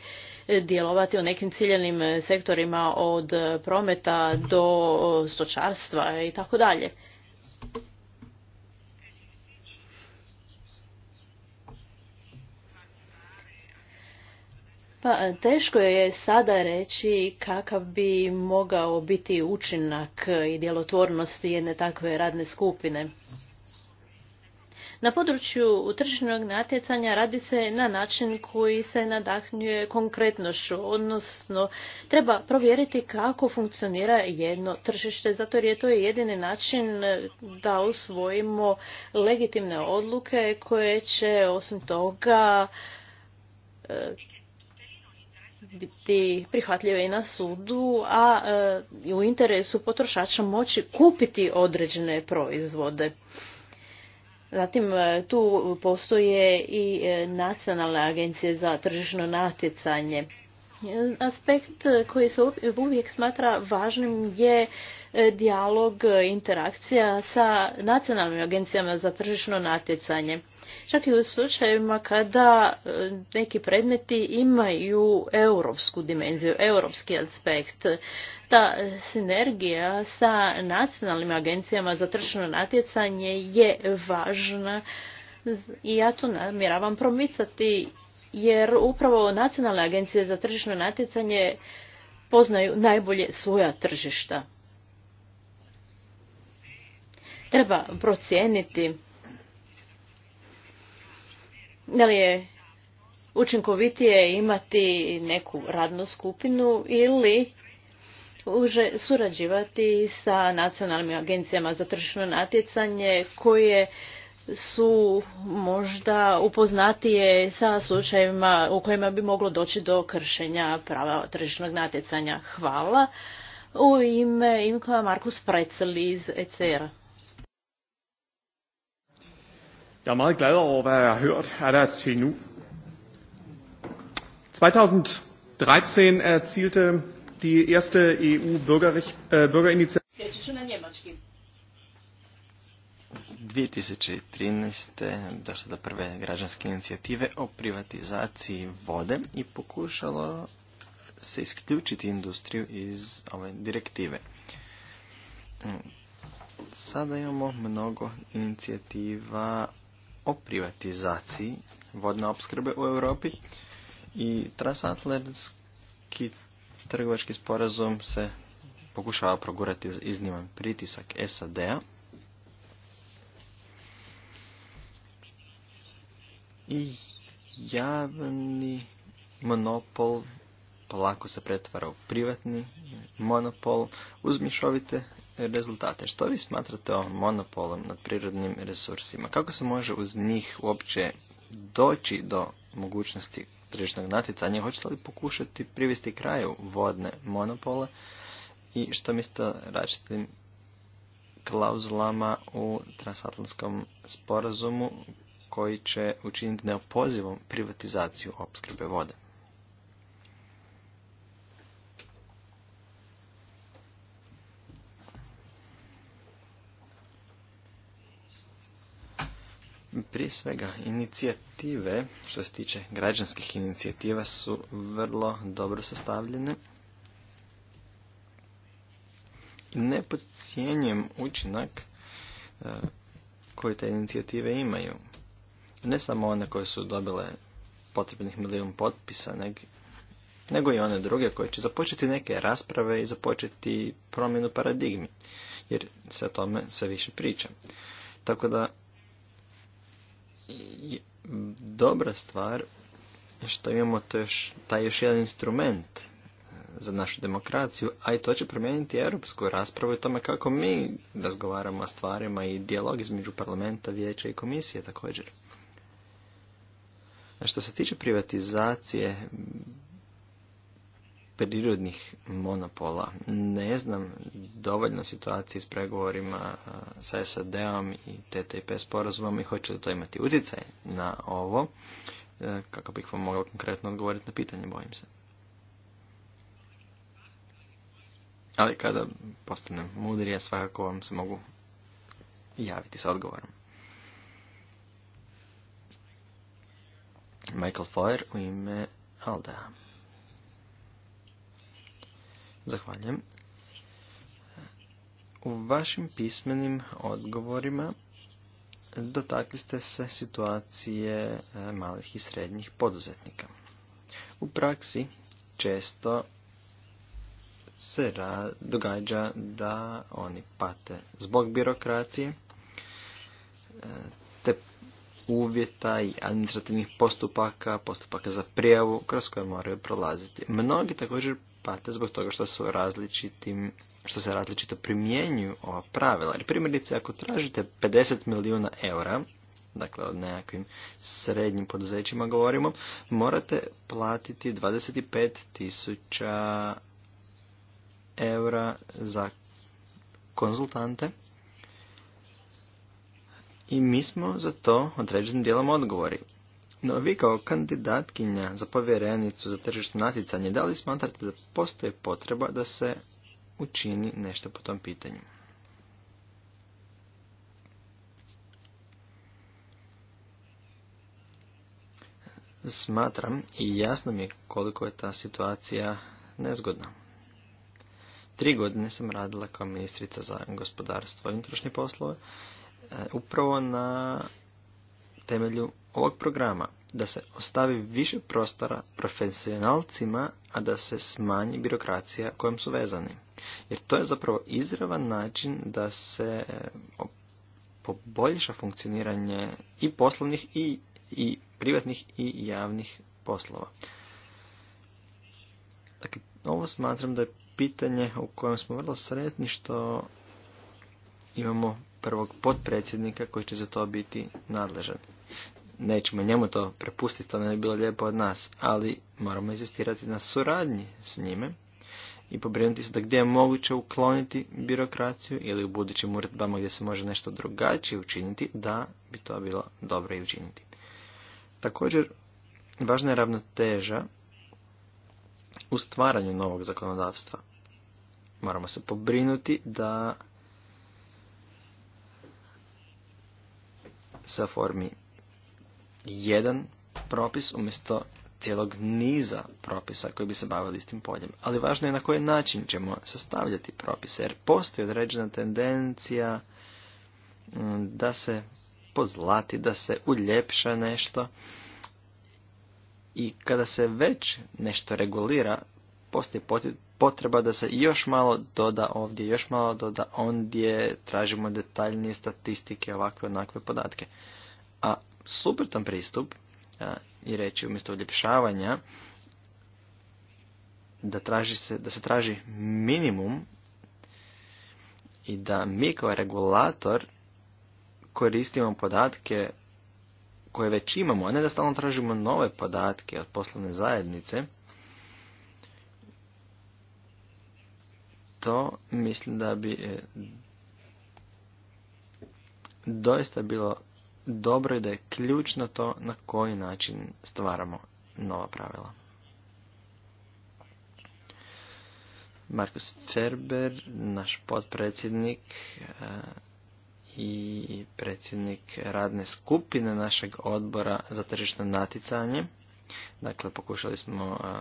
djelovati u nekim ciljenim e, sektorima od e, prometa do stočarstva i tako dalje. Pa, teško je sada reći kakav bi mogao biti učinak i djelotvornost jedne takve radne skupine. Na području tržišnog natjecanja radi se na način koji se nadahnjuje konkretnošću, odnosno treba provjeriti kako funkcionira jedno tržište, zato jer je to jedini način da usvojimo legitimne odluke koje će osim toga e, biti prihvatljive i na sudu, a e, u interesu potrošača moći kupiti određene proizvode. Zatim e, tu postoje i e, nacionalne agencije za tržišno natjecanje. Aspekt koji se uvijek smatra važnim je e, dijalog, interakcija sa nacionalnim agencijama za tržišno natjecanje čak i u slučajevima kada e, neki predmeti imaju europsku dimenziju, europski aspekt. Ta sinergija sa nacionalnim agencijama za tržišno natjecanje je važna i ja to namjeravam promicati jer upravo nacionalne agencije za tržišno natjecanje poznaju najbolje svoja tržišta. Treba procijeniti da li je učinkovitije imati neku radnu skupinu ili uže surađivati sa nacionalnim agencijama za tržišno natjecanje koje su možda upoznatije sa slučajevima u kojima bi moglo doći do kršenja prava tržišnog natjecanja. Hvala. U ime Imkova Markus Precel iz ECR-a. Jeg er meget glad over, hvad jeg har hørt er der til nu. 2013 erzielte die erste EU-Bürgerinitiative. Øh, 2013. došlo do prve građanske inicijative o privatizaciji vode i pokušalo se isključiti industriju iz ove direktive. Sada imamo mnogo inicijativa o privatizaciji vodne opskrbe u Europi i transatlantski trgovački sporazum se pokušava progurati uz izniman pritisak SAD-a. I javni monopol polako se pretvara u privatni monopol uz mišovite rezultate. Što vi smatrate o monopolom nad prirodnim resursima? Kako se može uz njih uopće doći do mogućnosti tržišnog natjecanja? Hoćete li pokušati privesti kraju vodne monopole? I što mislite o različitim klauzulama u transatlantskom sporazumu koji će učiniti neopozivom privatizaciju opskrbe vode? Prije svega, inicijative što se tiče građanskih inicijativa su vrlo dobro sastavljene. Ne podcijenjem učinak e, koje te inicijative imaju. Ne samo one koje su dobile potrebnih milijun potpisa, nego i one druge koje će započeti neke rasprave i započeti promjenu paradigmi, jer se o tome sve više priča. Tako da i dobra stvar što imamo to još, taj još jedan instrument e, za našu demokraciju, a i to će promijeniti europsku raspravu i tome kako mi razgovaramo o stvarima i dijalog između parlamenta, vijeća i komisije također. A što se tiče privatizacije, prirodnih monopola. Ne znam dovoljno situacije s pregovorima e, sa SAD-om i TTIP sporazumom i hoće da to imati utjecaj na ovo, e, kako bih vam mogao konkretno odgovoriti na pitanje, bojim se. Ali kada postanem mudrija, svakako vam se mogu javiti sa odgovorom. Michael Foyer u ime Aldea. Zahvaljujem. U vašim pismenim odgovorima dotakli ste se situacije e, malih i srednjih poduzetnika. U praksi često se događa da oni pate zbog birokracije, e, te uvjeta i administrativnih postupaka, postupaka za prijavu kroz koje moraju prolaziti. Mnogi također pate zbog toga što su što se različito primjenjuju ova pravila. Jer primjerice, ako tražite 50 milijuna eura, dakle od nekakvim srednjim poduzećima govorimo, morate platiti 25 tisuća eura za konzultante i mi smo za to određenim dijelom odgovori. No, vi kao kandidatkinja za povjerenicu za tržišno natjecanje, da li smatrate da postoji potreba da se učini nešto po tom pitanju? Smatram i jasno mi je koliko je ta situacija nezgodna. Tri godine sam radila kao ministrica za gospodarstvo i unutrašnje poslove, e, upravo na temelju ovog programa da se ostavi više prostora profesionalcima, a da se smanji birokracija kojom su vezani. Jer to je zapravo izravan način da se eh, poboljša funkcioniranje i poslovnih i, i privatnih i javnih poslova. Dakle, ovo smatram da je pitanje u kojem smo vrlo sretni što imamo prvog potpredsjednika koji će za to biti nadležan nećemo njemu to prepustiti, to ne bi bilo lijepo od nas, ali moramo insistirati na suradnji s njime i pobrinuti se da gdje je moguće ukloniti birokraciju ili u budućim uredbama gdje se može nešto drugačije učiniti, da bi to bilo dobro i učiniti. Također, važna je ravnoteža u stvaranju novog zakonodavstva. Moramo se pobrinuti da se formi jedan propis umjesto cijelog niza propisa koji bi se bavili istim poljem. Ali važno je na koji način ćemo sastavljati propise, jer postoji određena tendencija mm, da se pozlati, da se uljepša nešto i kada se već nešto regulira, postoji potreba da se još malo doda ovdje, još malo doda ondje, tražimo detaljnije statistike, ovakve, onakve podatke. A suprotan pristup i reći umjesto uljepšavanja da, traži se, da se traži minimum i da mi kao regulator koristimo podatke koje već imamo, a ne da stalno tražimo nove podatke od poslovne zajednice, to mislim da bi e, doista bilo dobro je da je ključno to na koji način stvaramo nova pravila. Markus Ferber, naš potpredsjednik eh, i predsjednik radne skupine našeg odbora za tržišno naticanje. Dakle, pokušali smo eh,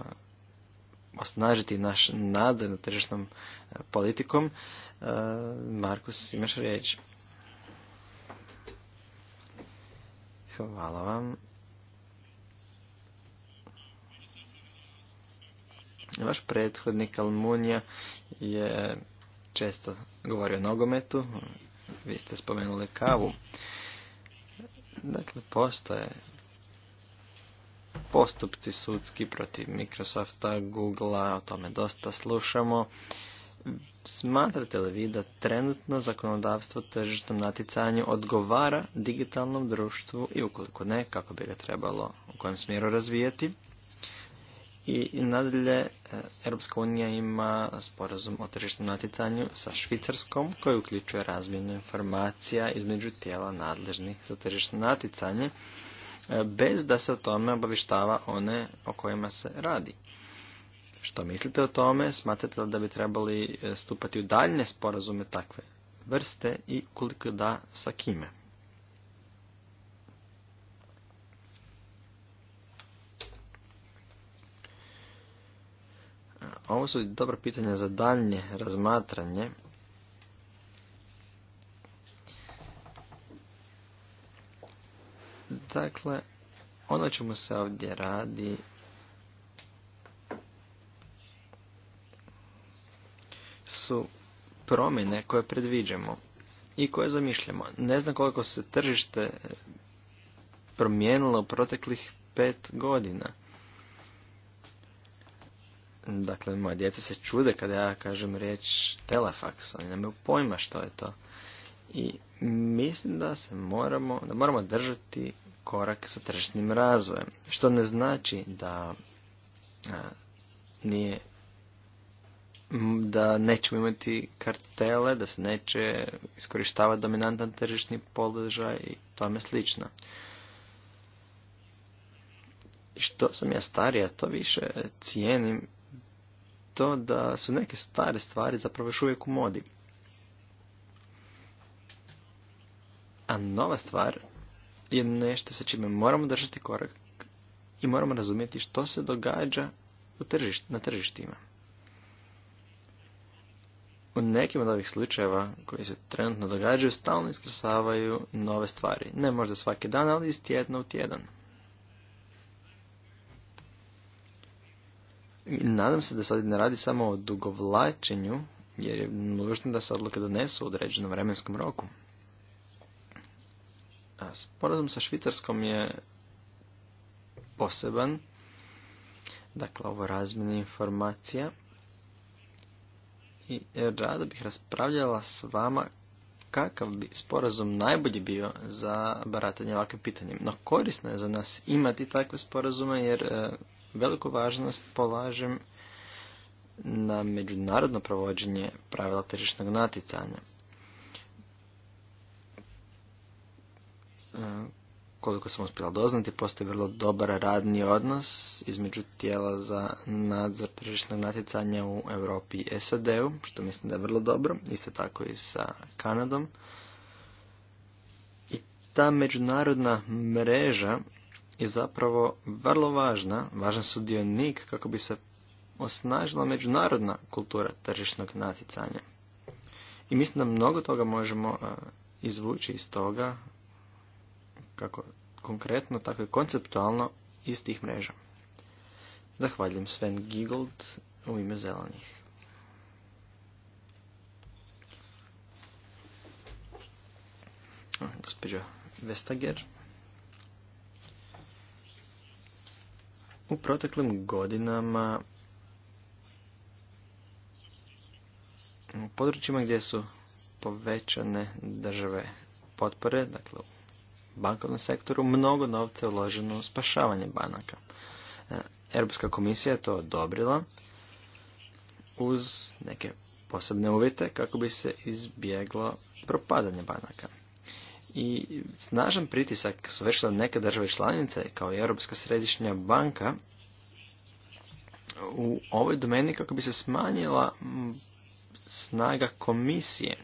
osnažiti naš nadzor nad tržišnom eh, politikom. Markus, imaš riječ? Hvala vam. Vaš prethodnik Almunija je često govorio o nogometu, vi ste spomenuli kavu. Dakle, postoje postupci sudski protiv Microsofta, Googlea, o tome dosta slušamo. Smatrate li vi da trenutno zakonodavstvo tržišnom natjecanju odgovara digitalnom društvu i ukoliko ne, kako bi ga trebalo u kojem smjeru razvijati? I nadalje, eh, Europska unija ima sporazum o tržišnom natjecanju sa Švicarskom koji uključuje razmjenu informacija između tijela nadležnih za tržišno natjecanje eh, bez da se o tome obavištava one o kojima se radi. Što mislite o tome? Smatrate li da bi trebali e, stupati u daljne sporazume takve vrste i koliko da sa kime? Ovo su dobro pitanje za daljnje razmatranje. Dakle, ono čemu se ovdje radi su promjene koje predviđamo i koje zamišljamo. Ne znam koliko se tržište e, promijenilo u proteklih pet godina. Dakle, moja djeca se čude kada ja kažem riječ telefaks, oni nemaju pojma što je to. I mislim da se moramo, da moramo držati korak sa tržišnim razvojem. Što ne znači da nije da nećemo imati kartele, da se neće iskorištavati dominantan tržišni položaj i tome slično. Što sam ja starija, to više cijenim to da su neke stare stvari zapravo još uvijek u modi. A nova stvar je nešto sa čime moramo držati korak i moramo razumjeti što se događa u na tržištima u nekim od ovih slučajeva koji se trenutno događaju stalno iskrsavaju nove stvari. Ne možda svaki dan, ali iz tjedna u tjedan. I nadam se da sad ne radi samo o dugovlačenju, jer je nužno da se odluke donesu u određenom vremenskom roku. A sporazum sa Švicarskom je poseban, dakle ovo razmjena informacija, i e, rado bih raspravljala s vama kakav bi sporazum najbolji bio za baratanje ovakvim pitanjem. No korisno je za nas imati takve sporazume jer e, veliku važnost polažem na međunarodno provođenje pravila tržišnog naticanja e, koliko sam uspjela doznati, postoji vrlo dobar radni odnos između tijela za nadzor tržišnog natjecanja u Europi i SAD-u, što mislim da je vrlo dobro, isto tako i sa Kanadom. I ta međunarodna mreža je zapravo vrlo važna, važan sudionik kako bi se osnažila međunarodna kultura tržišnog natjecanja. I mislim da mnogo toga možemo e, izvući iz toga kako konkretno, tako i konceptualno iz tih mreža. Zahvaljujem Sven Gigold u ime zelenih. Ah, Gospođo Vestager. U proteklim godinama u područjima gdje su povećane države potpore, dakle u bankovnom sektoru mnogo novca uloženo u spašavanje banaka. E, Europska komisija je to odobrila uz neke posebne uvjete kako bi se izbjeglo propadanje banaka. I snažan pritisak su vršile neke države članice kao i Europska središnja banka u ovoj domeni kako bi se smanjila snaga komisije.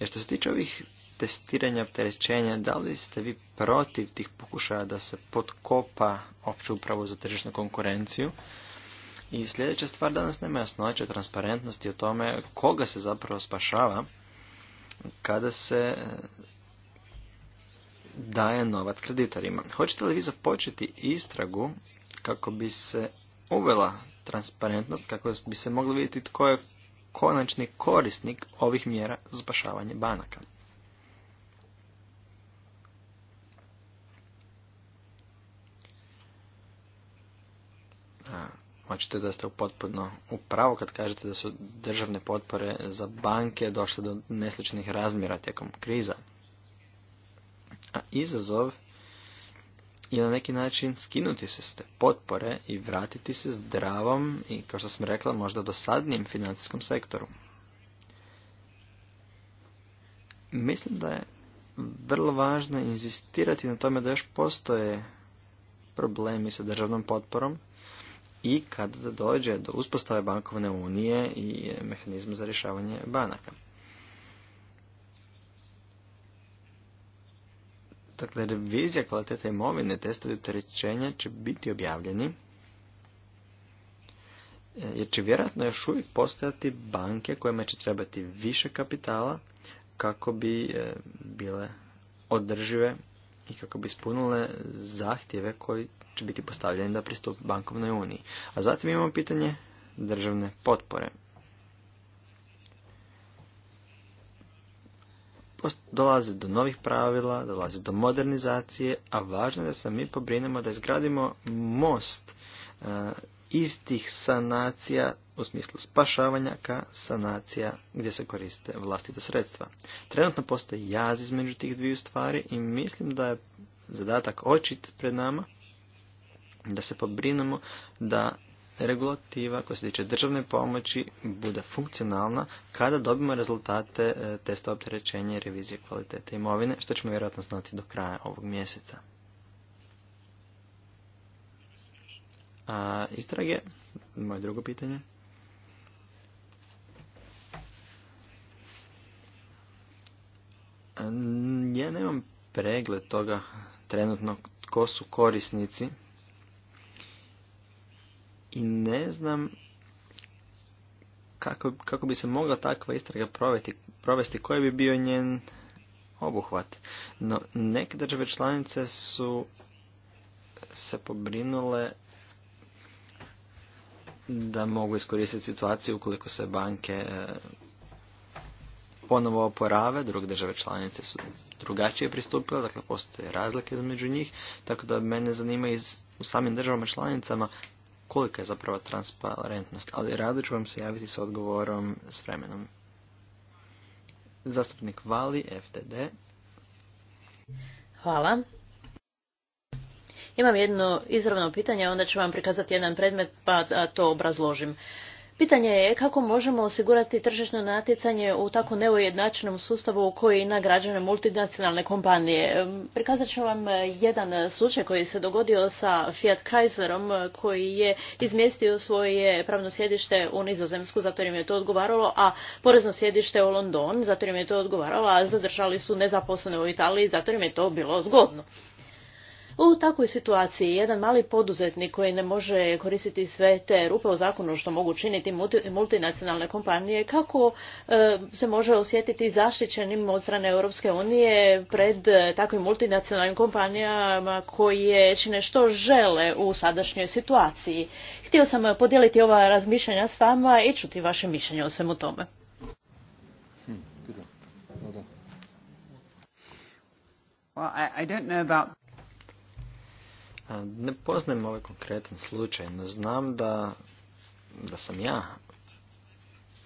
Jer što se tiče ovih testiranja opterećenja, da li ste vi protiv tih pokušaja da se potkopa opću upravu za tržišnu konkurenciju? I sljedeća stvar, danas nema jasnoće transparentnosti o tome koga se zapravo spašava kada se e, daje novac kreditorima. Hoćete li vi započeti istragu kako bi se uvela transparentnost, kako bi se moglo vidjeti tko je konačni korisnik ovih mjera za banaka? Očito da ste potpuno u pravu kad kažete da su državne potpore za banke došle do nesličnih razmjera tijekom kriza. A izazov je na neki način skinuti se s te potpore i vratiti se zdravom i, kao što sam rekla, možda dosadnijem financijskom sektoru. Mislim da je vrlo važno inzistirati na tome da još postoje problemi sa državnom potporom, i kada dođe do uspostave bankovne unije i mehanizma za rješavanje banaka. Dakle, revizija kvalitete imovine, testovi opterećenja će biti objavljeni jer će vjerojatno još uvijek postojati banke kojima će trebati više kapitala kako bi e, bile održive i kako bi ispunile zahtjeve koji će biti postavljeni da pristup bankovnoj uniji. A zatim imamo pitanje državne potpore. dolazi do novih pravila, dolazi do modernizacije, a važno je da se mi pobrinemo da izgradimo most e, istih sanacija u smislu spašavanja ka sanacija gdje se koriste vlastite sredstva. Trenutno postoji jaz između tih dviju stvari i mislim da je zadatak očit pred nama da se pobrinemo da regulativa koja se tiče državne pomoći bude funkcionalna kada dobimo rezultate e, testa opterećenja i revizije kvalitete imovine, što ćemo vjerojatno znati do kraja ovog mjeseca. A istrage, moje drugo pitanje. Ja nemam pregled toga trenutno tko su korisnici i ne znam kako, kako bi se mogla takva istraga provesti, provesti koji bi bio njen obuhvat. No, neke države članice su se pobrinule da mogu iskoristiti situaciju ukoliko se banke e, ponovo oporave, druge države članice su drugačije pristupile, dakle postoje razlike između njih, tako da mene zanima iz, u samim državama članicama kolika je zapravo transparentnost, ali rado ću vam se javiti sa odgovorom s vremenom. Zastupnik Vali, FTD. Hvala. Imam jedno izravno pitanje, onda ću vam prikazati jedan predmet, pa to obrazložim. Pitanje je kako možemo osigurati tržišno natjecanje u tako neujednačenom sustavu u koji je građane multinacionalne kompanije. Prikazat ću vam jedan slučaj koji se dogodio sa Fiat Chryslerom koji je izmjestio svoje pravno sjedište u Nizozemsku zato im je to odgovaralo, a porezno sjedište u London zato im je to odgovaralo, a zadržali su nezaposlene u Italiji zato im je to bilo zgodno. U takvoj situaciji jedan mali poduzetnik koji ne može koristiti sve te rupe u zakonu što mogu činiti multinacionalne kompanije, kako e, se može osjetiti zaštićenim od strane Europske unije pred e, takvim multinacionalnim kompanijama koje čine što žele u sadašnjoj situaciji? Htio sam podijeliti ova razmišljanja s vama i čuti vaše mišljenje o svemu tome. Hmm, well, I, I don't know about... Ne poznajem ovaj konkretan slučaj, no znam da, da sam ja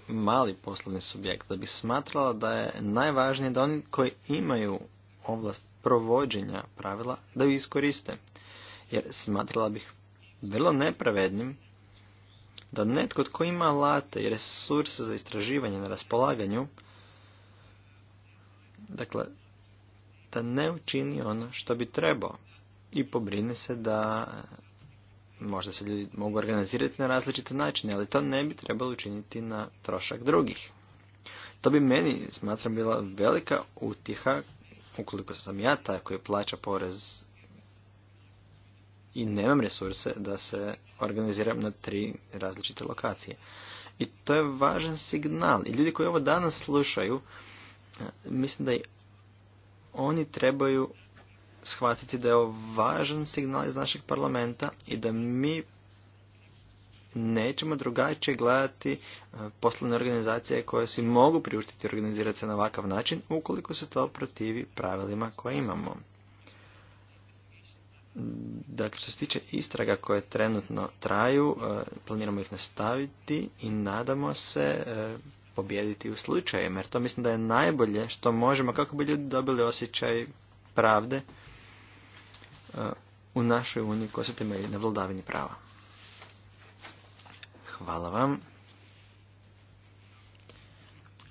mali poslovni subjekt, da bi smatrala da je najvažnije da oni koji imaju ovlast provođenja pravila, da ju iskoriste. Jer smatrala bih vrlo nepravednim da netko tko ima alate i resurse za istraživanje na raspolaganju, dakle, da ne učini ono što bi trebao i pobrine se da možda se ljudi mogu organizirati na različite načine, ali to ne bi trebalo učiniti na trošak drugih. To bi meni, smatram, bila velika utiha ukoliko sam ja taj koji plaća porez i nemam resurse da se organiziram na tri različite lokacije. I to je važan signal. I ljudi koji ovo danas slušaju, mislim da oni trebaju shvatiti da je ovo važan signal iz našeg parlamenta i da mi nećemo drugačije gledati e, poslovne organizacije koje si mogu priuštiti organizirati se na ovakav način ukoliko se to protivi pravilima koje imamo. Dakle, što se tiče istraga koje trenutno traju, e, planiramo ih nastaviti i nadamo se e, pobijediti u slučaju, jer to mislim da je najbolje što možemo kako bi ljudi dobili osjećaj pravde u našoj uniji koja se temelji na vladavini prava. Hvala vam.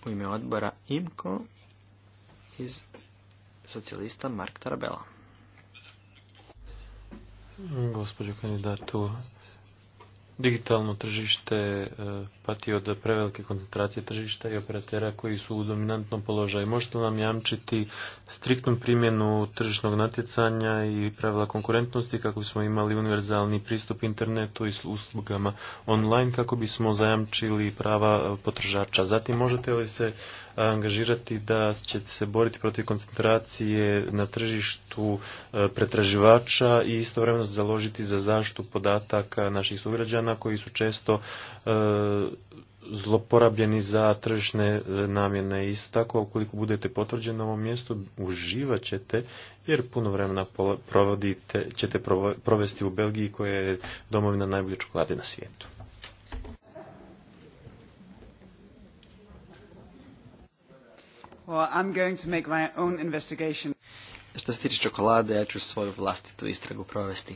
U ime odbora IMKO iz socijalista Mark Tarabela. Gospođo kandidatu, digitalno tržište e, pati od prevelike koncentracije tržišta i operatera koji su u dominantnom položaju. Možete li nam jamčiti striktnu primjenu tržišnog natjecanja i pravila konkurentnosti kako bismo imali univerzalni pristup internetu i uslugama online kako bismo zajamčili prava potrošača. Zatim možete li se angažirati da ćete se boriti protiv koncentracije na tržištu pretraživača i istovremeno založiti za zaštitu podataka naših sugrađana koji su često zloporabljeni za tržišne e, namjene. Isto tako, ukoliko budete potvrđeni na ovom mjestu, uživat ćete, jer puno vremena provodite, ćete provesti u Belgiji koja je domovina najbolje čokolade na svijetu. Well, I'm Što se tiče čokolade, ja ću svoju vlastitu istragu provesti.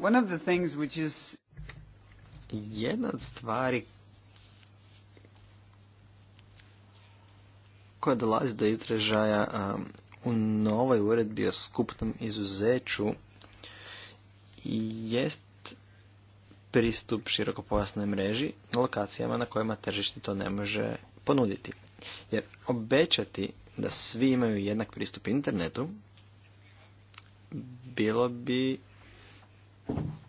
one the Jedna od stvari koja dolazi do izražaja u novoj uredbi o skupnom izuzeću jest pristup širokopojasnoj mreži na lokacijama na kojima tržište to ne može ponuditi. Jer obećati da svi imaju jednak pristup internetu bilo bi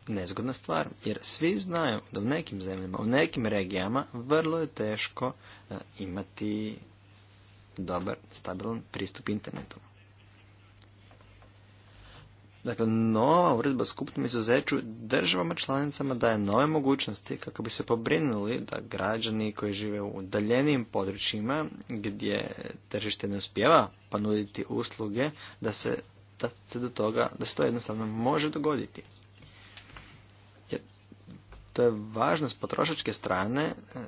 nezgodna stvar, jer svi znaju da u nekim zemljama, u nekim regijama vrlo je teško e, imati dobar, stabilan pristup internetu. Dakle, nova uredba o skupnom izuzeću državama članicama daje nove mogućnosti kako bi se pobrinuli da građani koji žive u udaljenijim područjima gdje tržište ne uspjeva ponuditi usluge, da se, da se do toga, da se to jednostavno može dogoditi. To je važno s potrošačke strane e,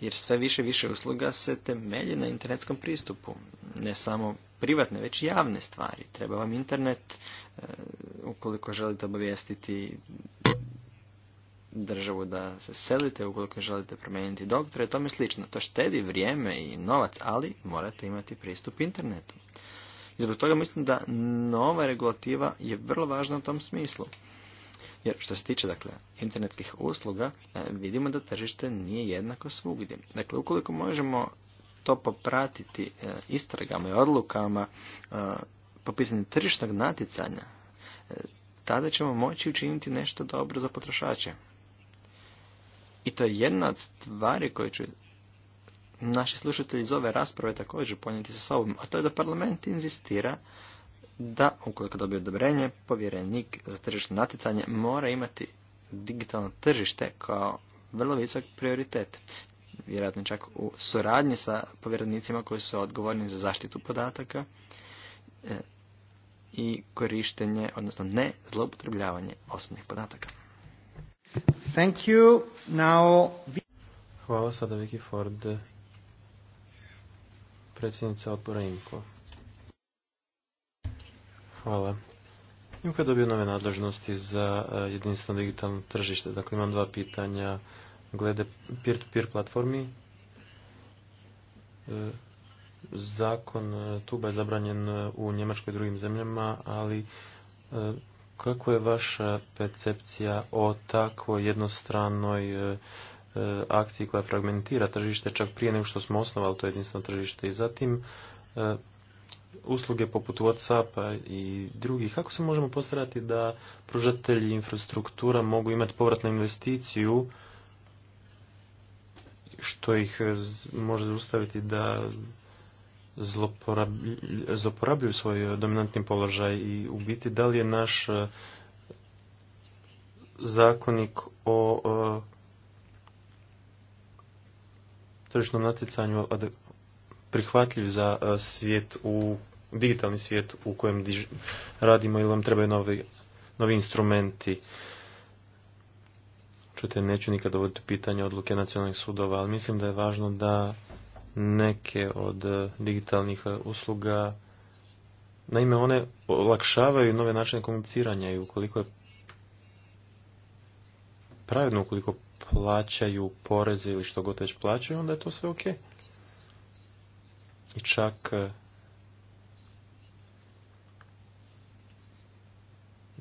jer sve više i više usluga se temelji na internetskom pristupu. Ne samo privatne, već javne stvari. Treba vam internet e, ukoliko želite obavijestiti državu da se selite, ukoliko želite promijeniti doktore i tome slično. To štedi vrijeme i novac, ali morate imati pristup internetu. I zbog toga mislim da nova regulativa je vrlo važna u tom smislu. Jer što se tiče dakle, internetskih usluga, e, vidimo da tržište nije jednako svugdje. Dakle, ukoliko možemo to popratiti e, istragama i odlukama e, po pitanju tržišnog natjecanja, tada ćemo moći učiniti nešto dobro za potrošače. I to je jedna od stvari koje će naši slušatelji iz ove rasprave također ponijeti sa sobom, a to je da parlament inzistira da ukoliko dobije odobrenje, povjerenik za tržišno natjecanje mora imati digitalno tržište kao vrlo visok prioritet. Vjerojatno čak u suradnji sa povjerenicima koji su odgovorni za zaštitu podataka e, i korištenje, odnosno ne zloupotrebljavanje osobnih podataka. Thank you. Now... Hvala sada Vicky Ford, predsjednica odbora Hvala. je dobio nove nadležnosti za e, jedinstveno digitalno tržište. Dakle, imam dva pitanja glede peer to -peer platformi. E, zakon e, Tuba je zabranjen u Njemačkoj i drugim zemljama, ali kako je vaša percepcija o takvoj jednostranoj akciji koja fragmentira tržište čak prije nego što smo osnovali to jedinstveno tržište i zatim usluge poput Whatsappa i drugih, kako se možemo postarati da pružatelji infrastruktura mogu imati povratnu investiciju što ih može zaustaviti da zloporabljuju svoj dominantni položaj i u biti da li je naš e, zakonik o e, tržišnom natjecanju prihvatljiv za e, svijet u digitalni svijet u kojem radimo ili vam trebaju novi, novi instrumenti. Čujte, neću nikad dovoditi pitanje odluke nacionalnih sudova, ali mislim da je važno da neke od e, digitalnih e, usluga, naime one olakšavaju nove načine komuniciranja i ukoliko je pravedno, ukoliko plaćaju poreze ili što god već plaćaju, onda je to sve okej i čak e,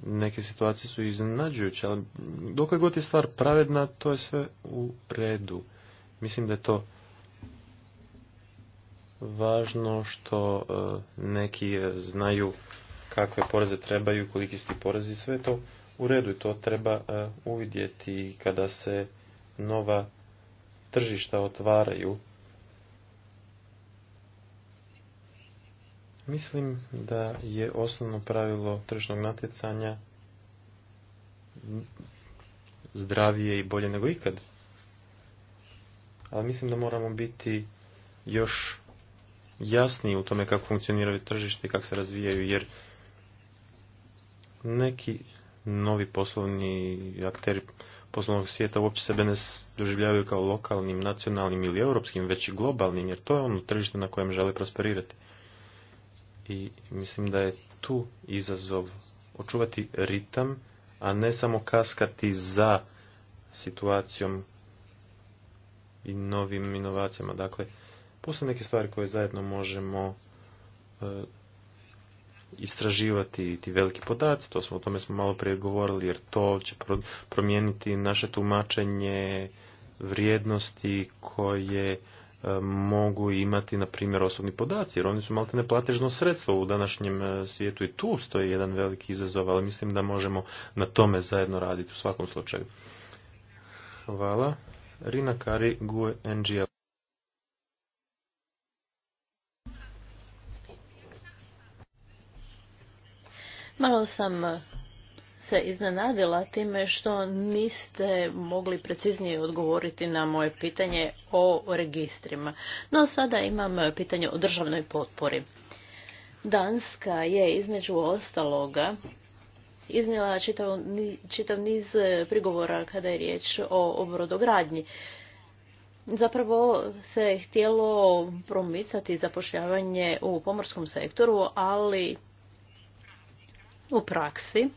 neke situacije su iznenađujuće, ali dok god je stvar pravedna, to je sve u redu. Mislim da je to važno što e, neki e, znaju kakve poreze trebaju, koliki su ti porezi, sve to u redu i to treba uvidjeti kada se nova tržišta otvaraju Mislim da je osnovno pravilo tržišnog natjecanja zdravije i bolje nego ikad. Ali mislim da moramo biti još jasniji u tome kako funkcioniraju tržište i kako se razvijaju, jer neki novi poslovni akteri poslovnog svijeta uopće sebe ne doživljavaju kao lokalnim, nacionalnim ili europskim, već i globalnim, jer to je ono tržište na kojem žele prosperirati i mislim da je tu izazov očuvati ritam, a ne samo kaskati za situacijom i novim inovacijama. Dakle, postoje neke stvari koje zajedno možemo e, istraživati ti veliki podaci, to smo o tome smo malo prije govorili, jer to će promijeniti naše tumačenje vrijednosti koje E, mogu imati, na primjer, osobni podaci, jer oni su malte neplatežno sredstvo u današnjem e, svijetu i tu stoji jedan veliki izazov, ali mislim da možemo na tome zajedno raditi u svakom slučaju. Hvala. Rina Kari, GUE NGL. Malo sam se iznenadila time što niste mogli preciznije odgovoriti na moje pitanje o registrima. No sada imam pitanje o državnoj potpori. Danska je između ostaloga iznijela čitav, čitav niz prigovora kada je riječ o brodogradnji. Zapravo se htjelo promicati zapošljavanje u pomorskom sektoru, ali u praksi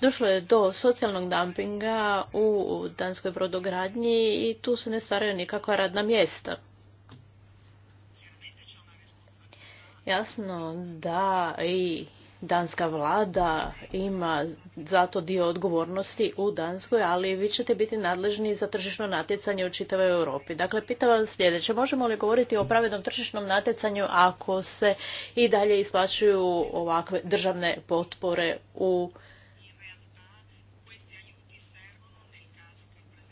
Došlo je do socijalnog dumpinga u danskoj brodogradnji i tu se ne stvaraju nikakva radna mjesta. Jasno da i danska vlada ima za to dio odgovornosti u Danskoj, ali vi ćete biti nadležni za tržišno natjecanje u čitavoj Europi. Dakle, pitam vam sljedeće, možemo li govoriti o pravednom tržišnom natjecanju ako se i dalje isplaćuju ovakve državne potpore u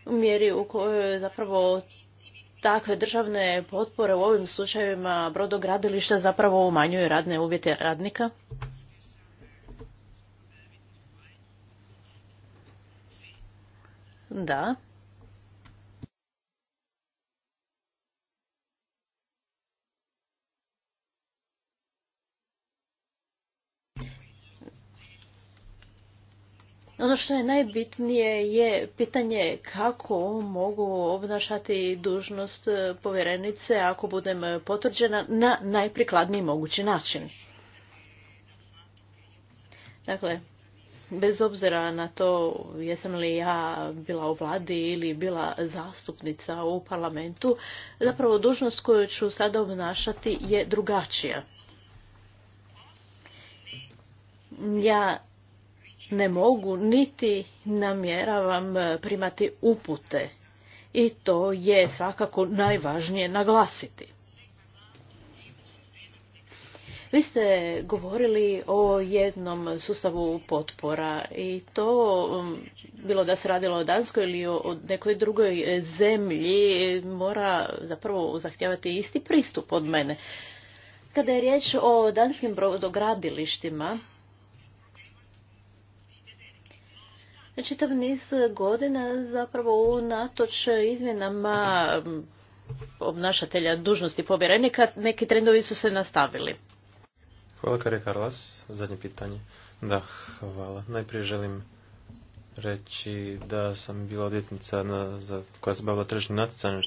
u mjeri u kojoj zapravo takve državne potpore u ovim slučajevima brodogradilišta zapravo umanjuju radne uvjete radnika? Da. Ono što je najbitnije je pitanje kako mogu obnašati dužnost e, povjerenice ako budem potvrđena na najprikladniji mogući način. Dakle, bez obzira na to jesam li ja bila u vladi ili bila zastupnica u parlamentu, zapravo dužnost koju ću sada obnašati je drugačija. Ja ne mogu niti namjeravam e, primati upute i to je svakako najvažnije naglasiti. Vi ste govorili o jednom sustavu potpora i to, bilo da se radilo o Danskoj ili o nekoj drugoj zemlji, mora zapravo zahtijevati isti pristup od mene. Kada je riječ o danskim brodogradilištima, čitav niz e, godina zapravo unatoč izmjenama obnašatelja dužnosti povjerenika neki trendovi su se nastavili. Hvala Kari Karlas, zadnje pitanje. Da, hvala. Najprije želim reći da sam bila odvjetnica na, za, koja se bavila tržišnim natjecanjem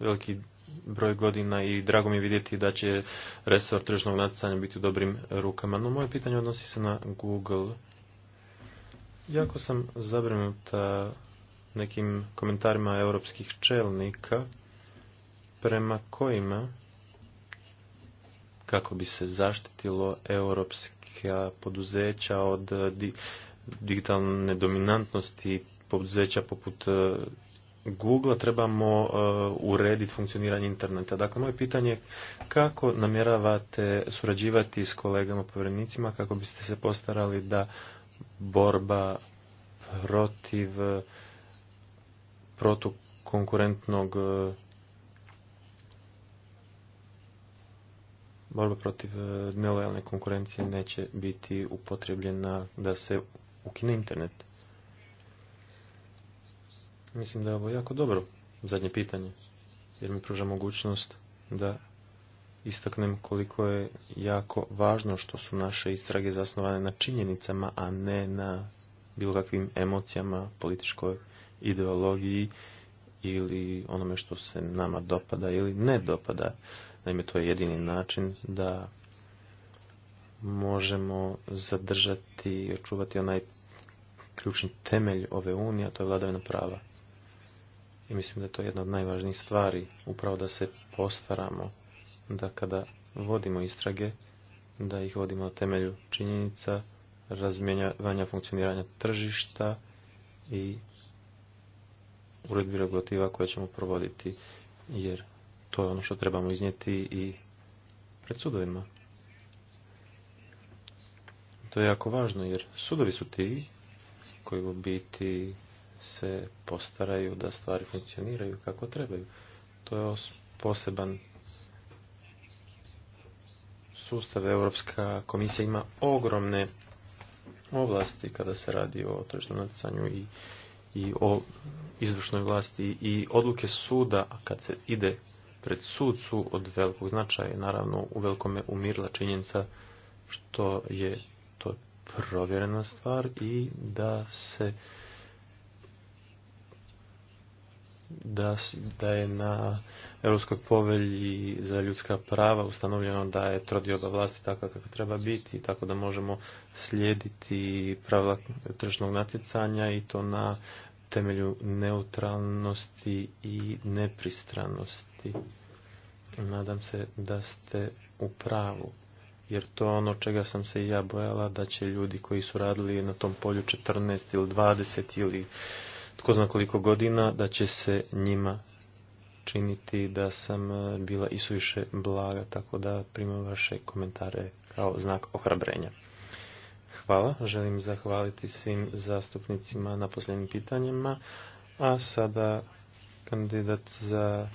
veliki broj godina i drago mi je vidjeti da će resor tržnog natjecanja biti u dobrim rukama. No, moje pitanje odnosi se na Google Jako sam zabrinuta nekim komentarima europskih čelnika prema kojima kako bi se zaštitilo europska poduzeća od digitalne dominantnosti poduzeća poput e, Google trebamo e, urediti funkcioniranje interneta. Dakle, moje pitanje je kako namjeravate surađivati s kolegama povjerenicima kako biste se postarali da borba protiv eh, protukonkurentnog eh, borba protiv eh, nelojalne konkurencije neće biti upotrebljena da se ukine internet. Mislim da je ovo jako dobro zadnje pitanje jer mi pruža mogućnost da istaknem koliko je jako važno što su naše istrage zasnovane na činjenicama, a ne na bilo kakvim emocijama, političkoj ideologiji ili onome što se nama dopada ili ne dopada. Naime, to je jedini način da možemo zadržati i očuvati onaj ključni temelj ove unije, a to je vladavina prava. I mislim da je to jedna od najvažnijih stvari, upravo da se postaramo da kada vodimo istrage, da ih vodimo na temelju činjenica, razmjenjavanja funkcioniranja tržišta i uredbi regulativa koje ćemo provoditi, jer to je ono što trebamo iznijeti i pred sudovima. To je jako važno, jer sudovi su ti koji u biti se postaraju da stvari funkcioniraju kako trebaju. To je poseban sustav Europska komisija ima ogromne ovlasti kada se radi o tržnom natjecanju i, i o izvršnoj vlasti i odluke suda, a kad se ide pred sud su od velikog značaja. Naravno, u velikome umirla činjenica što je to provjerena stvar i da se da, da je na Europskoj povelji za ljudska prava ustanovljeno da je trodioba vlasti takva kako treba biti, tako da možemo slijediti pravila tržnog natjecanja i to na temelju neutralnosti i nepristranosti. Nadam se da ste u pravu, jer to ono čega sam se i ja bojala, da će ljudi koji su radili na tom polju 14 ili 20 ili tko zna koliko godina da će se njima činiti da sam e, bila isuviše blaga, tako da primam vaše komentare kao znak ohrabrenja. Hvala, želim zahvaliti svim zastupnicima na posljednim pitanjima, a sada kandidat za